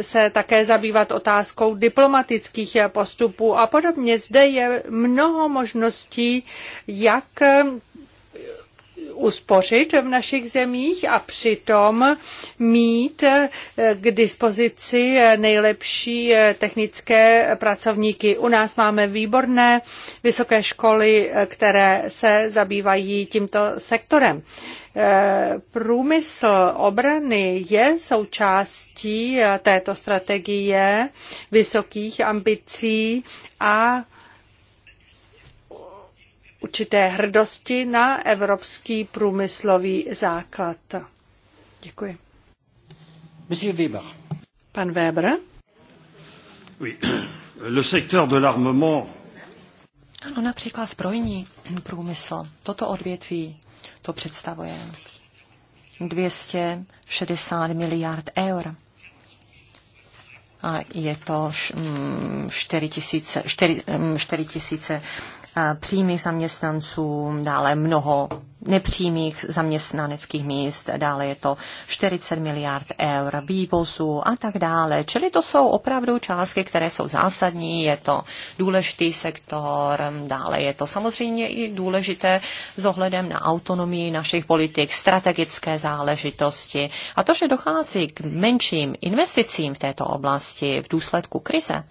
se také zabývat otázkou diplomatických postupů a podobně. Zde je mnoho možností, jak uspořit v našich zemích a přitom mít eh, k dispozici eh, nejlepší eh, technické pracovníky. U nás máme výborné vysoké školy, které se zabývají tímto sektorem. Průmysl obrany je součástí této strategie vysokých ambicí a určité hrdosti na evropský průmyslový základ. Děkuji. Monsieur Weber. Pan Weber. Oui. Le secteur de l'armement. Ano, například zbrojní průmysl. Toto odvětví to představuje 260 miliard eur a je to 4 mm, tisíce, 4, 4 mm, tisíce přímých zaměstnanců, dále mnoho nepřímých zaměstnaneckých míst, dále je to 40 miliard eur vývozu a tak dále. Čili to jsou opravdu částky, které jsou zásadní, je to důležitý sektor, dále je to samozřejmě i důležité s ohledem na autonomii našich politik, strategické záležitosti. A to, že dochází k menším investicím v této oblasti v důsledku krize,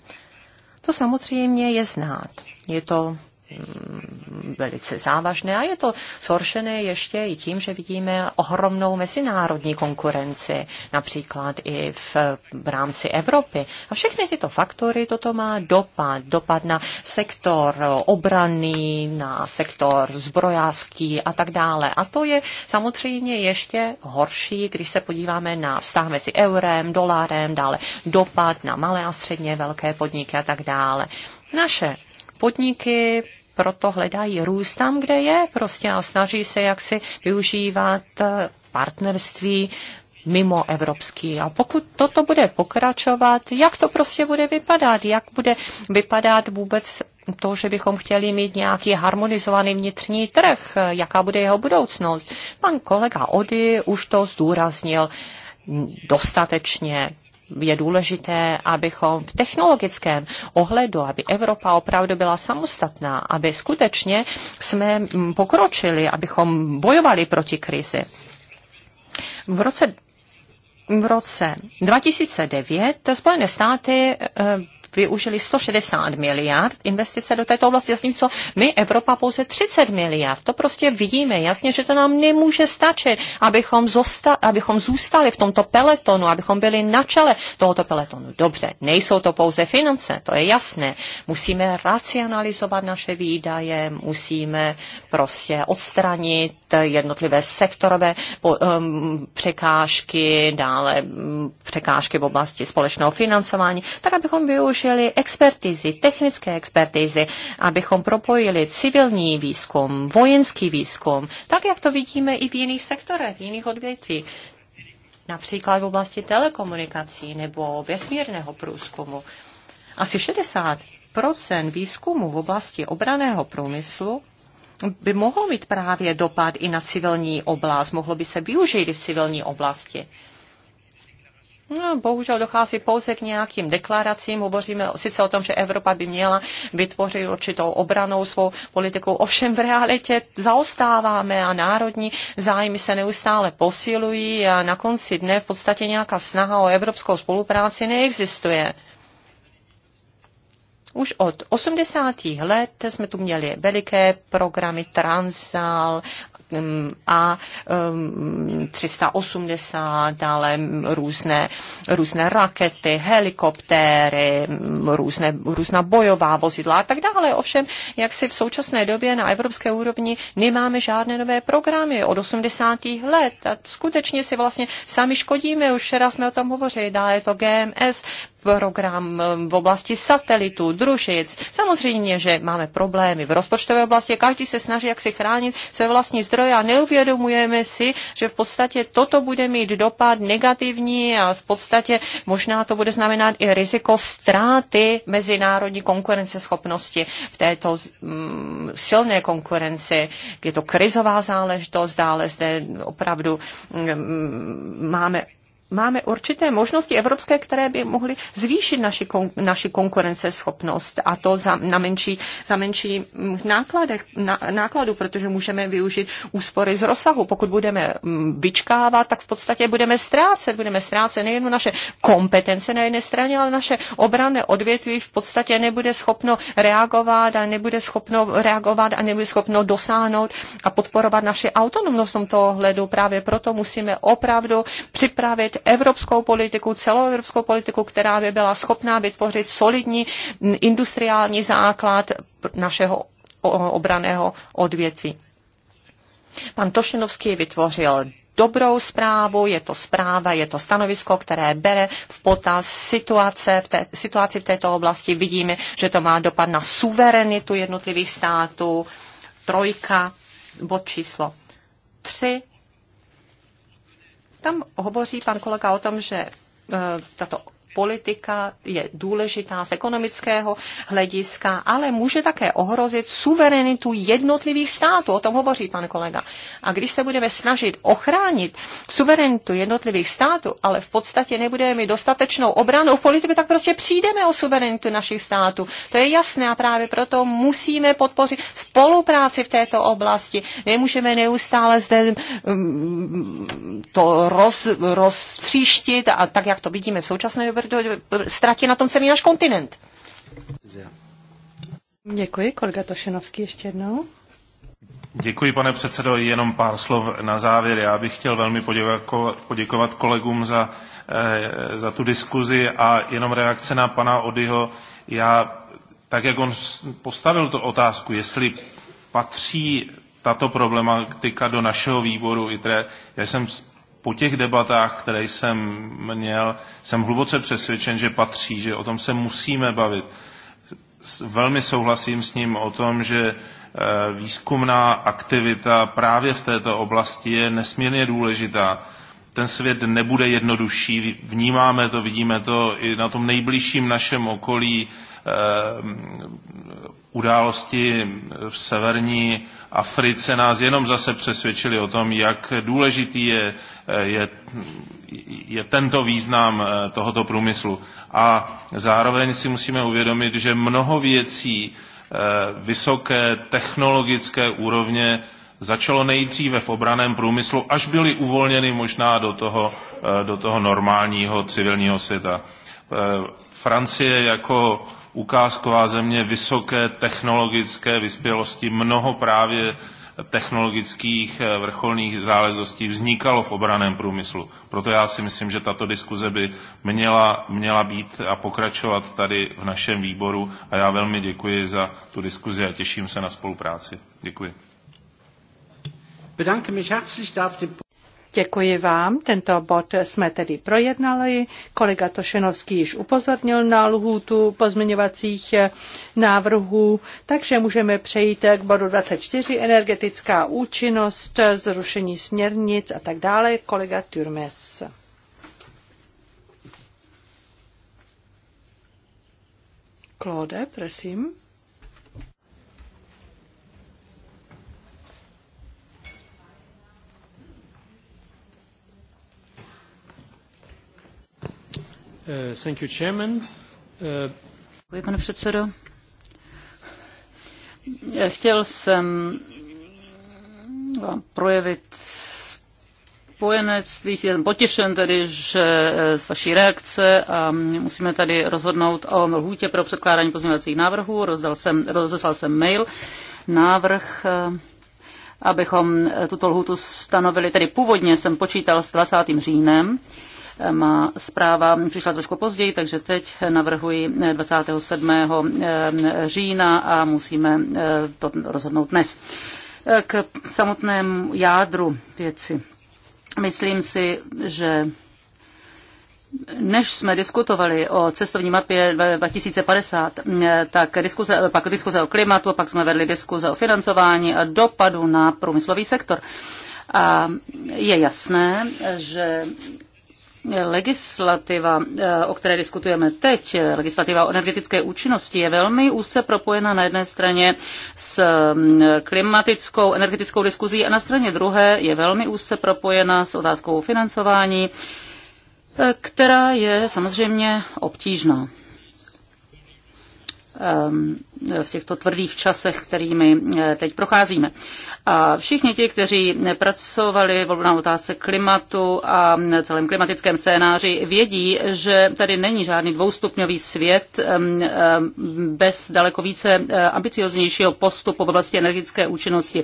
to samozřejmě je znát. Je to Mm, velice závažné a je to zhoršené ještě i tím, že vidíme ohromnou mezinárodní konkurenci, například i v, v rámci Evropy. A všechny tyto faktory, toto má dopad. Dopad na sektor obrany, na sektor zbrojářský a tak dále. A to je samozřejmě ještě horší, když se podíváme na vztah mezi eurem, dolárem, dále dopad na malé a středně velké podniky a tak dále. Naše podniky proto hledají růst tam, kde je prostě a snaží se jaksi využívat eh, partnerství mimo evropský. A pokud toto bude pokračovat, jak to prostě bude vypadat? Jak bude vypadat vůbec to, že bychom chtěli mít nějaký harmonizovaný vnitřní trh? Jaká bude jeho budoucnost? Pan kolega Ody už to zdůraznil dostatečně je důležité, abychom v technologickém ohledu, aby Evropa opravdu byla samostatná, aby skutečně jsme pokročili, abychom bojovali proti krizi. V roce v roce 2009 Spojené státy eh, využili 160 miliard investice do této oblasti, zatímco my, Evropa, pouze 30 miliard. To prostě vidíme jasně, že to nám nemůže stačit, abychom, zosta- abychom zůstali v tomto peletonu, abychom byli na čele tohoto peletonu. Dobře, nejsou to pouze finance, to je jasné. Musíme racionalizovat naše výdaje, musíme prostě odstranit jednotlivé sektorové po, um, překážky, dále um, překážky v oblasti společného financování, tak abychom využili využili expertizy, technické expertizy, abychom propojili civilní výzkum, vojenský výzkum, tak jak to vidíme i v jiných sektorech, v jiných odvětvích například v oblasti telekomunikací nebo vesmírného průzkumu. Asi 60 výzkumu v oblasti obraného průmyslu by mohlo mít právě dopad i na civilní oblast, mohlo by se využít i v civilní oblasti. No, bohužel dochází pouze k nějakým deklaracím. Hovoříme sice o tom, že Evropa by měla vytvořit určitou obranou svou politiku. ovšem v realitě zaostáváme a národní zájmy se neustále posilují a na konci dne v podstatě nějaká snaha o evropskou spolupráci neexistuje. Už od 80. let jsme tu měli veliké programy Transal Mm, a 380, mm, dále různé, různé rakety, helikoptéry, mm, různé, různá bojová vozidla a tak dále. Ovšem, jak si v současné době na evropské úrovni nemáme žádné nové programy od 80. let a skutečně si vlastně sami škodíme, už včera jsme o tom hovořili, dále je to GMS, program um, v oblasti satelitů, družic. Samozřejmě, že máme problémy v rozpočtové oblasti, každý se snaží, jak si chránit své vlastní zdroje a neuvědomujeme si, že v podstatě toto bude mít dopad negativní a v podstatě možná to bude znamenat i riziko ztráty mezinárodní konkurenceschopnosti v této mm, silné konkurenci. Je to krizová záležitost, dále zde opravdu mm, máme máme určité možnosti evropské, které by mohly zvýšit naši, kon, naši konkurenceschopnost a to za, na menší, za menší nákladech, na, nákladu, protože můžeme využít úspory z rozsahu. Pokud budeme mm, vyčkávat, tak v podstatě budeme ztrácet. Budeme ztrácet nejen naše kompetence na jedné straně, ale naše obranné odvětví v podstatě nebude schopno reagovat a nebude schopno reagovat a nebude schopno dosáhnout a podporovat naši autonomnost v tomto ohledu. Právě proto musíme opravdu připravit evropskou politiku, celoevropskou politiku, která by byla schopná vytvořit solidní industriální základ našeho obraného odvětví. Pan Tošenovský vytvořil dobrou zprávu, je to zpráva, je to stanovisko, které bere v potaz situace v té, situaci v této oblasti. Vidíme, že to má dopad na suverenitu jednotlivých států. Trojka, bod číslo tři, tam hovoří pan kolega o tom, že eh, tato politika je důležitá z ekonomického hlediska, ale může také ohrozit suverenitu jednotlivých států. O tom hovoří pan kolega. A když se budeme snažit ochránit suverenitu jednotlivých států, ale v podstatě nebudeme mít dostatečnou obranu v politiku, tak prostě přijdeme o suverenitu našich států. To je jasné a právě proto musíme podpořit spolupráci v této oblasti. Nemůžeme neustále zde mm, to roz, roztříštit a tak, jak to vidíme v současné době, tvrdo, ztratí na tom celý náš kontinent. Děkuji, kolega Tošenovský ještě jednou. Děkuji, pane předsedo. Jenom pár slov na závěr. Já bych chtěl velmi poděkovat kolegům za, eh, za tu diskuzi a jenom reakce na pana Odyho. Já, tak jak on postavil tu otázku, jestli patří tato problematika do našeho výboru já jsem po těch debatách, které jsem měl, jsem hluboce přesvědčen, že patří, že o tom se musíme bavit. Velmi souhlasím s ním o tom, že eh, výzkumná aktivita právě v této oblasti je nesmírně důležitá. Ten svět nebude jednodušší, vnímáme to, vidíme to i na tom nejbližším našem okolí eh, události v severní Africe nás jenom zase přesvědčili o tom, jak důležitý je, je, je tento význam eh, tohoto průmyslu. A zároveň si musíme uvědomit, že mnoho věcí eh, vysoké technologické úrovně začalo nejdříve v obraném průmyslu, až byly uvolněny možná do toho, eh, do toho normálního civilního světa. Francie jako ukázková země vysoké technologické vyspělosti. Mnoho právě technologických eh, vrcholných záležitostí vznikalo v obraném průmyslu. Proto já si myslím, že tato diskuze by měla, měla být a pokračovat tady v našem výboru a já velmi děkuji za tu diskuzi a těším se na spolupráci. Děkuji. Děkuji vám. Tento bod jsme tedy projednali. Kolega Tošenovský již upozornil na lhůtu pozměňovacích eh, návrhů, takže můžeme přejít k bodu 24, energetická účinnost, zrušení směrnic a tak dále. Kolega Turmes. Claude, prosím. Eh, eh, pane předsedající Chtěl jsem vám projevit spojenectví. Jsem potěšen tedy, že eh, z vaší reakce a musíme tady rozhodnout o lhůtě pro předkládání pozměňovacích návrhů. Rozdal jsem, rozeslal jsem mail, návrh abychom tuto lhůtu stanovili. Tedy původně jsem počítal s 20. říjnem, má zpráva přišla trošku později, takže teď navrhuji 27. Eh, října a musíme eh, to rozhodnout dnes. Eh, k samotnému jádru věci. Myslím si, že než jsme diskutovali o cestovní mapě 2050, tak diskuze, pak diskuze o klimatu, pak jsme vedli diskuze o financování a dopadu na průmyslový sektor. A je jasné, že legislativa, eh, o které diskutujeme teď, legislativa o energetické účinnosti, je velmi úzce propojena na jedné straně s mm, klimatickou energetickou diskuzí a na straně druhé je velmi úzce propojena s otázkou financování, eh, která je samozřejmě obtížná. Um, v těchto tvrdých časech, kterými eh, teď procházíme. A všichni ti, kteří pracovali na otázce klimatu a celém klimatickém scénáři, vědí, že tady není žádný dvoustupňový svět bez daleko více eh, ambicioznějšího postupu v oblasti energetické účinnosti.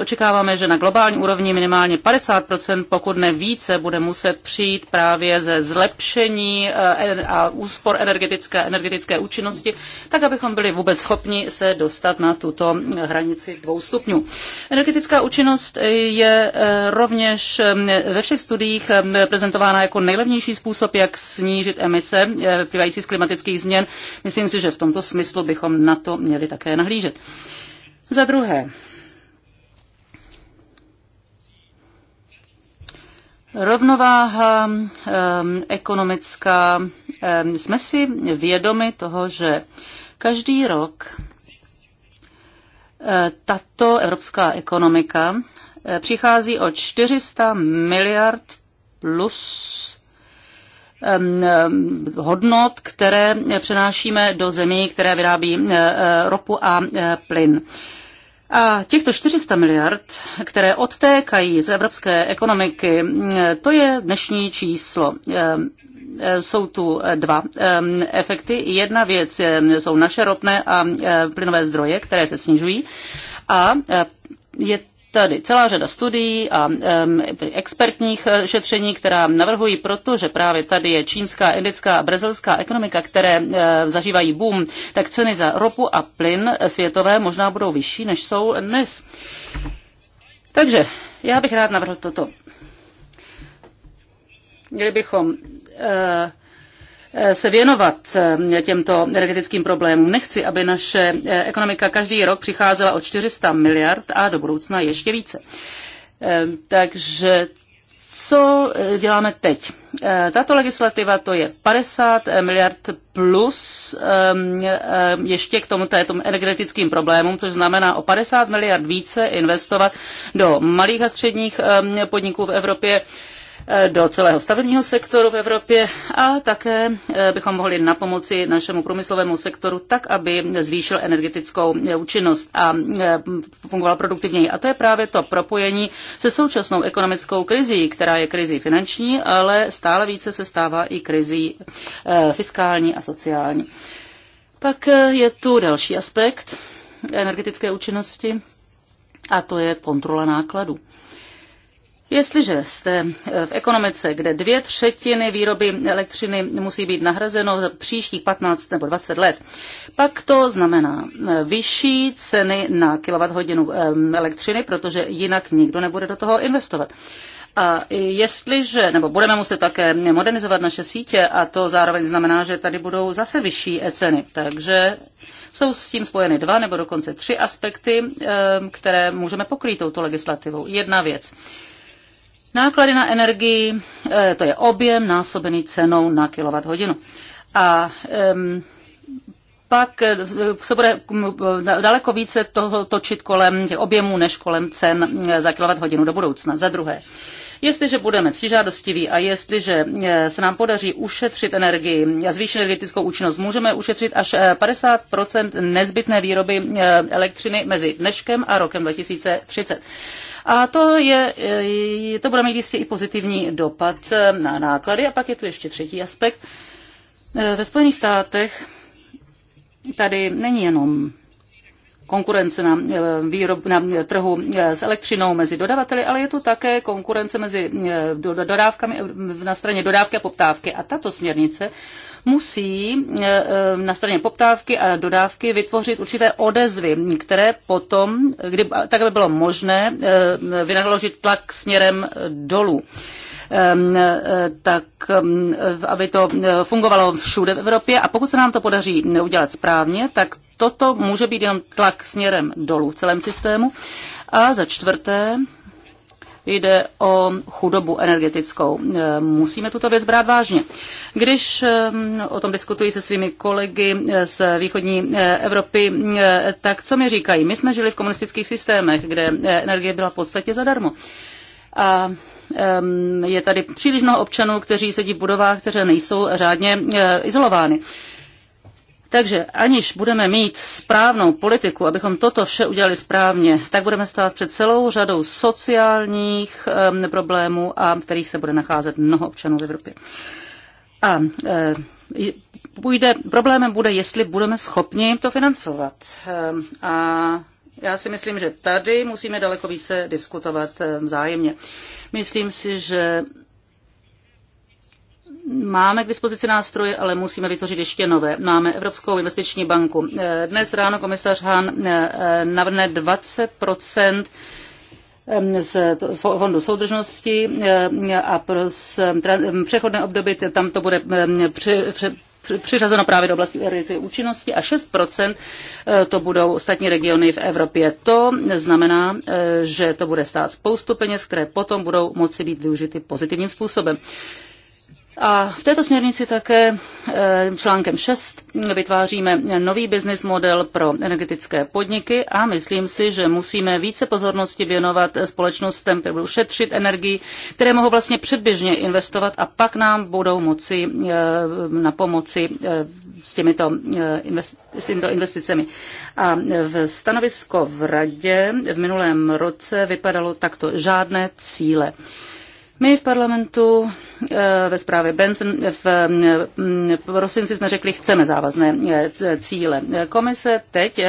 Očekáváme, že na globální úrovni minimálně 50%, pokud ne více, bude muset přijít právě ze zlepšení eh, a úspor energetické, energetické účinnosti, tak abychom abychom byli vůbec schopni se dostat na tuto hranici dvou stupňů. Energetická účinnost je eh, rovněž eh, ve všech studiích eh, prezentována jako nejlevnější způsob, jak snížit emise vyplývající z klimatických změn. Myslím si, že v tomto smyslu bychom na to měli také nahlížet. Za druhé, rovnováha ekonomická. jsme si vědomi toho, že Každý rok eh, tato evropská ekonomika eh, přichází o 400 miliard plus hodnot, které přenášíme do zemí, které vyrábí eh, ropu a plyn. A těchto 400 miliard, které odtékají z evropské ekonomiky, mm, to je dnešní číslo. Eh, jsou tu eh, dva ehm, efekty. Jedna věc ehm, jsou naše ropné a eh, plynové zdroje, které se snižují. A je tady celá řada studií a ehm, expertních šetření, která navrhují proto, že právě tady je čínská, indická a brazilská ekonomika, které zažívají boom, tak ceny za ropu a plyn světové možná budou vyšší, než jsou dnes. Takže já bych rád navrhl toto. Měli bychom Eh, se věnovat eh, těmto energetickým problémům. Nechci, aby naše eh, ekonomika každý rok přicházela o 400 miliard a do budoucna ještě více. Takže co děláme teď? Tato legislativa to je 50 miliard plus ehm, ehm, ještě k tomu této energetickým problémům, což znamená o 50 miliard více investovat do malých a středních ehm, podniků v Evropě Eh, do celého stavebního sektoru v Evropě a také eh, bychom mohli na pomoci našemu průmyslovému sektoru tak, aby zvýšil energetickou eh, účinnost a fungoval produktivněji. A to je právě to propojení se současnou ekonomickou krizí, která je krizí finanční, ale stále více se stává i krizí fiskální a sociální. Pak je tu další aspekt energetické účinnosti a to je kontrola nákladů. Jestliže jste eh, v ekonomice, kde dvě třetiny výroby elektřiny musí být nahrazeno za příštích 15 nebo 20 let, pak to znamená eh, vyšší ceny na kilowatthodinu eh, elektřiny, protože jinak nikdo nebude do toho investovat. A jestliže, nebo budeme muset také modernizovat naše sítě a to zároveň znamená, že tady budou zase vyšší ceny. Takže jsou s tím spojeny dva nebo dokonce tři aspekty, které můžeme pokrýt touto legislativou. Jedna věc Náklady na energii, eh, to je objem násobený cenou na kWh. A pak eh, se bude hm, eh, daleko více toho točit kolem těch objemů než kolem cen za kWh do budoucna. Za druhé, Jestliže budeme žádostiví a jestliže se nám podaří ušetřit energii a zvýšit energetickou účinnost, můžeme ušetřit až 50 nezbytné výroby elektřiny mezi dneškem a rokem 2030. A to, je, eh, to bude mít jistě i pozitivní dopad eh, na náklady. A pak je tu ještě třetí aspekt. Eh, ve Spojených státech tady není jenom konkurence na, výrob, na trhu s elektřinou mezi dodavateli, ale je tu také konkurence mezi dodávkami na straně dodávky a poptávky. A tato směrnice musí eh, eh, na straně poptávky a dodávky vytvořit určité odezvy, které potom, kdy, tak by bylo možné eh, vynaložit tlak směrem dolů ehm, tak ehm, aby to fungovalo všude v Evropě. A pokud se nám to podaří udělat správně, tak toto může být jenom tlak směrem dolů v celém systému. A za čtvrté, jde o chudobu energetickou. Eh, musíme tuto věc brát vážně. Když eh, o tom diskutuji se svými kolegy eh, z východní Evropy, tak co mi říkají? My jsme žili v komunistických systémech, kde energie byla v podstatě zadarmo. A ehm, je tady příliš mnoho občanů, kteří sedí v budovách, které nejsou řádně izolovány. Takže aniž budeme mít správnou politiku, abychom toto vše udělali správně, tak budeme stát před celou řadou sociálních e, problémů, a kterých se bude nacházet mnoho občanů v Evropě. A e, půjde, problémem bude, jestli budeme schopni to financovat. E, a já si myslím, že tady musíme daleko více diskutovat vzájemně. Myslím si, že Máme k dispozici nástroje, ale musíme vytvořit ještě nové. Máme Evropskou investiční banku. Eh, dnes ráno komisař Han navrne 20 z fondu soudržnosti eh, a pro ehm, ehm, přechodné období tam to bude ehm, při při, přiřazeno právě do oblasti energetické účinnosti a 6% eh, to budou ostatní regiony v Evropě. To znamená, že to bude stát spoustu peněz, které potom budou moci být využity pozitivním způsobem. A v této směrnici také eh, článkem 6 vytváříme nový business model pro energetické podniky a myslím si, že musíme více pozornosti věnovat společnostem, které budou šetřit energii, které mohou vlastně předběžně investovat a pak nám budou moci eh, na pomoci eh, s těmito, s těmito investicemi. A v stanovisko v radě v minulém roce vypadalo takto žádné cíle. My v parlamentu eh, ve zprávě Benson eh, mm, v prosinci jsme řekli, chceme závazné eh, cíle. Komise teď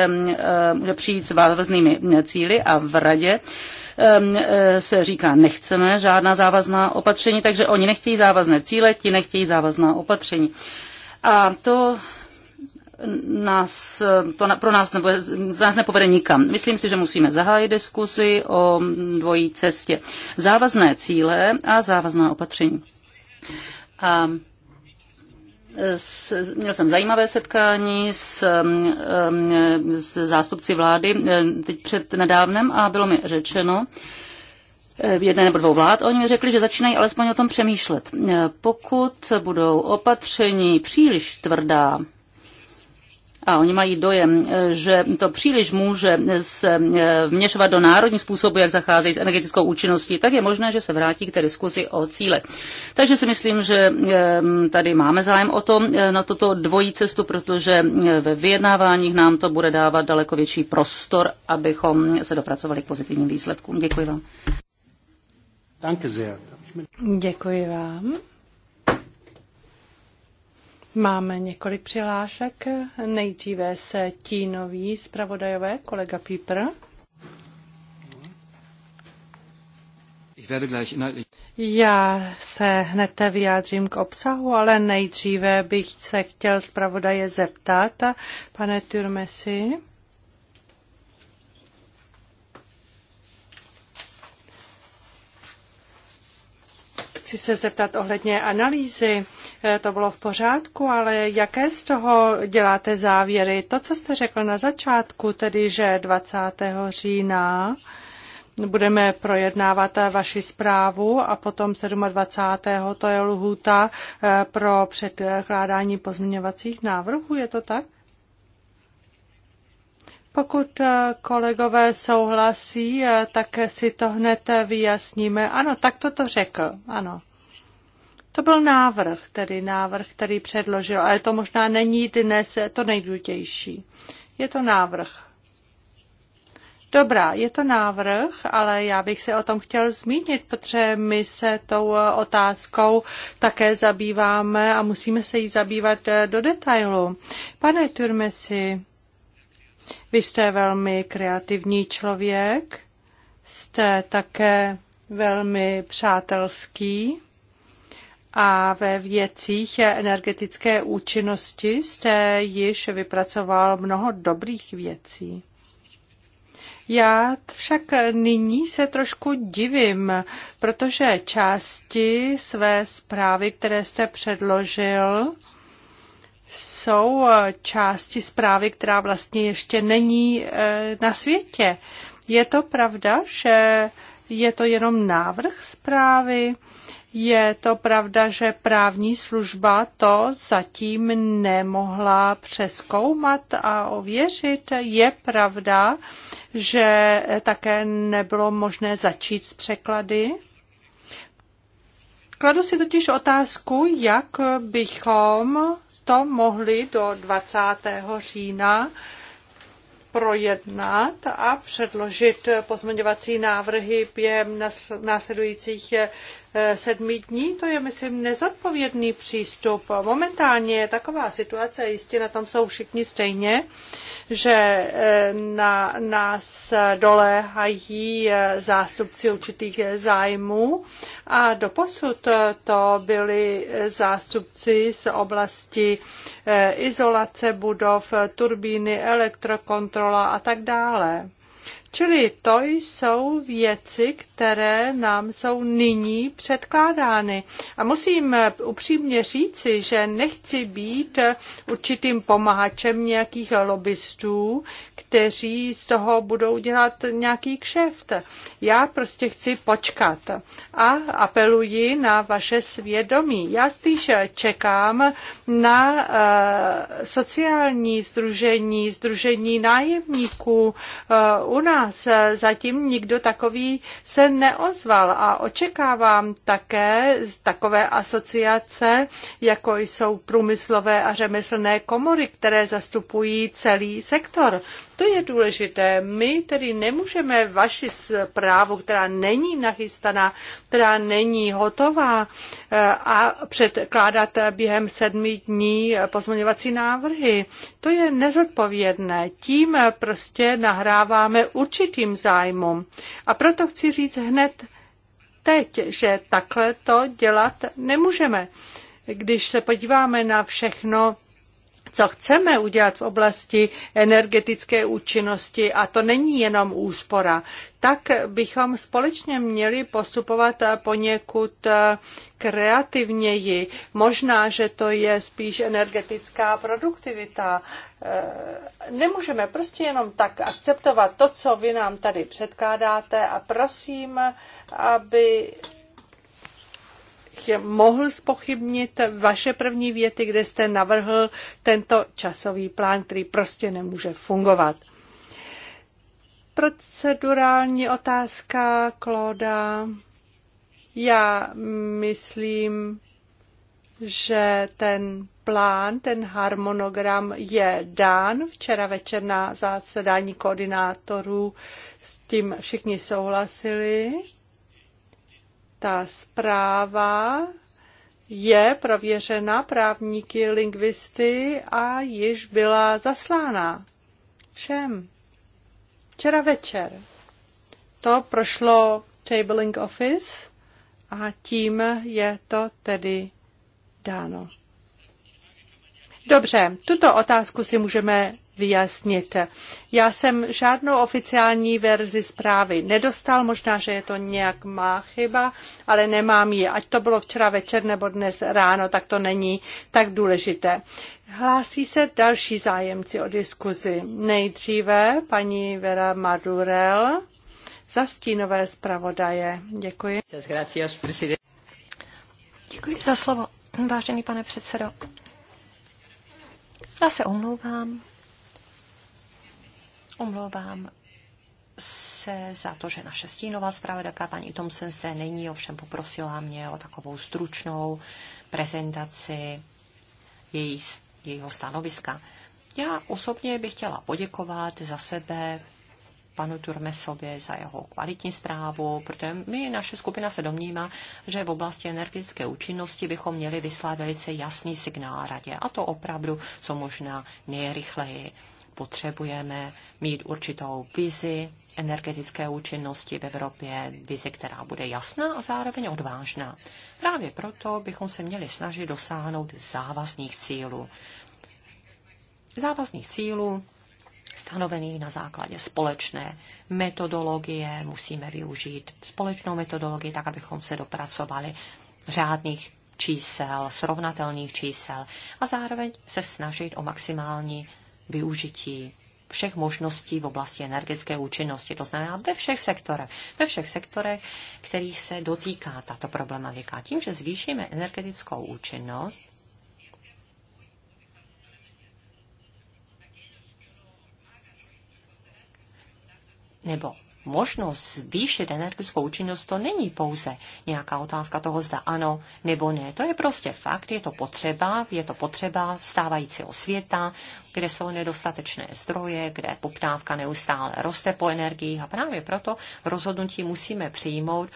může přijít s závaznými cíly a v radě se říká, nechceme žádná závazná opatření, takže oni nechtějí závazné cíle, ti nechtějí závazná opatření. A to nás, to pro nás, nebo, nás nepovede nikam. Myslím si, že musíme zahájit diskuzi o dvojí cestě. Závazné cíle a závazná opatření. A měl jsem zajímavé setkání s, um, um, s zástupci vlády eh, teď před nedávnem a bylo mi řečeno, eh, jedné nebo dvou vlád, oni mi řekli, že začínají alespoň o tom přemýšlet. Eh, pokud budou opatření příliš tvrdá, a oni mají dojem, eh, že to příliš může se eh, vměšovat do národní způsobu, jak zacházejí s energetickou účinností, tak je možné, že se vrátí k té diskusi o cíle. Takže si myslím, že ehm, tady máme zájem o to, eh, na toto dvojí cestu, protože ve vyjednáváních nám to bude dávat daleko větší prostor, abychom se dopracovali k pozitivním výsledkům. Děkuji vám. Děkuji vám. Máme několik přihlášek. Nejdříve se tínový zpravodajové, kolega Pípr. Já se hned vyjádřím k obsahu, ale nejdříve bych se chtěl zpravodaje zeptat, pane Turmesi. Chci se zeptat ohledně analýzy. Eh, to bylo v pořádku, ale jaké z toho děláte závěry? To, co jste řekl na začátku, tedy že 20. října budeme projednávat vaši zprávu a potom 27. to je lhůta eh, pro předkládání pozměňovacích návrhů, je to tak? Pokud eh, kolegové souhlasí, eh, tak si to hned eh, vyjasníme. Ano, tak to to řekl, ano. To byl návrh, tedy návrh, který předložil, ale to možná není dnes to nejdůležitější. Je to návrh. Dobrá, je to návrh, ale já bych se o tom chtěl zmínit, protože my se tou otázkou také zabýváme a musíme se jí zabývat do detailu. Pane Turmesi, vy jste velmi kreativní člověk, jste také velmi přátelský a ve věcích energetické účinnosti jste již vypracoval mnoho dobrých věcí. Já však nyní se trošku divím, protože části své zprávy, které jste předložil, jsou eh, části zprávy, která vlastně ještě není eh, na světě. Je to pravda, že je to jenom návrh zprávy? Je to pravda, že právní služba to zatím nemohla přeskoumat a ověřit? Je pravda, že také nebylo možné začít s překlady? Kladu si totiž otázku, jak bychom to mohli do 20. října projednat a předložit pozměňovací návrhy během následujících Eh, sedmi dní, to je, myslím, nezodpovědný přístup. Momentálně je taková situace, jistě na tom jsou všichni stejně, že eh, na nás doléhají eh, zástupci určitých zájmů a doposud to byli zástupci z oblasti izolace budov, turbíny, elektrokontrola a tak dále. Čili to jsou věci, které nám jsou nyní předkládány. A musím upřímně říci, že nechci být určitým pomáhačem nějakých lobbystů, kteří z toho budou dělat nějaký kšeft. Já prostě chci počkat a apeluji na vaše svědomí. Já spíš čekám na eh, sociální združení, združení nájemníků eh, u nás nás zatím nikdo takový se neozval a očekávám také z takové asociace, jako jsou průmyslové a řemeslné komory, které zastupují celý sektor. To je důležité. My tedy nemůžeme vaši zprávu, která není nachystaná, která není hotová eh, a předkládat během sedmi dní pozměňovací návrhy. To je nezodpovědné. Tím prostě nahráváme určitě určitým zájmům. A proto chci říct hned teď, že takhle to dělat nemůžeme. Když se podíváme na všechno, co chceme udělat v oblasti energetické účinnosti, a to není jenom úspora, tak bychom společně měli postupovat poněkud eh, kreativněji. Možná, že to je spíš energetická produktivita. Eh, nemůžeme prostě jenom tak akceptovat to, co vy nám tady předkládáte a prosím, aby mohl spochybnit vaše první věty, kde jste navrhl tento časový plán, který prostě nemůže fungovat. Procedurální otázka, Klóda. Já myslím, že ten plán, ten harmonogram je dán. Včera večer na zasedání koordinátorů s tím všichni souhlasili. Ta zpráva je prověřena právníky, lingvisty a již byla zaslána všem. Včera večer to prošlo Tabling Office a tím je to tedy dáno. Dobře, tuto otázku si můžeme vyjasnit. Já jsem žádnou oficiální verzi zprávy nedostal, možná, že je to nějak má chyba, ale nemám ji. Ať to bylo včera večer nebo dnes ráno, tak to není tak důležité. Hlásí se další zájemci o diskuzi. Nejdříve paní Vera Madurel za stínové zpravodaje. Děkuji. Děkuji za slovo, vážený pane předsedo. Já se omlouvám, Omlouvám se za to, že naše stínová zpravodajka paní Tomsen zde není, ovšem poprosila mě o takovou stručnou prezentaci její, jejího stanoviska. Já osobně bych chtěla poděkovat za sebe panu Turmesově za jeho kvalitní zprávu, protože my, naše skupina se domnívá, že v oblasti energetické účinnosti bychom měli vyslat velice jasný signál radě, a to opravdu co možná nejrychleji potřebujeme mít určitou vizi energetické účinnosti v Evropě, vizi, která bude jasná a zároveň odvážná. Právě proto bychom se měli snažit dosáhnout závazných cílů. Závazných cílů stanovených na základě společné metodologie. Musíme využít společnou metodologii, tak abychom se dopracovali řádných čísel, srovnatelných čísel a zároveň se snažit o maximální využití všech možností v oblasti energetické účinnosti, to znamená ve všech sektorech, ve všech sektorech, kterých se dotýká tato problematika. Tím, že zvýšíme energetickou účinnost, nebo možnost zvýšit energetickou účinnost, to není pouze nějaká otázka toho, zda ano nebo ne. To je prostě fakt, je to potřeba, je to potřeba stávajícího světa, kde jsou nedostatečné zdroje, kde poptávka neustále roste po energiích a právě proto rozhodnutí musíme přijmout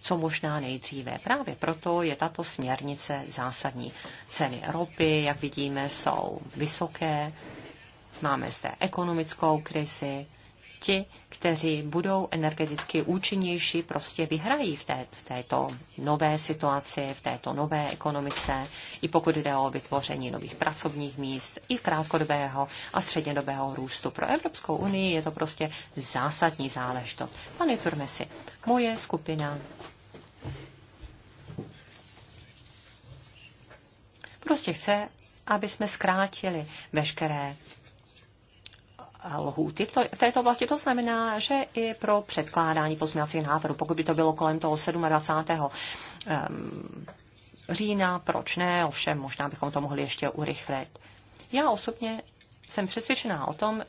co možná nejdříve. Právě proto je tato směrnice zásadní. Ceny ropy, jak vidíme, jsou vysoké. Máme zde ekonomickou krizi, ti, kteří budou energeticky účinnější, prostě vyhrají v, té, v této nové situaci, v této nové ekonomice, i pokud jde o vytvoření nových pracovních míst, i krátkodobého a střednědobého růstu. Pro Evropskou unii je to prostě zásadní záležitost. Pane Turmesi, moje skupina prostě chce, aby jsme zkrátili veškeré lhůty v této oblasti. To znamená, že i pro předkládání pozměňovacích návrhů, pokud by to bylo kolem toho 27. Ehm, října, proč ne, ovšem možná bychom to mohli ještě urychlit. Já osobně jsem přesvědčená o tom,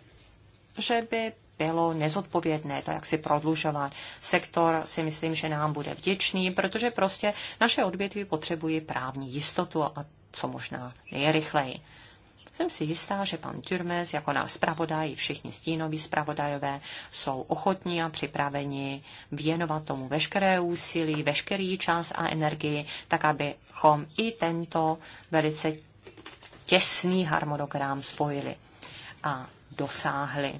že by bylo nezodpovědné to, jak si prodlužovat. Sektor si myslím, že nám bude vděčný, protože prostě naše odvětví potřebují právní jistotu a co možná nejrychleji. Jsem si jistá, že pan Turmes, jako náš zpravodaj, všichni stínoví zpravodajové, jsou ochotní a připraveni věnovat tomu veškeré úsilí, veškerý čas a energii, tak abychom i tento velice těsný harmonogram spojili a dosáhli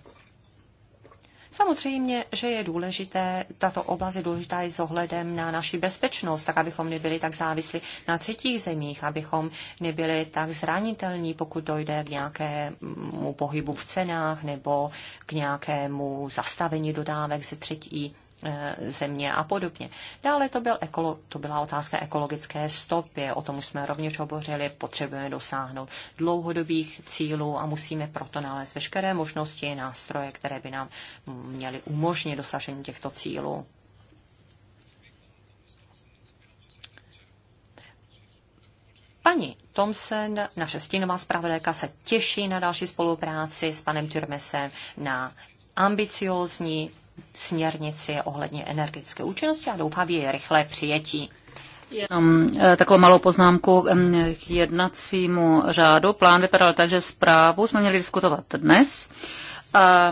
Samozřejmě, že je důležité, tato oblast je důležitá i s ohledem na naši bezpečnost, tak abychom nebyli tak závislí na třetích zemích, abychom nebyli tak zranitelní, pokud dojde k nějakému pohybu v cenách nebo k nějakému zastavení dodávek ze třetí E, země a podobně. Dále to, byl ekolo, to byla otázka ekologické stopy, o tom už jsme rovněž hovořili, potřebujeme dosáhnout dlouhodobých cílů a musíme proto nalézt veškeré možnosti, nástroje, které by nám měly umožnit dosažení těchto cílů. Paní Thompson, naše stínová zpravodajka, se těší na další spolupráci s panem Turmesem na ambiciózní směrnici ohledně energetické účinnosti a doufám v rychlé přijetí. Jenom eh, takovou malou poznámku k jednacímu řádu. Plán vypadal tak, že zprávu jsme měli diskutovat dnes. A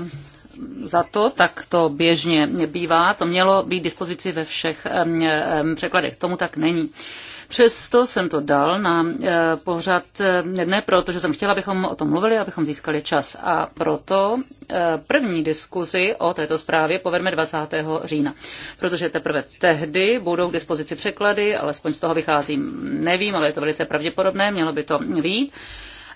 za to, tak to běžně bývá, to mělo být dispozici ve všech překladech. Tomu tak není. Přesto jsem to dal na eh, pořad eh, ne proto, že jsem chtěla, abychom o tom mluvili, abychom získali čas. A proto eh, první diskuzi o této zprávě povedeme 20. října, protože teprve tehdy budou k dispozici překlady, alespoň z toho vycházím, nevím, ale je to velice pravděpodobné, mělo by to být.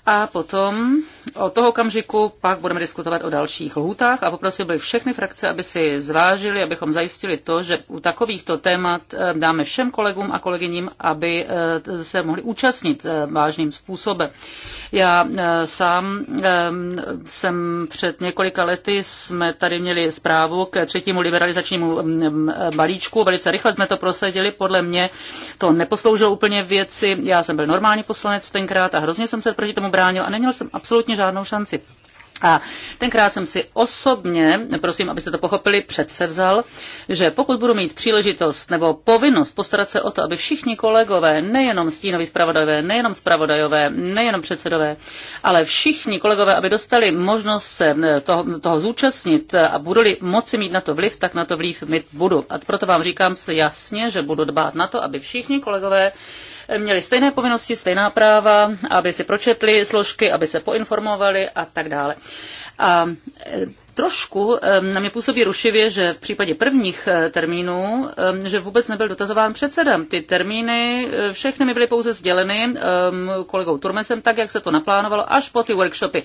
A potom od toho okamžiku pak budeme diskutovat o dalších lhůtách a poprosil bych všechny frakce, aby si zvážili, abychom zajistili to, že u takovýchto témat eh, dáme všem kolegům a kolegyním, aby eh, se mohli účastnit eh, vážným způsobem. Já sám jsem před několika lety, jsme tady měli zprávu k třetímu liberalizačnímu mm, mm, balíčku, velice rychle jsme to prosadili, podle mě to neposloužilo úplně věci, já jsem byl normální poslanec tenkrát a hrozně jsem se proti tomu bránil a neměl jsem absolutně žádnou šanci. A tenkrát jsem si osobně, prosím, abyste to pochopili, předsevzal, že pokud budu mít příležitost nebo povinnost postarat se o to, aby všichni kolegové, nejenom stínoví zpravodajové, nejenom zpravodajové, nejenom předsedové, ale všichni kolegové, aby dostali možnost se toho, toho zúčastnit a budu-li moci mít na to vliv, tak na to vliv mít budu. A proto vám říkám si jasně, že budu dbát na to, aby všichni kolegové měli stejné povinnosti, stejná práva, aby si pročetli složky, aby se poinformovali a tak dále. A trošku eh, na mě působí rušivě, že v případě prvních eh, termínů, eh, že vůbec nebyl dotazován předseda. Ty termíny všechny mi byly pouze sděleny kolegou Turmesem tak, jak se to naplánovalo, až po ty workshopy.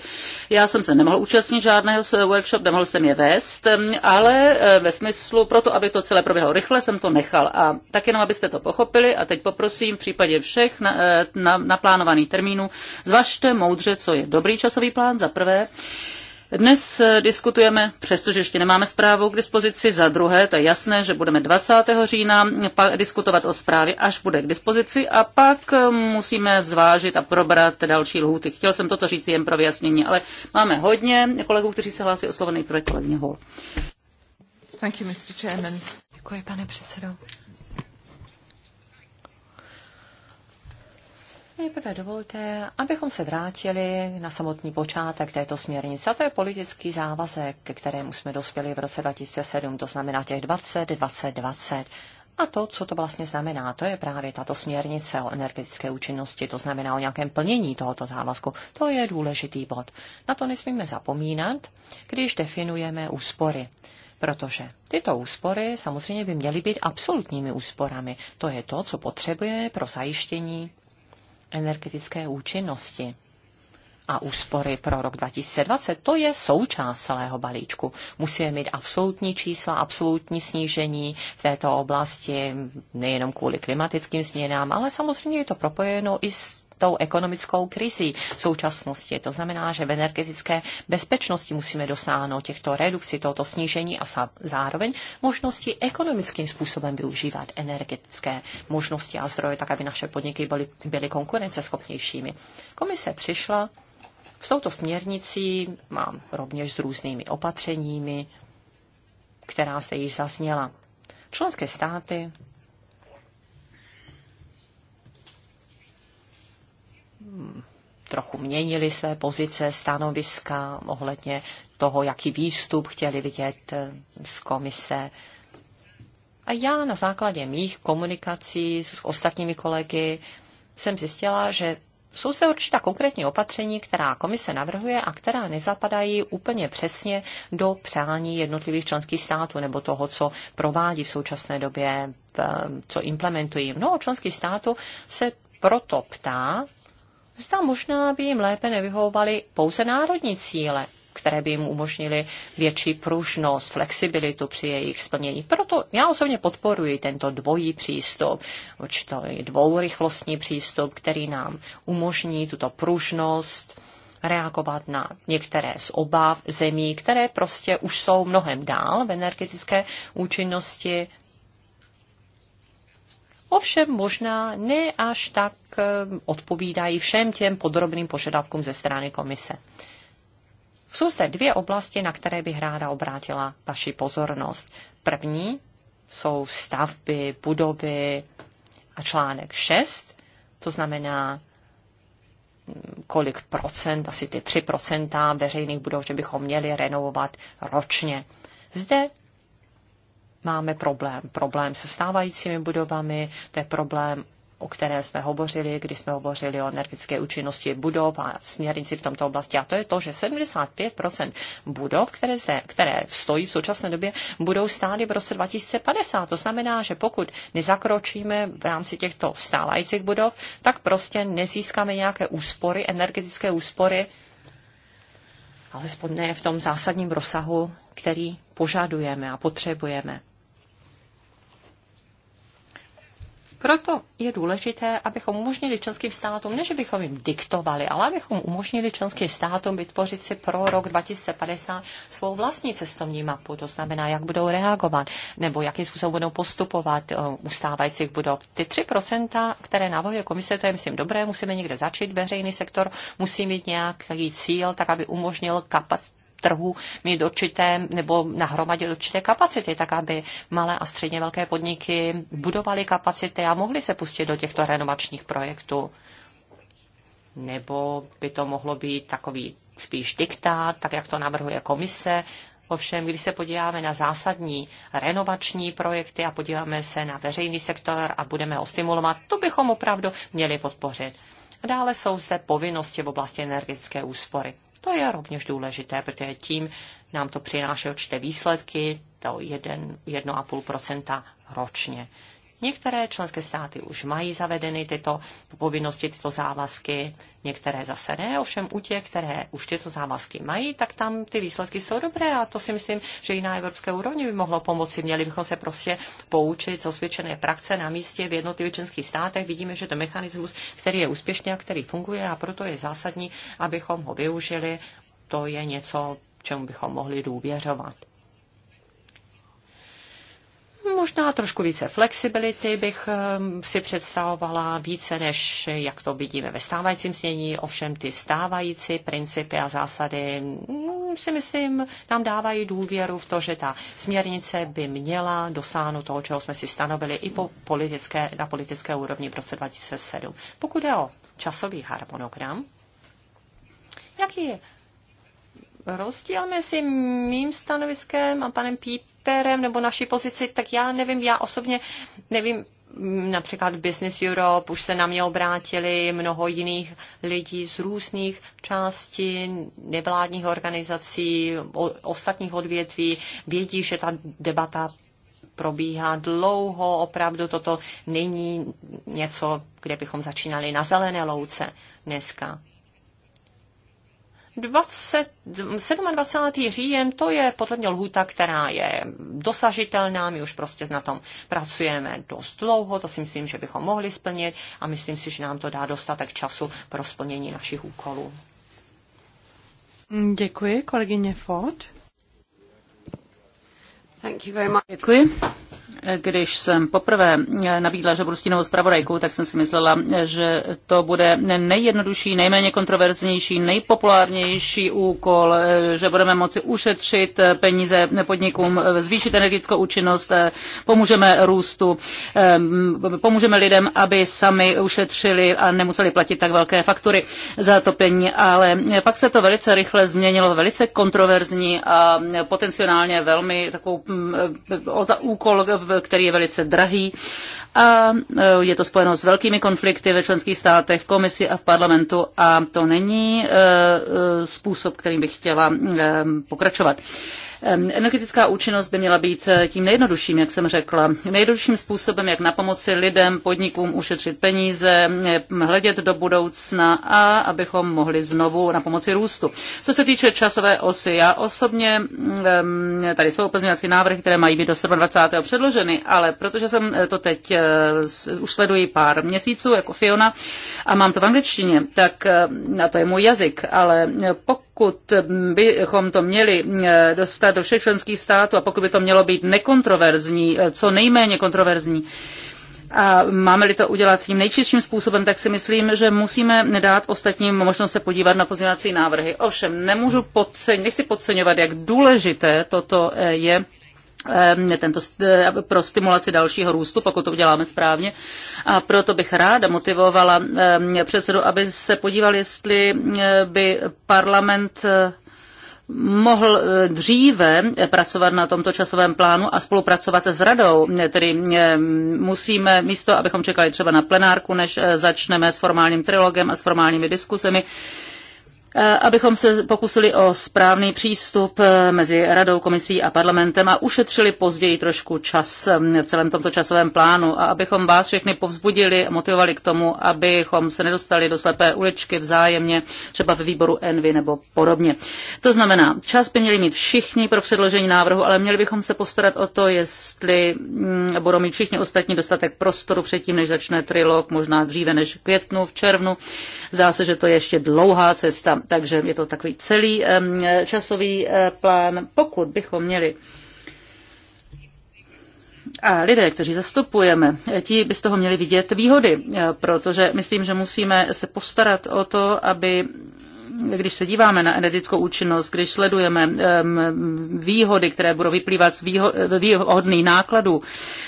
Já jsem se nemohl účastnit žádného workshop, nemohl jsem je vést, ale ve smyslu, proto aby to celé proběhlo rychle, jsem to nechal. A tak jenom, abyste to pochopili, a teď poprosím v případě všech na, na, naplánovaných termínů, zvažte moudře, co je dobrý časový plán, za prvé, dnes eh, diskutujeme, přestože ještě nemáme zprávu k dispozici, za druhé, to je jasné, že budeme 20. října diskutovat o zprávě, až bude k dispozici a pak eh, musíme zvážit a probrat další lhůty. Chtěl jsem toto říct jen pro vyjasnění, ale máme hodně kolegů, kteří se hlásí o slovo nejprve kolegyně Hall. Thank you, Mr. Chairman. Děkuji, pane předsedo. Nejprve dovolte, abychom se vrátili na samotný počátek této směrnice. A to je politický závazek, ke kterému jsme dospěli v roce 2007, to znamená těch 20, 20, 20. A to, co to vlastně znamená, to je právě tato směrnice o energetické účinnosti, to znamená o nějakém plnění tohoto závazku. To je důležitý bod. Na to nesmíme zapomínat, když definujeme úspory. Protože tyto úspory samozřejmě by měly být absolutními úsporami. To je to, co potřebuje pro zajištění energetické účinnosti a úspory pro rok 2020. To je součást celého balíčku. Musíme mít absolutní čísla, absolutní snížení v této oblasti, nejenom kvůli klimatickým změnám, ale samozřejmě je to propojeno i s tou ekonomickou krizí v současnosti. To znamená, že v energetické bezpečnosti musíme dosáhnout těchto redukcí, tohoto snížení a zároveň možnosti ekonomickým způsobem využívat energetické možnosti a zdroje, tak aby naše podniky byly, byly konkurenceschopnějšími. Komise přišla s touto směrnicí, mám rovněž s různými opatřeními, která se již zazněla. Členské státy trochu měnili své pozice, stanoviska ohledně toho, jaký výstup chtěli vidět eh, z komise. A já na základě mých komunikací s ostatními kolegy jsem zjistila, že jsou zde určitá konkrétní opatření, která komise navrhuje a která nezapadají úplně přesně do přání jednotlivých členských států nebo toho, co provádí v současné době, co implementují. Mnoho členských států se proto ptá, zda možná by jim lépe nevyhovovaly pouze národní cíle, které by jim umožnily větší pružnost, flexibilitu při jejich splnění. Proto já osobně podporuji tento dvojí přístup, určitě dvourychlostní přístup, který nám umožní tuto pružnost, reagovat na některé z obav zemí, které prostě už jsou mnohem dál v energetické účinnosti Ovšem možná ne až tak eh, odpovídají všem těm podrobným požadavkům ze strany komise. Jsou zde dvě oblasti, na které bych ráda obrátila vaši pozornost. První jsou stavby, budovy a článek 6, to znamená mm, kolik procent, asi ty 3 procenta veřejných budov, že bychom měli renovovat ročně. Zde máme problém. Problém se stávajícími budovami, to je problém o kterém jsme hovořili, kdy jsme hovořili o energetické účinnosti budov a směrnici v tomto oblasti. A to je to, že 75 budov, které, zde, které stojí v současné době, budou stály v roce 2050. To znamená, že pokud nezakročíme v rámci těchto stávajících budov, tak prostě nezískáme nějaké úspory, energetické úspory, alespoň ne v tom zásadním rozsahu, který požadujeme a potřebujeme. Proto je důležité, abychom umožnili členským státům, než bychom jim diktovali, ale abychom umožnili členským státům vytvořit si pro rok 2050 svou vlastní cestovní mapu, to znamená, jak budou reagovat nebo jakým způsobem budou postupovat eh, u stávajících budov. Ty 3%, které navrhuje komise, to je, myslím, dobré, musíme někde začít. Veřejný sektor musí mít nějaký cíl, tak aby umožnil kapacitu trhu mít určité nebo nahromadit určité kapacity, tak aby malé a středně velké podniky budovaly kapacity a mohly se pustit do těchto renovačních projektů. Nebo by to mohlo být takový spíš diktát, tak jak to navrhuje komise, Ovšem, když se podíváme na zásadní renovační projekty a podíváme se na veřejný sektor a budeme ho stimulovat, to bychom opravdu měli podpořit. Dále jsou zde povinnosti v oblasti energetické úspory. To je rovněž důležité, protože tím nám to přináší určité výsledky, to 1,5 ročně. Některé členské státy už mají zavedeny tyto povinnosti, tyto závazky, některé zase ne, ovšem u těch, které už tyto závazky mají, tak tam ty výsledky jsou dobré a to si myslím, že i na evropské úrovni by mohlo pomoci. Měli bychom se prostě poučit z osvědčené praxe na místě v jednotlivých členských státech. Vidíme, že to mechanismus, který je úspěšný a který funguje a proto je zásadní, abychom ho využili. To je něco, čemu bychom mohli důvěřovat. Možná trošku více flexibility bych ehm, si představovala více, než jak to vidíme ve stávajícím snění. Ovšem ty stávající principy a zásady mm, si myslím, nám dávají důvěru v to, že ta směrnice by měla dosáhnout toho, čeho jsme si stanovili i po politické, na politické úrovni v roce 2007. Pokud je o časový harmonogram, jaký je rozdíl mezi mým stanoviskem a panem Píperem nebo naší pozici, tak já nevím, já osobně nevím, například Business Europe, už se na mě obrátili mnoho jiných lidí z různých částí nevládních organizací, o, ostatních odvětví, vědí, že ta debata probíhá dlouho, opravdu toto není něco, kde bychom začínali na zelené louce dneska. 27. říjen to je podle mě lhůta, která je dosažitelná, my už prostě na tom pracujeme dost dlouho, to si myslím, že bychom mohli splnit a myslím si, že nám to dá dostatek času pro splnění našich úkolů. Děkuji, kolegyně Ford. Thank you very much. Děkuji. Když jsem poprvé nabídla, že budu stínovou zpravodajkou, tak jsem si myslela, že to bude nejjednodušší, nejméně kontroverznější, nejpopulárnější úkol, že budeme moci ušetřit peníze podnikům, zvýšit energetickou účinnost, pomůžeme růstu, pomůžeme lidem, aby sami ušetřili a nemuseli platit tak velké faktury za topení, ale pak se to velice rychle změnilo, velice kontroverzní a potenciálně velmi takovou úkol který je velice drahý a eh, je to spojeno s velkými konflikty ve členských státech, v komisi a v parlamentu a to není eh, eh, způsob, kterým bych chtěla pokračovat. Energetická účinnost by měla být eh, tím nejjednodušším, jak jsem řekla, nejjednodušším způsobem, jak na pomoci lidem, podnikům ušetřit peníze, hledět do budoucna a abychom mohli znovu na pomoci růstu. Co se týče časové osy, já osobně, tady jsou pozměňovací návrhy, které mají být do 27. předloženy, ale protože jsem eh, to teď eh, už sleduji pár měsíců jako Fiona a mám to v angličtině, tak na to je můj jazyk, ale pokud bychom to měli dostat do všech členských států a pokud by to mělo být nekontroverzní, eh, co nejméně kontroverzní, a máme-li to udělat tím nejčistším způsobem, tak si myslím, že musíme nedát ostatním možnost se podívat na pozměňovací návrhy. Ovšem, nemůžu podceň, nechci podceňovat, jak důležité toto eh, je eh, tento pro stimulaci dalšího růstu, pokud to uděláme správně. A proto bych ráda motivovala předsedu, aby se podíval, jestli by parlament mohl eh, dříve pracovat na tomto časovém plánu a spolupracovat s radou. Tedy eh, musíme, místo abychom čekali třeba na plenárku, než eh, začneme s formálním trilogem a s formálními diskusemi, Eh, abychom se pokusili o správný přístup eh, mezi radou, komisí a parlamentem a ušetřili později trošku čas hm, v celém tomto časovém plánu a abychom vás všechny povzbudili a motivovali k tomu, abychom se nedostali do slepé uličky vzájemně, třeba ve výboru Envy nebo podobně. To znamená, čas by měli mít všichni pro předložení návrhu, ale měli bychom se postarat o to, jestli hm, budou mít všichni ostatní dostatek prostoru předtím, než začne trilog, možná dříve než v květnu, v červnu. Zdá se, že to je ještě dlouhá cesta takže je to takový celý časový eh, plán. Pokud bychom měli a lidé, kteří zastupujeme, ti by z toho měli vidět výhody, eh, protože myslím, že musíme se postarat o to, aby když se díváme na energetickou účinnost, když sledujeme výhody, které budou vyplývat z výhodných nákladů,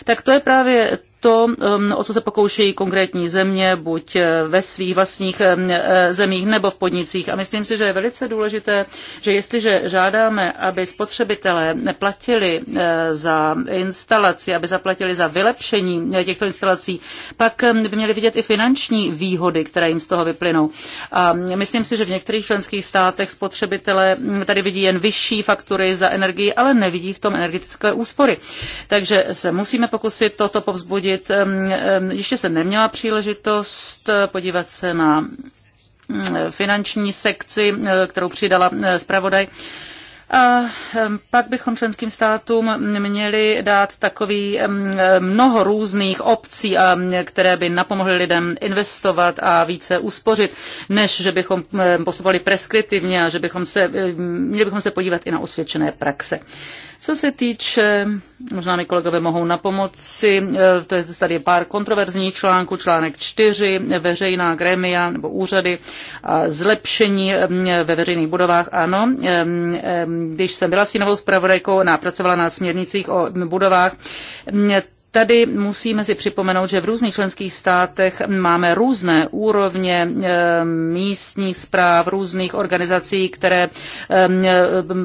tak to je právě to, um, o co se pokouší konkrétní země, buď eh, ve svých vlastních eh, zemích nebo v podnicích. A myslím si, že je velice důležité, že jestliže žádáme, aby spotřebitelé platili eh, za instalaci, aby zaplatili za vylepšení těchto instalací, pak by měli vidět i finanční výhody, které jim z toho vyplynou. A myslím si, že v některých členských státech spotřebitelé hm, tady vidí jen vyšší faktury za energii, ale nevidí v tom energetické úspory. Takže se musíme pokusit toto povzbudit zmínit. Ještě jsem neměla příležitost podívat se na mm, finanční sekci, eh, kterou přidala eh, zpravodaj. A pak bychom členským státům měli dát takový mnoho různých obcí, které by napomohly lidem investovat a více uspořit, než že bychom postupovali preskriptivně a že bychom se, měli bychom se podívat i na osvědčené praxe. Co se týče, možná mi kolegové mohou na pomoci, to je tady pár kontroverzních článků, článek 4, veřejná gremia nebo úřady, a zlepšení ve veřejných budovách, ano, když jsem byla stínovou zpravodajkou a pracovala na směrnicích o budovách, Tady musíme si připomenout, že v různých členských státech máme různé úrovně eh, místních zpráv, různých organizací, které eh,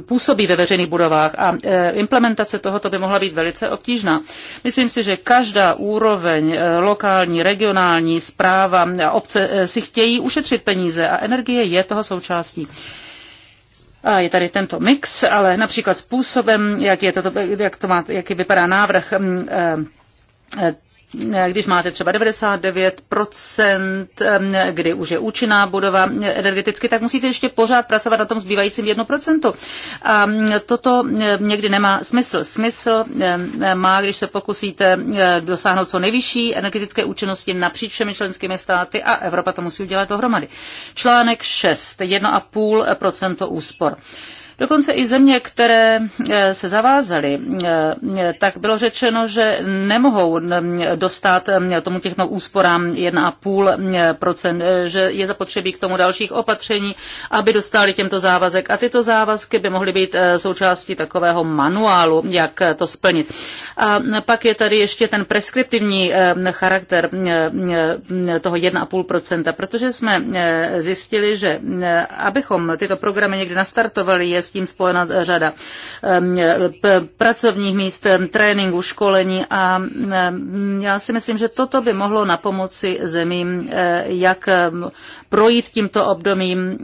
působí ve veřejných budovách a eh, implementace tohoto by mohla být velice obtížná. Myslím si, že každá úroveň, lokální, regionální, zpráva, obce si chtějí ušetřit peníze a energie je toho součástí. A je tady tento mix, ale například způsobem, jak, je toto, jak, to má, jak vypadá návrh mm, eh, když máte třeba 99%, kdy už je účinná budova energeticky, tak musíte ještě pořád pracovat na tom zbývajícím 1%. A toto někdy nemá smysl. Smysl má, když se pokusíte dosáhnout co nejvyšší energetické účinnosti napříč všemi členskými státy a Evropa to musí udělat dohromady. Článek 6, 1,5% úspor. Dokonce i země, které eh, se zavázaly, eh, eh, tak bylo řečeno, že nemohou mm, dostat mm, tomu těchto úsporám 1,5%, mm, že je zapotřebí k tomu dalších opatření, aby dostali těmto závazek. A tyto závazky by mohly být součástí takového manuálu, jak to splnit. A pak je tady ještě ten preskriptivní charakter toho 1,5%, protože jsme zjistili, že abychom tyto programy někdy nastartovali, je tím spojena řada pracovních míst, tréninku, školení a já si myslím, že toto by mohlo na pomoci zemím, eh, jak projít tímto obdobím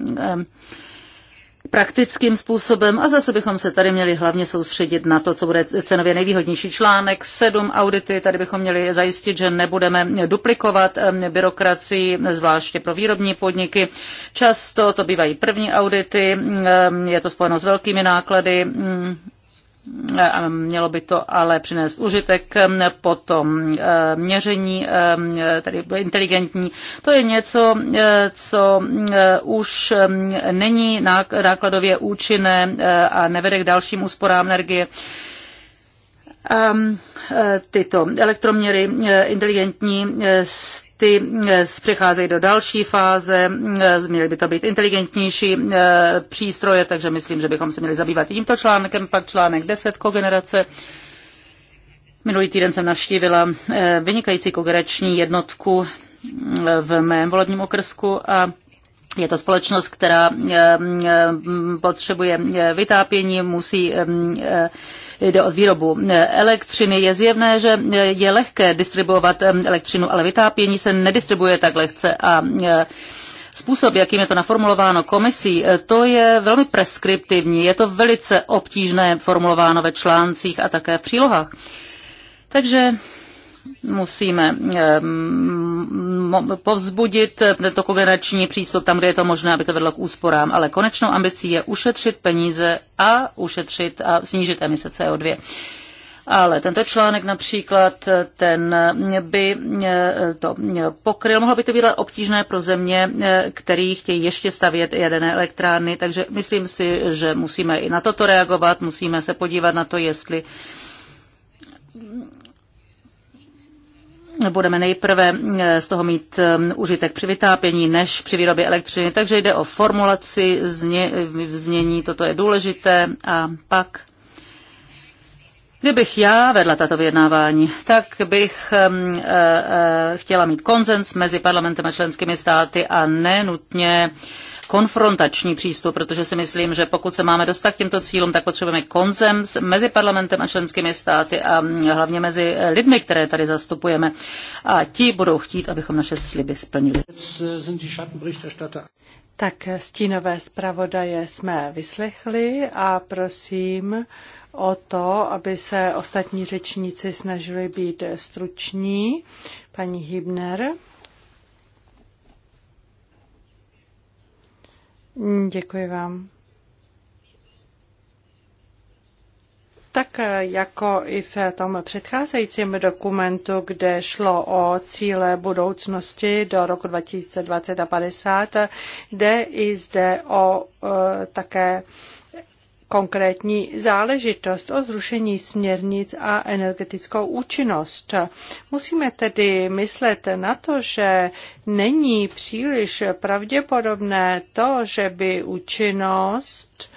praktickým způsobem a zase bychom se tady měli hlavně soustředit na to, co bude cenově nejvýhodnější článek, sedm audity, tady bychom měli zajistit, že nebudeme duplikovat ehm, byrokracii, zvláště pro výrobní podniky. Často to bývají první audity, ehm, je to spojeno s velkými náklady, mm, mělo by to ale přinést užitek, potom e, měření, e, tedy inteligentní. To je něco, e, co už není nákladově účinné a nevede k dalším úsporám energie. Tyto elektroměry inteligentní ty eh, přicházejí do další fáze, eh, měly by to být inteligentnější eh, přístroje, takže myslím, že bychom se měli zabývat tímto článkem, pak článek 10 kogenerace. Minulý týden jsem navštívila vynikající kogerační jednotku v mém volebním okrsku a je to společnost, která eh, mm, potřebuje eh, vytápění, musí eh, jde o výrobu elektřiny. Je zjevné, že je lehké distribuovat elektřinu, ale vytápění se nedistribuje tak lehce a Způsob, jakým je to naformulováno komisí, to je velmi preskriptivní. Je to velice obtížné formulováno ve článcích a také v přílohách. Takže musíme povzbudit tento kogenerační přístup tam, kde je to možné, aby to vedlo k úsporám, ale konečnou ambicí je ušetřit peníze a ušetřit a snížit emise CO2. Ale tento článek například, ten by e, to e, pokryl, mohlo by to být obtížné pro země, e, které chtějí ještě stavět jaderné elektrárny, takže myslím si, že musíme i na toto reagovat, musíme se podívat na to, jestli budeme nejprve eh, z toho mít eh, užitek při vytápění než při výrobě elektřiny. Takže jde o formulaci zně, znění, toto je důležité. A pak, kdybych já vedla tato vyjednávání, tak bych eh, chtěla mít konzens mezi parlamentem a členskými státy a nenutně nutně konfrontační přístup, protože si myslím, že pokud se máme dostat k těmto cílům, tak potřebujeme konzens mezi parlamentem a členskými státy a mm, hlavně mezi lidmi, které tady zastupujeme. A ti budou chtít, abychom naše sliby splnili. Tak stínové zpravodaje jsme vyslechli a prosím o to, aby se ostatní řečníci snažili být struční. Paní Hibner. Mm, děkuji vám. Tak eh, jako i v tom předcházejícím dokumentu, kde šlo o cíle budoucnosti do roku 2020 a 50, jde i zde o eh, také konkrétní záležitost o zrušení směrnic a energetickou účinnost. Musíme tedy myslet na to, že není příliš pravděpodobné to, že by účinnost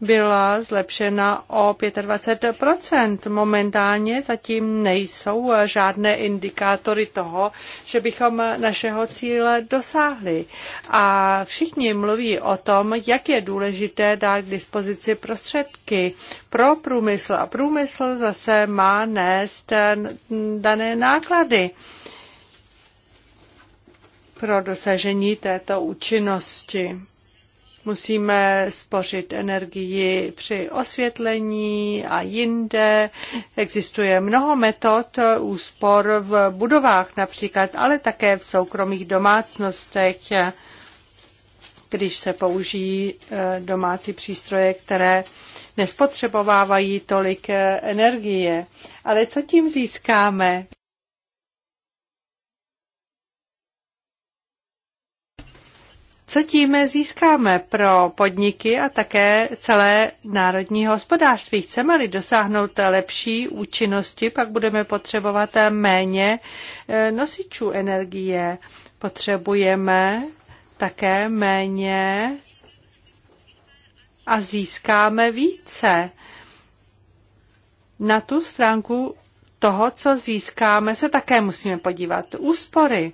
byla zlepšena o 25 Momentálně zatím nejsou žádné indikátory toho, že bychom našeho cíle dosáhli. A všichni mluví o tom, jak je důležité dát k dispozici prostředky pro průmysl. A průmysl zase má nést dané náklady pro dosažení této účinnosti. Musíme spořit energii při osvětlení a jinde. Existuje mnoho metod úspor v budovách například, ale také v soukromých domácnostech když se použijí eh, domácí přístroje, které nespotřebovávají tolik eh, energie. Ale co tím získáme? Co tím získáme pro podniky a také celé národní hospodářství? Chceme-li dosáhnout lepší účinnosti, pak budeme potřebovat méně eh, nosičů energie. Potřebujeme také méně a získáme více. Na tu stránku toho, co získáme, se také musíme podívat. Úspory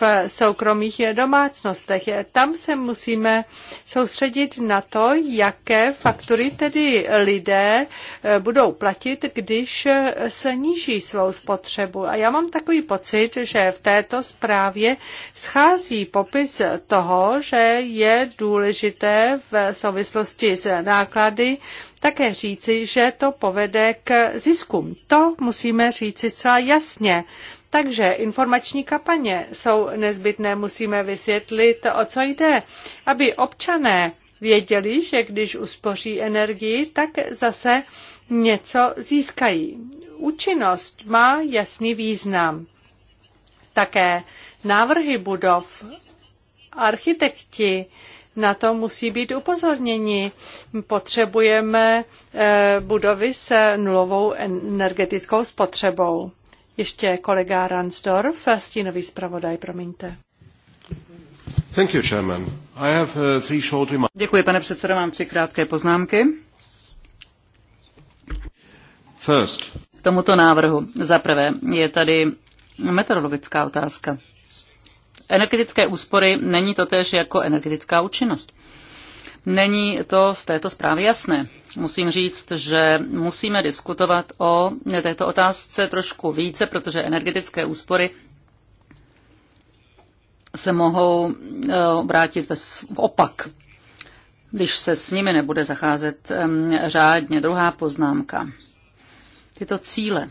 v soukromých domácnostech. Tam se musíme soustředit na to, jaké faktury tedy lidé eh, budou platit, když eh, sníží svou spotřebu. A já mám takový pocit, že v této zprávě schází popis toho, že je důležité v souvislosti s náklady také říci, že to povede k ziskům. To musíme říci zcela jasně. Takže informační kampaně jsou nezbytné, musíme vysvětlit, o co jde, aby občané věděli, že když uspoří energii, tak zase něco získají. Účinnost má jasný význam. Také návrhy budov, architekti, na to musí být upozorněni. Potřebujeme eh, budovy s nulovou energetickou spotřebou. Ještě kolega Ransdorf, stínový zpravodaj, promiňte. Thank you, Chairman. I have, uh, three short Děkuji, pane předsedo, mám tři krátké poznámky. First. K tomuto návrhu. Za prvé je tady meteorologická otázka. Energetické úspory není totéž jako energetická účinnost. Není to z této zprávy jasné musím říct, že musíme diskutovat o této otázce trošku více, protože energetické úspory se mohou eh, obrátit ve opak, když se s nimi nebude zacházet řádně. Druhá poznámka. Tyto cíle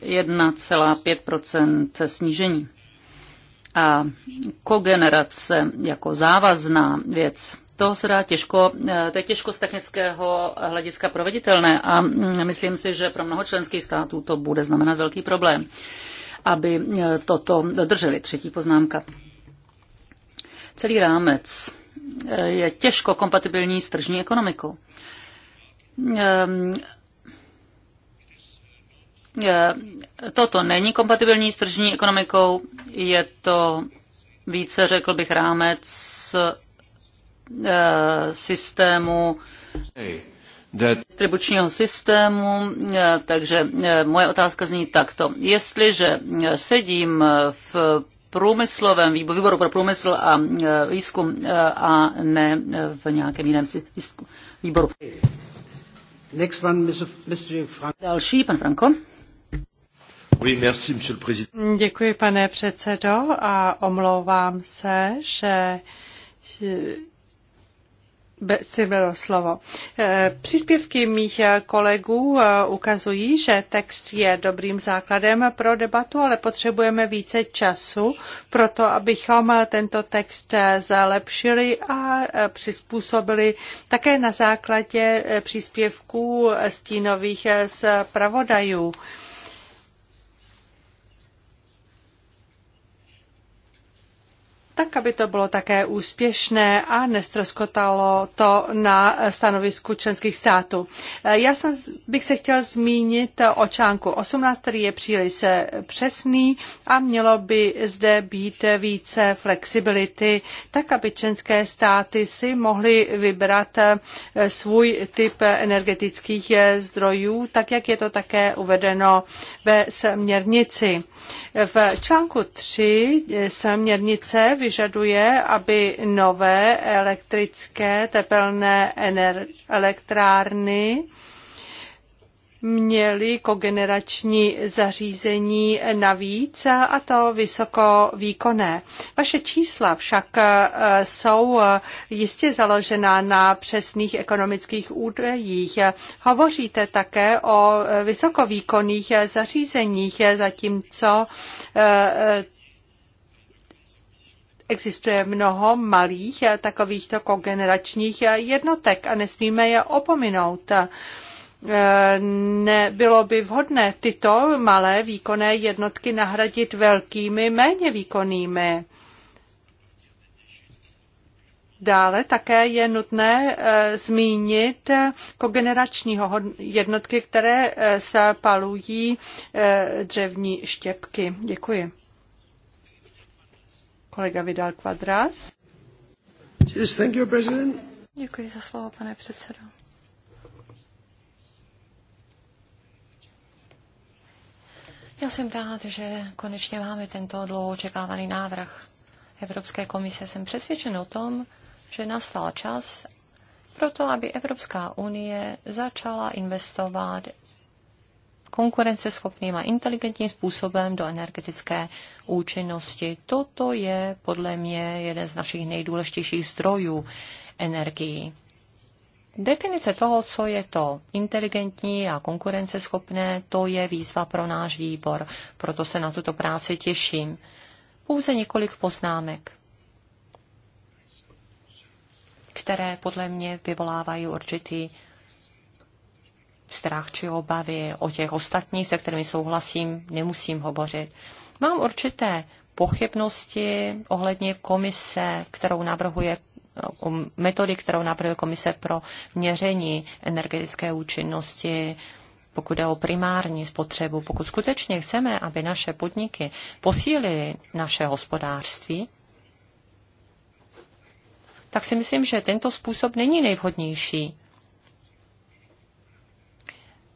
1,5 snížení a kogenerace jako závazná věc to se dá těžko, eh, to je těžko z technického hlediska proveditelné a mm, myslím si, že pro mnoho členských států to bude znamenat velký problém, aby eh, toto dodrželi. Třetí poznámka. Celý rámec eh, je těžko kompatibilní s tržní ekonomikou ehm, toto není kompatibilní s tržní ekonomikou, je to více, řekl bych, rámec Eh, systému distribučního systému, eh, takže eh, moje otázka zní takto. Jestliže sedím v průmyslovém výboru, výboru pro průmysl a výzkum a ne v nějakém jiném výboru. Next one, Mr. Další, pan Franko. Děkuji, pane předsedo, a omlouvám se, že si bylo slovo. Eh, příspěvky mých eh, kolegů eh, ukazují, že text je dobrým základem pro debatu, ale potřebujeme více času pro to, abychom tento text zlepšili a přizpůsobili také na základě příspěvků stínových zpravodajů. pravodajů. tak aby to bylo také úspěšné a nestroskotalo to na stanovisku členských států. E, já jsem, bych se chtěl zmínit o článku 18, který je příliš přesný a mělo by zde být více flexibility, tak aby členské státy si mohly vybrat e, svůj typ energetických e, zdrojů, tak jak je to také uvedeno ve směrnici. V článku 3 směrnice vyžaduje, aby nové elektrické tepelné elektrárny měli kogenerační zařízení navíc a to vysoko výkonné. Vaše čísla však e, jsou e, jistě založená na přesných ekonomických údajích. Hovoříte také o vysokovýkonných zařízeních, zatímco e, Existuje mnoho malých takovýchto kogeneračních jednotek a nesmíme je opominout. Eh, nebylo by vhodné tyto malé výkonné jednotky nahradit velkými, méně výkonnými. Dále také je nutné eh, zmínit kogenerační jednotky, které eh, se palují dřevní štěpky. Děkuji. Kolega Vidal Quadras. Děkuji za slovo, pane předsedo. Já jsem rád, že konečně máme tento dlouho očekávaný návrh Evropské komise. Jsem přesvědčen o tom, že nastal čas proto, aby Evropská unie začala investovat konkurenceschopným a inteligentním způsobem do energetické účinnosti. Toto je podle mě jeden z našich nejdůležitějších zdrojů energií. Definice toho, co je to inteligentní a konkurenceschopné, to je výzva pro náš výbor, proto se na tuto práci těším. Pouze několik poznámek, které podle mě vyvolávají určitý strach či obavy. O těch ostatních, se kterými souhlasím, nemusím hovořit. Mám určité pochybnosti ohledně komise, kterou navrhuje o metody, kterou napravil Komise pro měření energetické účinnosti, pokud jde o primární spotřebu, pokud skutečně chceme, aby naše podniky posílily naše hospodářství, tak si myslím, že tento způsob není nejvhodnější.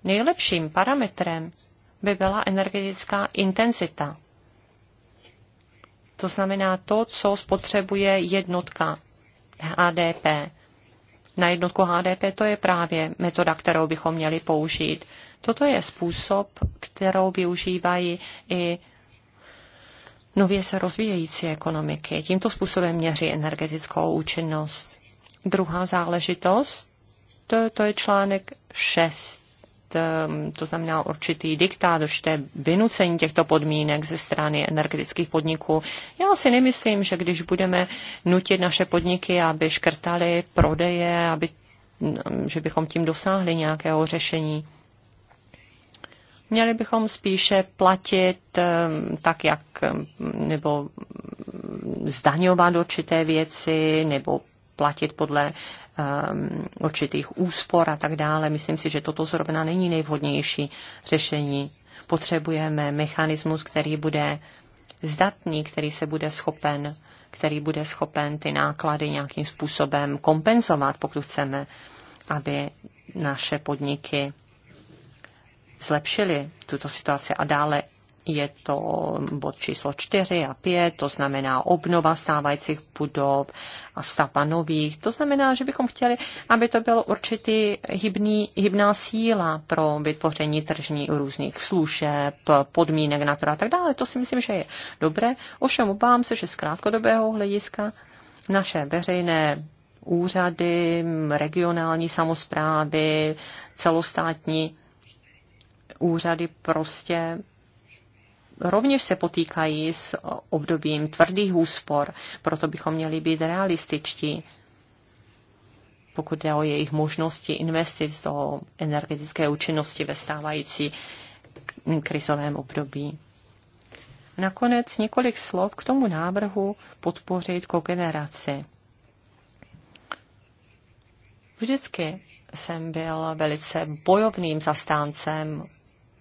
Nejlepším parametrem by byla energetická intenzita. To znamená to, co spotřebuje jednotka HDP. Na jednotku HDP to je právě metoda, kterou bychom měli použít. Toto je způsob, kterou využívají i nově se rozvíjející ekonomiky. Tímto způsobem měří energetickou účinnost. Druhá záležitost, to, to je článek 6 Um, to znamená určitý diktát, určité vynucení těchto podmínek ze strany energetických podniků. Já si nemyslím, že když budeme nutit naše podniky, aby škrtali prodeje, aby, um, že bychom tím dosáhli nějakého řešení. Měli bychom spíše platit um, tak, jak nebo zdaňovat určité věci, nebo platit podle um, určitých úspor a tak dále. Myslím si, že toto zrovna není nejvhodnější řešení. Potřebujeme mechanismus, který bude zdatný, který se bude schopen, který bude schopen ty náklady nějakým způsobem kompenzovat, pokud chceme, aby naše podniky zlepšily tuto situaci a dále je to bod číslo 4 a 5, to znamená obnova stávajících budov a stavba nových. To znamená, že bychom chtěli, aby to bylo určitý hybný, hybná síla pro vytvoření tržní různých služeb, podmínek na to a tak dále. To si myslím, že je dobré. Ovšem obávám se, že z krátkodobého hlediska naše veřejné úřady, regionální samozprávy, celostátní úřady prostě rovněž se potýkají s obdobím tvrdých úspor, proto bychom měli být realističtí, pokud jde o jejich možnosti investic do energetické účinnosti ve stávající krizovém období. Nakonec několik slov k tomu návrhu podpořit kogeneraci. Vždycky jsem byl velice bojovným zastáncem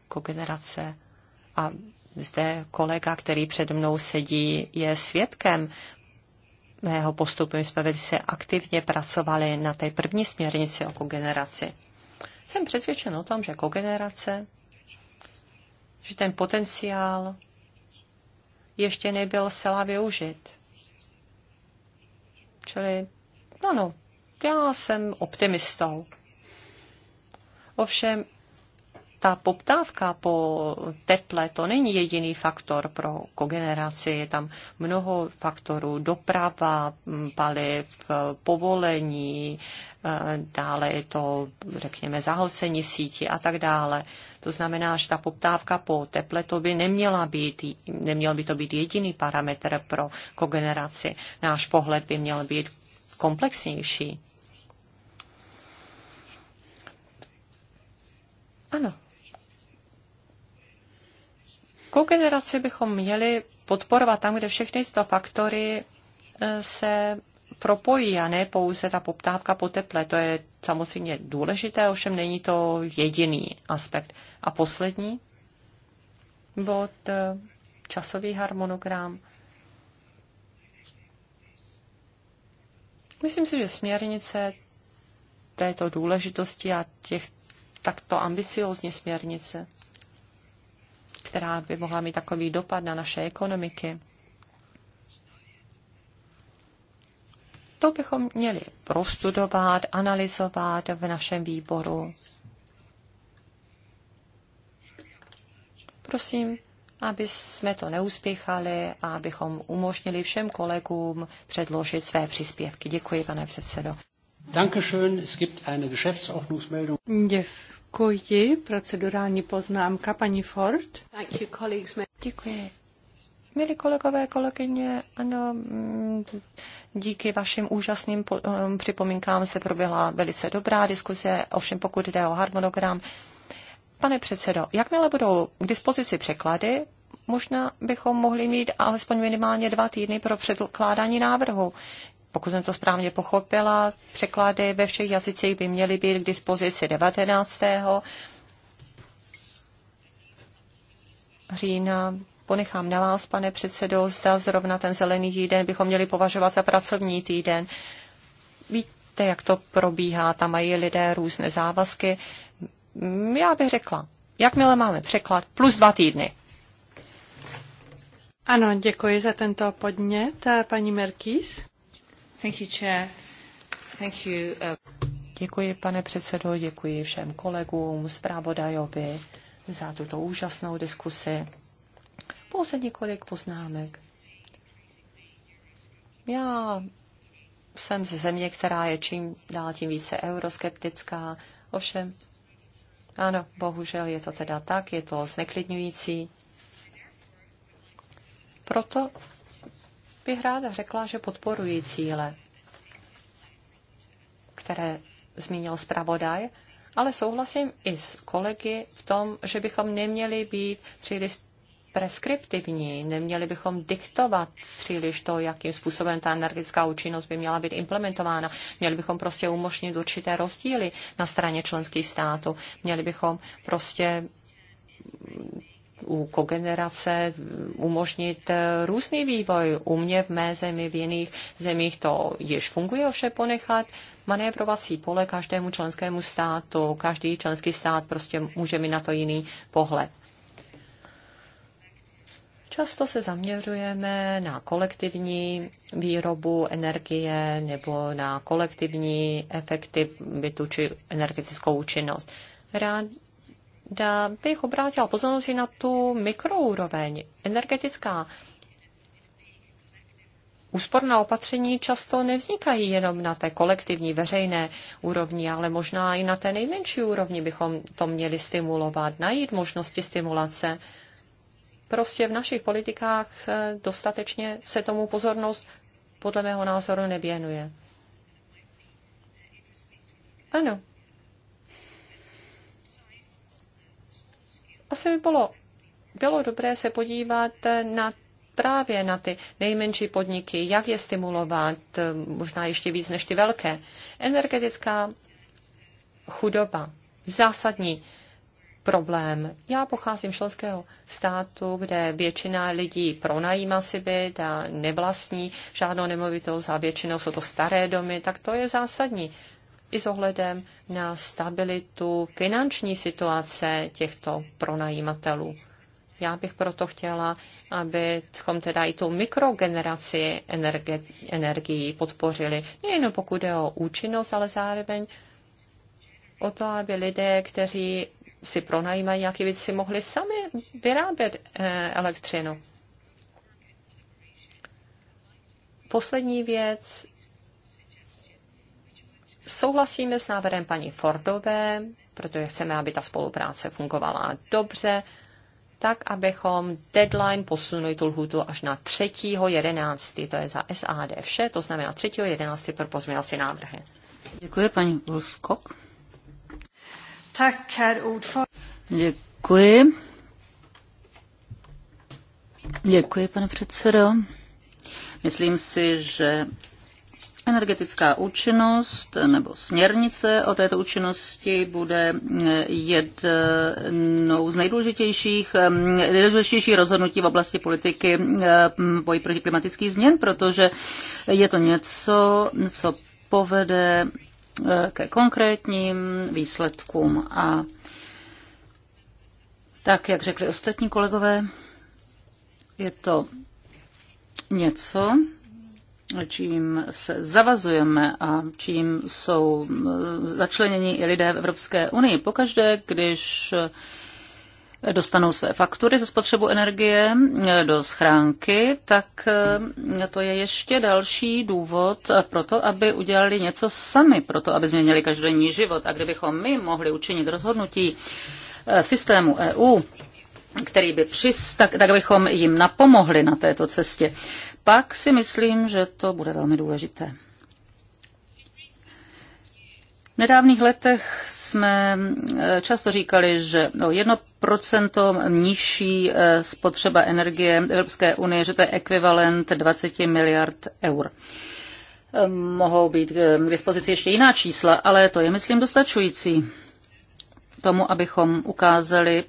kogenerace a zde kolega, který před mnou sedí, je svědkem mého postupu. My jsme velice aktivně pracovali na té první směrnici o kogeneraci. Jsem přesvědčen o tom, že kogenerace, že ten potenciál ještě nebyl zcela využit. Čili, ano, no, já jsem optimistou. Ovšem, ta poptávka po teple, to není jediný faktor pro kogeneraci, je tam mnoho faktorů, doprava paliv, povolení, eh, dále je to, řekněme, zahlcení sítí a tak dále. To znamená, že ta poptávka po teple to by neměla být, neměl by to být jediný parametr pro kogeneraci. Náš pohled by měl být komplexnější. Ano, Kogeneraci bychom měli podporovat tam, kde všechny tyto faktory e, se propojí a ne pouze ta poptávka po teple. To je samozřejmě důležité, ovšem není to jediný aspekt. A poslední bod, e, časový harmonogram. Myslím si, že směrnice této důležitosti a těch takto ambiciozní směrnice která by mohla mít takový dopad na naše ekonomiky. To bychom měli prostudovat, analyzovat v našem výboru. Prosím, aby jsme to neuspěchali a abychom umožnili všem kolegům předložit své příspěvky. Děkuji, pane předsedo. Dankeschön. Es gibt eine Geschäftsordnungsmeldung. Děkuji. Procedurální poznámka paní Ford. Děkuji. Milí kolegové, kolegyně, ano, mm, díky vašim úžasným mm, připomínkám se proběhla velice dobrá diskuze, ovšem pokud jde o harmonogram. Pane předsedo, jakmile budou k dispozici překlady, možná bychom mohli mít alespoň minimálně dva týdny pro předkládání návrhu pokud jsem to správně pochopila, překlady ve všech jazycích by měly být k dispozici 19. října. Ponechám na vás, pane předsedo, zda zrovna ten zelený týden bychom měli považovat za pracovní týden. Víte, jak to probíhá, tam mají lidé různé závazky. Já bych řekla, jakmile máme překlad, plus dva týdny. Ano, děkuji za tento podnět, paní Merkis. Uh, děkuji, pane předsedo, děkuji všem kolegům, zpravodajovi za tuto úžasnou diskusi. Pouze několik poznámek. Já jsem ze země, která je čím dál tím více euroskeptická. Ovšem, ano, bohužel je to teda tak, je to zneklidňující. Proto bych ráda řekla, že podporuji cíle, které zmínil zpravodaj, ale souhlasím i s kolegy v tom, že bychom neměli být příliš preskriptivní, neměli bychom diktovat příliš to, jakým způsobem ta energetická účinnost by měla být implementována. Měli bychom prostě umožnit určité rozdíly na straně členských států. Měli bychom prostě u kogenerace umožnit eh, různý vývoj. U mě v mé zemi, v jiných zemích to již funguje, vše ponechat manévrovací pole každému členskému státu. Každý členský stát prostě může mít na to jiný pohled. Často se zaměřujeme na kolektivní výrobu energie nebo na kolektivní efektivitu či energetickou účinnost. Rád ráda bych obrátila pozornost i na tu mikroúroveň. Energetická úsporná opatření často nevznikají jenom na té kolektivní veřejné úrovni, ale možná i na té nejmenší úrovni bychom to měli stimulovat, najít možnosti stimulace. Prostě v našich politikách eh, dostatečně se tomu pozornost podle mého názoru nevěnuje. Ano, Asi by bylo, bylo dobré se podívat na právě na ty nejmenší podniky, jak je stimulovat, možná ještě víc než ty velké. Energetická chudoba, zásadní problém. Já pocházím z členského státu, kde většina lidí pronajímá si byt a nevlastní žádnou nemovitost a většinou jsou to staré domy, tak to je zásadní i s ohledem na stabilitu finanční situace těchto pronajímatelů. Já bych proto chtěla, abychom teda i tu mikrogeneraci energie, energií podpořili. Nejen pokud je o účinnost, ale zároveň o to, aby lidé, kteří si pronajímají nějaký věc, si mohli sami vyrábět eh, elektřinu. Poslední věc, souhlasíme s návrhem paní Fordové, protože chceme, aby ta spolupráce fungovala dobře, tak abychom deadline posunuli tu lhutu až na 3.11. To je za SAD vše, to znamená 3.11. pro pozměňovací návrhy. Děkuji, paní Ulskok. Tak, Děkuji. Děkuji, pane předsedo. Myslím si, že Energetická účinnost nebo směrnice o této účinnosti bude mm, jednou z nejdůležitějších, mm, nejdůležitějších rozhodnutí v oblasti politiky mm, boji proti klimatických změn, protože je to něco, co povede eh, ke konkrétním výsledkům. A tak, jak řekli ostatní kolegové, je to něco, čím se zavazujeme a čím jsou eh, začleněni i lidé v Evropské unii. Pokaždé, když eh, dostanou své faktury za spotřebu energie eh, do schránky, tak to je ještě další důvod pro to, aby udělali něco sami, pro to, aby změnili každodenní život. A kdybychom my mohli učinit rozhodnutí systému EU, který by přis, tak, tak bychom jim napomohli na této cestě pak si myslím, že to bude velmi důležité. V nedávných letech jsme eh, často říkali, že no, procento nižší eh, spotřeba energie Evropské unie, že to je ekvivalent 20 miliard eur. Eh, mohou být k dispozici ještě jiná čísla, ale to je, myslím, dostačující tomu, abychom ukázali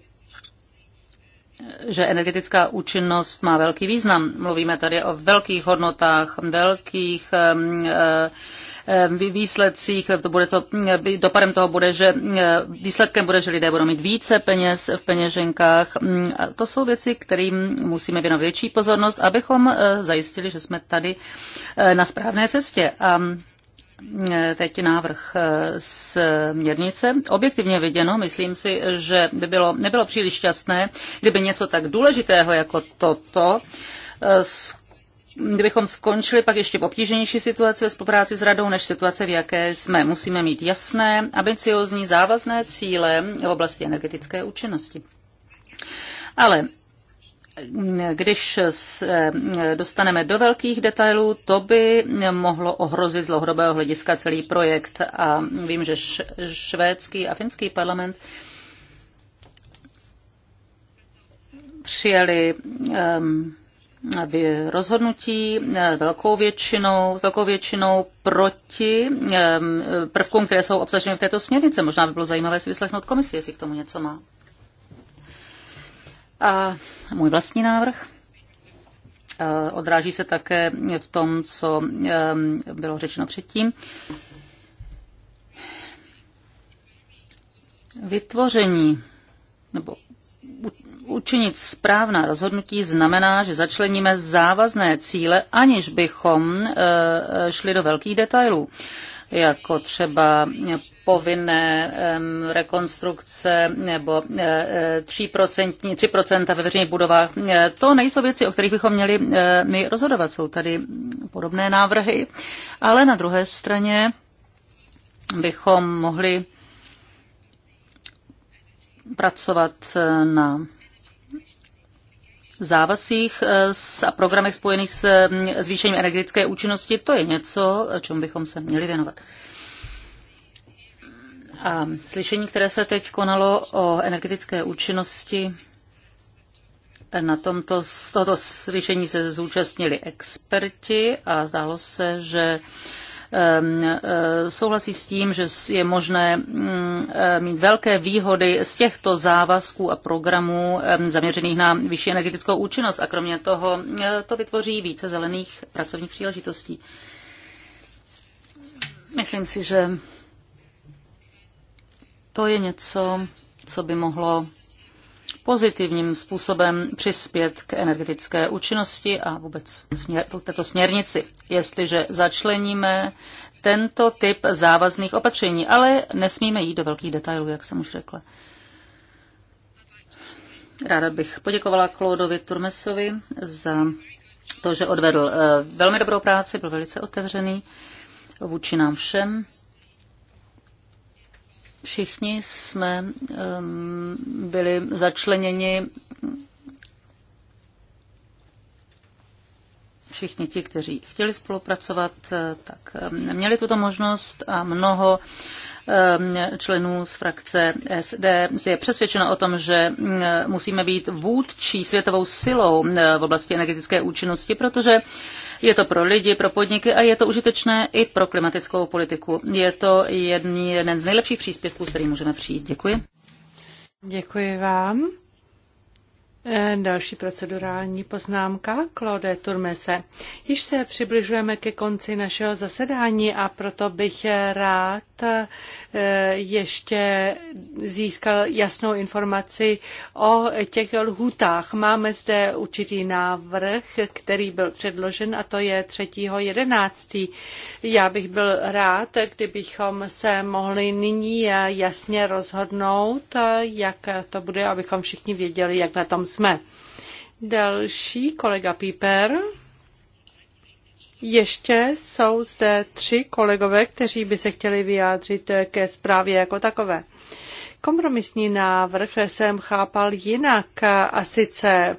že energetická účinnost má velký význam. Mluvíme tady o velkých hodnotách, velkých výsledcích, to bude to, dopadem toho bude, že výsledkem bude, že lidé budou mít více peněz v peněženkách. A to jsou věci, kterým musíme věnovat větší pozornost, abychom eh, zajistili, že jsme tady eh, na správné cestě. A Eh, teď návrh eh, směrnice. Objektivně viděno, myslím si, že by bylo, nebylo příliš šťastné, kdyby něco tak důležitého jako toto eh, kdybychom skončili pak ještě v obtíženější situaci ve spolupráci s radou, než situace, v jaké jsme. Musíme mít jasné, ambiciozní, závazné cíle v oblasti energetické účinnosti. Ale když se eh, dostaneme do velkých detailů, to by mohlo ohrozit z dlouhodobého hlediska celý projekt. A vím, že švédský a finský parlament přijeli ehm, rozhodnutí eh, velkou většinou, velkou většinou proti ehm, prvkům, které jsou obsaženy v této směrnice. Možná by bylo zajímavé si vyslechnout komisi, jestli k tomu něco má. A můj vlastní návrh odráží se také v tom, co bylo řečeno předtím. Vytvoření nebo učinit správná rozhodnutí znamená, že začleníme závazné cíle, aniž bychom e, e, šli do velkých detailů jako třeba povinné rekonstrukce nebo 3%, eh, 3% eh, ve veřejných budovách. Eh, to nejsou věci, o kterých bychom měli my rozhodovat. Jsou tady podobné návrhy, ale na druhé straně bychom mohli pracovat na závazcích eh, a programech spojených s mm, zvýšením energetické účinnosti, to je něco, čemu bychom se měli věnovat. A slyšení, které se teď konalo o energetické účinnosti, na tomto z tohoto slyšení se zúčastnili experti a zdálo se, že Ehm, eh, souhlasí s tím, že je možné mm, eh, mít velké výhody z těchto závazků a programů ehm, zaměřených na vyšší energetickou účinnost a kromě toho eh, to vytvoří více zelených pracovních příležitostí. Myslím si, že to je něco, co by mohlo pozitivním způsobem přispět k energetické účinnosti a vůbec směr, této směrnici, jestliže začleníme tento typ závazných opatření, ale nesmíme jít do velkých detailů, jak jsem už řekla. Ráda bych poděkovala Claudovi Turmesovi za to, že odvedl eh, velmi dobrou práci, byl velice otevřený vůči nám všem. Všichni jsme byli začleněni všichni ti, kteří chtěli spolupracovat, eh, tak měli tuto možnost a mnoho členů z frakce SD je přesvědčeno o tom, že mm, musíme být vůdčí světovou silou eh, v oblasti energetické účinnosti, protože je to pro lidi, pro podniky a je to užitečné i pro klimatickou politiku. Je to jedný, jeden z nejlepších příspěvků, s kterým můžeme přijít. Děkuji. Děkuji vám. Eh, další procedurální poznámka, Claude Turmese. Již se přibližujeme ke konci našeho zasedání a proto bych rád eh, ještě získal jasnou informaci o těch lhůtách. Máme zde určitý návrh, který byl předložen a to je 3.11. Já bych byl rád, kdybychom se mohli nyní jasně rozhodnout, jak to bude, abychom všichni věděli, jak na tom jsme. Další kolega Píper. Ještě jsou zde tři kolegové, kteří by se chtěli vyjádřit ke zprávě jako takové. Kompromisní návrh jsem chápal jinak a sice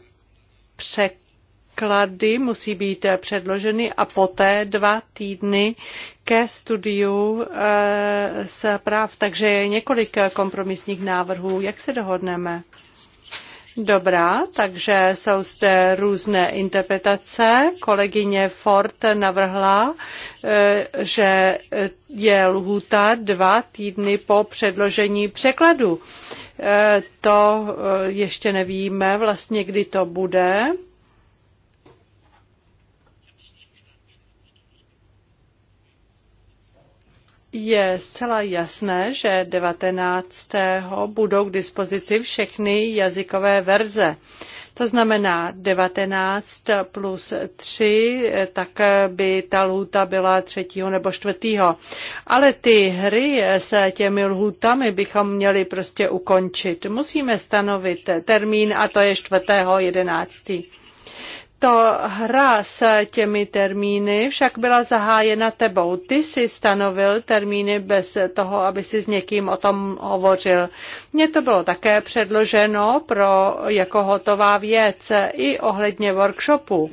překlady musí být předloženy a poté dva týdny ke studiu e, eh, zpráv. Takže je několik kompromisních návrhů. Jak se dohodneme? Dobrá, takže jsou zde různé interpretace. Kolegyně Ford navrhla, eh, že eh, je lhůta dva týdny po předložení překladu. Eh, to ještě nevíme vlastně, kdy to bude. je zcela jasné, že 19. budou k dispozici všechny jazykové verze. To znamená 19 plus 3, tak by ta lhůta byla třetího nebo čtvrtýho. Ale ty hry s těmi lhůtami bychom měli prostě ukončit. Musíme stanovit termín a to je čtvrtého jedenáctý. Tato hra s těmi termíny však byla zahájena tebou. Ty jsi stanovil termíny bez toho, aby si s někým o tom hovořil. Mně to bylo také předloženo pro jako hotová věc i ohledně workshopu.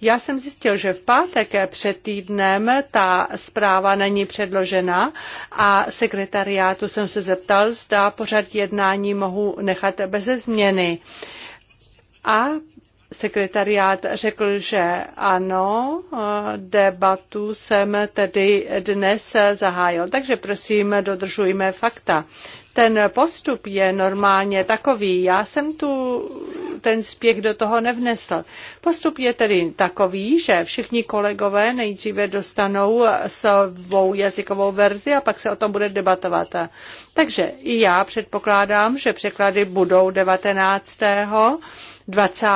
Já jsem zjistil, že v pátek před týdnem ta zpráva není předložena a sekretariátu jsem se zeptal, zda pořad jednání mohu nechat bez změny. A sekretariát řekl, že ano, debatu jsem tedy dnes zahájil. Takže prosím, dodržujme fakta. Ten postup je normálně takový. Já jsem tu ten spěch do toho nevnesl. Postup je tedy takový, že všichni kolegové nejdříve dostanou svou jazykovou verzi a pak se o tom bude debatovat. Takže i já předpokládám, že překlady budou 19 20.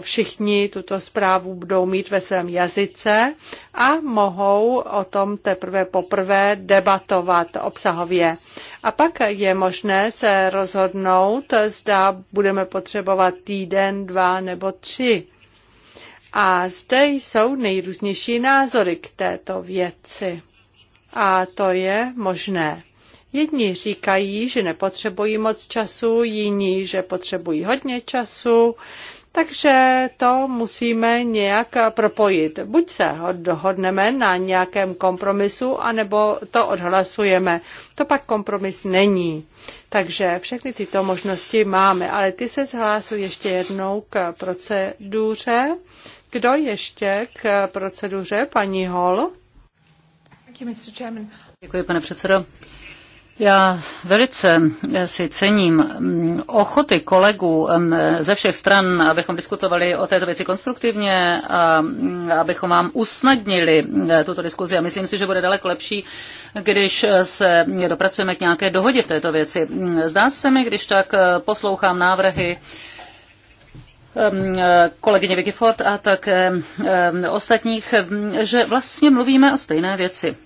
Všichni tuto zprávu budou mít ve svém jazyce a mohou o tom teprve poprvé debatovat obsahově. A pak je možné se rozhodnout, zda budeme potřebovat týden, dva nebo tři. A zde jsou nejrůznější názory k této věci. A to je možné. Jedni říkají, že nepotřebují moc času, jiní, že potřebují hodně času, takže to musíme nějak propojit. Buď se dohodneme na nějakém kompromisu, anebo to odhlasujeme. To pak kompromis není. Takže všechny tyto možnosti máme, ale ty se zhlásil ještě jednou k proceduře. Kdo ještě k proceduře? Paní Hol? Děkuji, pane předsedo. Já velice si cením mm, ochoty kolegů mm, ze všech stran, abychom diskutovali o této věci konstruktivně a mm, abychom vám usnadnili tuto diskuzi. A myslím si, že bude daleko lepší, když se dopracujeme k nějaké dohodě v této věci. Zdá se mi, když tak eh, poslouchám návrhy eh, kolegyně Vicky Ford a tak eh, ostatních, že vlastně mluvíme o stejné věci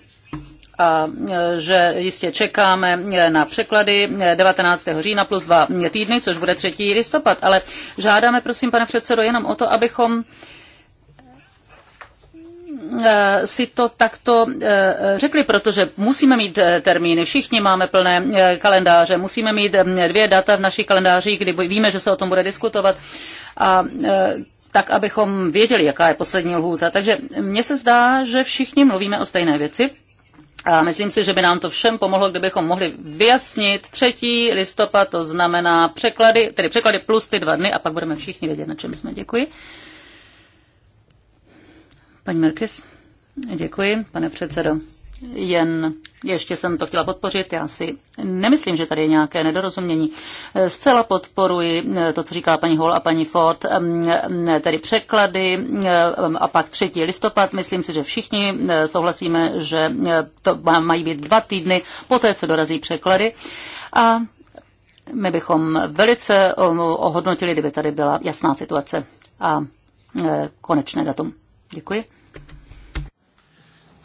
a že jistě čekáme na překlady 19. října plus dva týdny, což bude 3. listopad. Ale žádáme, prosím, pane předsedo, jenom o to, abychom e, si to takto e, řekli, protože musíme mít e, termíny, všichni máme plné kalendáře, musíme mít dvě data v našich kalendářích, kdy víme, že se o tom bude diskutovat a tak, abychom věděli, jaká je poslední lhůta. Takže mně se zdá, že všichni mluvíme o stejné věci a myslím si, že by nám to všem pomohlo, kdybychom mohli vyjasnit 3. listopad, to znamená překlady, tedy překlady plus ty dva dny a pak budeme všichni vědět, na čem jsme. Děkuji. Paní Merkis, děkuji, pane předsedo jen ještě jsem to chtěla podpořit, já si nemyslím, že tady je nějaké nedorozumění. Zcela podporuji eh, to, co říkala paní Hall a paní Ford, tedy překlady a pak 3. listopad. Myslím si, že všichni eh, souhlasíme, že eh, to mají být dva týdny poté, co dorazí překlady. A my bychom velice ohodnotili, kdyby tady byla jasná situace a konečné datum. Děkuji.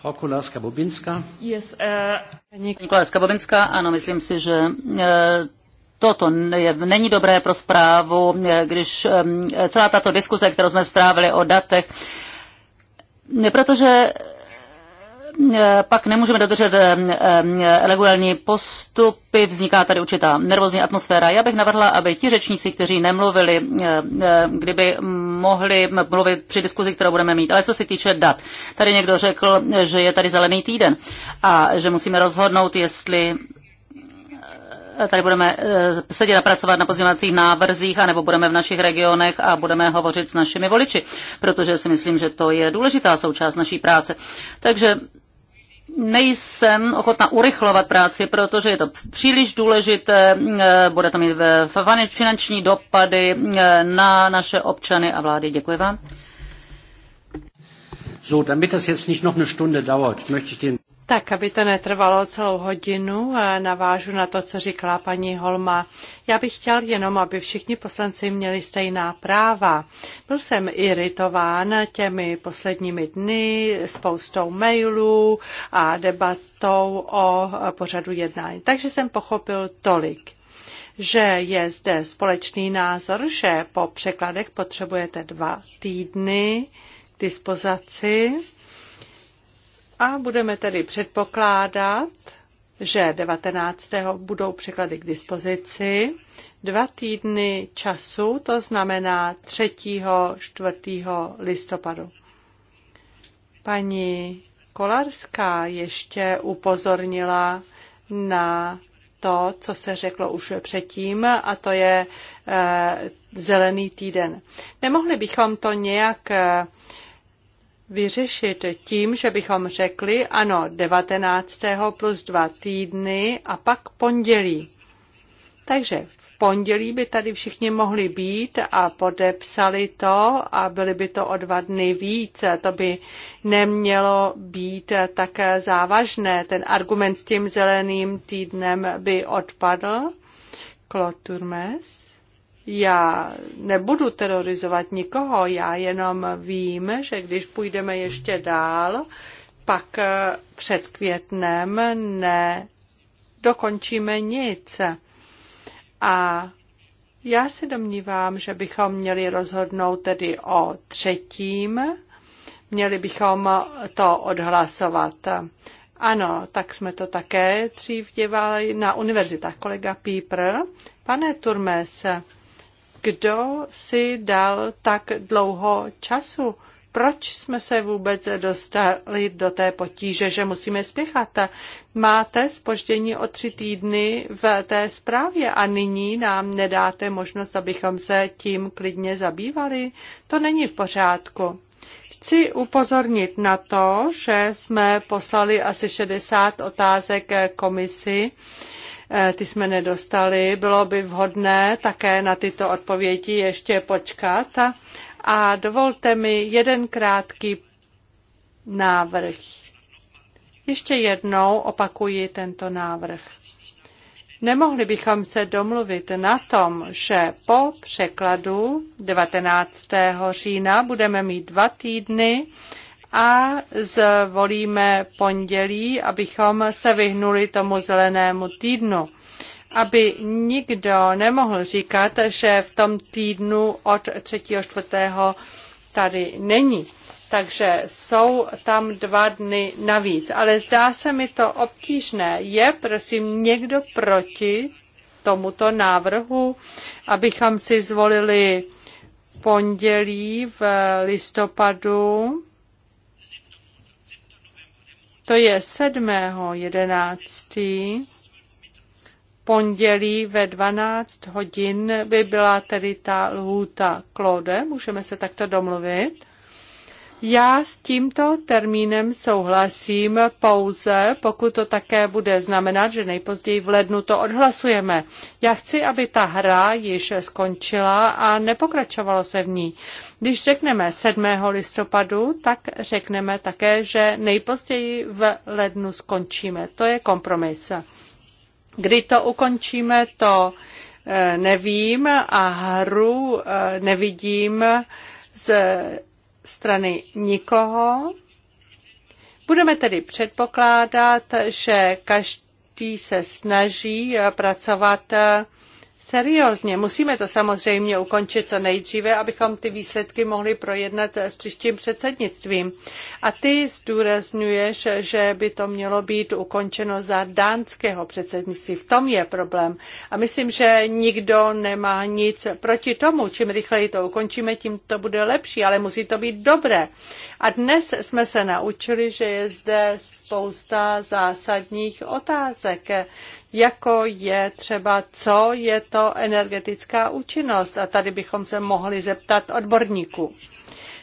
Hokulářská-Bobinská? Yes, uh... ano, myslím si, že uh, toto není dobré pro zprávu, eh, když eh, celá tato diskuse, kterou jsme strávili o datech, protože Eh, pak nemůžeme dodržet eh, eh, legální postupy, vzniká tady určitá nervózní atmosféra. Já bych navrhla, aby ti řečníci, kteří nemluvili, kdyby mohli mluvit při diskuzi, kterou budeme mít. Ale co se týče dat, tady někdo řekl, že je tady zelený týden a že musíme rozhodnout, jestli tady budeme sedět a pracovat na pozměňovacích návrzích, anebo budeme v našich regionech a budeme hovořit s našimi voliči, protože si myslím, že to je důležitá součást naší práce. Takže nejsem ochotna urychlovat práci, protože je to příliš důležité, eh, bude to mít finanční dopady eh, na naše občany a vlády. Děkuji vám. So, damit das jetzt nicht noch eine Stunde dauert, möchte ich den tak, aby to netrvalo celou hodinu, navážu na to, co říkala paní Holma. Já bych chtěl jenom, aby všichni poslanci měli stejná práva. Byl jsem iritován těmi posledními dny, spoustou mailů a debatou o pořadu jednání. Takže jsem pochopil tolik že je zde společný názor, že po překladech potřebujete dva týdny k dispozaci. A budeme tedy předpokládat, že 19. budou překlady k dispozici. Dva týdny času, to znamená 3. 4. listopadu. Paní Kolarská ještě upozornila na to, co se řeklo už předtím, a to je e, zelený týden. Nemohli bychom to nějak eh, vyřešit tím, že bychom řekli ano 19. plus dva týdny a pak pondělí. Takže v pondělí by tady všichni mohli být a podepsali to a byli by to o dva dny víc. To by nemělo být tak závažné. Ten argument s tím zeleným týdnem by odpadl. Kloturmes. Já nebudu terorizovat nikoho, já jenom vím, že když půjdeme ještě dál, pak eh, před květnem ne dokončíme nic. A já se domnívám, že bychom měli rozhodnout tedy o třetím, měli bychom to odhlasovat. Ano, tak jsme to také dřív dělali na univerzitách. Kolega Pípr, pane Turmes, kdo si dal tak dlouho času? Proč jsme se vůbec dostali do té potíže, že musíme spěchat? Máte spoždění o tři týdny v té zprávě a nyní nám nedáte možnost, abychom se tím klidně zabývali? To není v pořádku chci upozornit na to, že jsme poslali asi 60 otázek komisi Eh, ty jsme nedostali. Bylo by vhodné také na tyto odpovědi ještě počkat. A dovolte mi jeden krátký návrh. Ještě jednou opakuji tento návrh. Nemohli bychom se domluvit na tom, že po překladu 19. října budeme mít dva týdny a zvolíme pondělí, abychom se vyhnuli tomu zelenému týdnu aby nikdo nemohl říkat, že v tom týdnu od 3. 4. tady není. Takže jsou tam dva dny navíc. Ale zdá se mi to obtížné. Je prosím někdo proti tomuto návrhu, abychom si zvolili pondělí v listopadu to je 7.11. Pondělí ve 12 hodin by byla tedy ta lhůta Klode. Můžeme se takto domluvit? Já s tímto termínem souhlasím pouze, pokud to také bude znamenat, že nejpozději v lednu to odhlasujeme. Já chci, aby ta hra již skončila a nepokračovalo se v ní. Když řekneme 7. listopadu, tak řekneme také, že nejpozději v lednu skončíme. To je kompromis. Kdy to ukončíme, to eh, nevím a hru eh, nevidím z strany nikoho. Budeme tedy předpokládat, že každý se snaží eh, pracovat eh, seriózně. Musíme to samozřejmě ukončit co nejdříve, abychom ty výsledky mohli projednat s příštím předsednictvím. A ty zdůrazňuješ, že by to mělo být ukončeno za dánského předsednictví. V tom je problém. A myslím, že nikdo nemá nic proti tomu. Čím rychleji to ukončíme, tím to bude lepší, ale musí to být dobré. A dnes jsme se naučili, že je zde spousta zásadních otázek jako je třeba, co je to energetická účinnost. A tady bychom se mohli zeptat odborníků.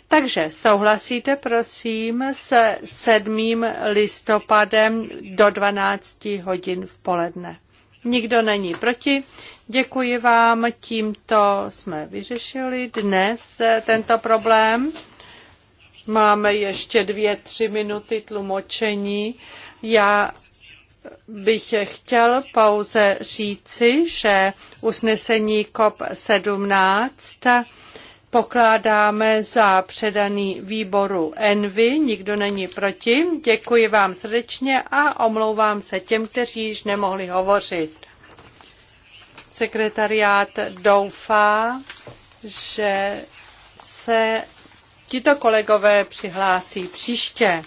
Takže souhlasíte, prosím, se 7. listopadem do 12 hodin v poledne. Nikdo není proti. Děkuji vám. Tímto jsme vyřešili dnes eh, tento problém. Máme ještě dvě, tři minuty tlumočení. Já bych chtěl pouze říci, že usnesení COP17 pokládáme za předaný výboru Envy. Nikdo není proti. Děkuji vám srdečně a omlouvám se těm, kteří již nemohli hovořit. Sekretariát doufá, že se tito kolegové přihlásí příště.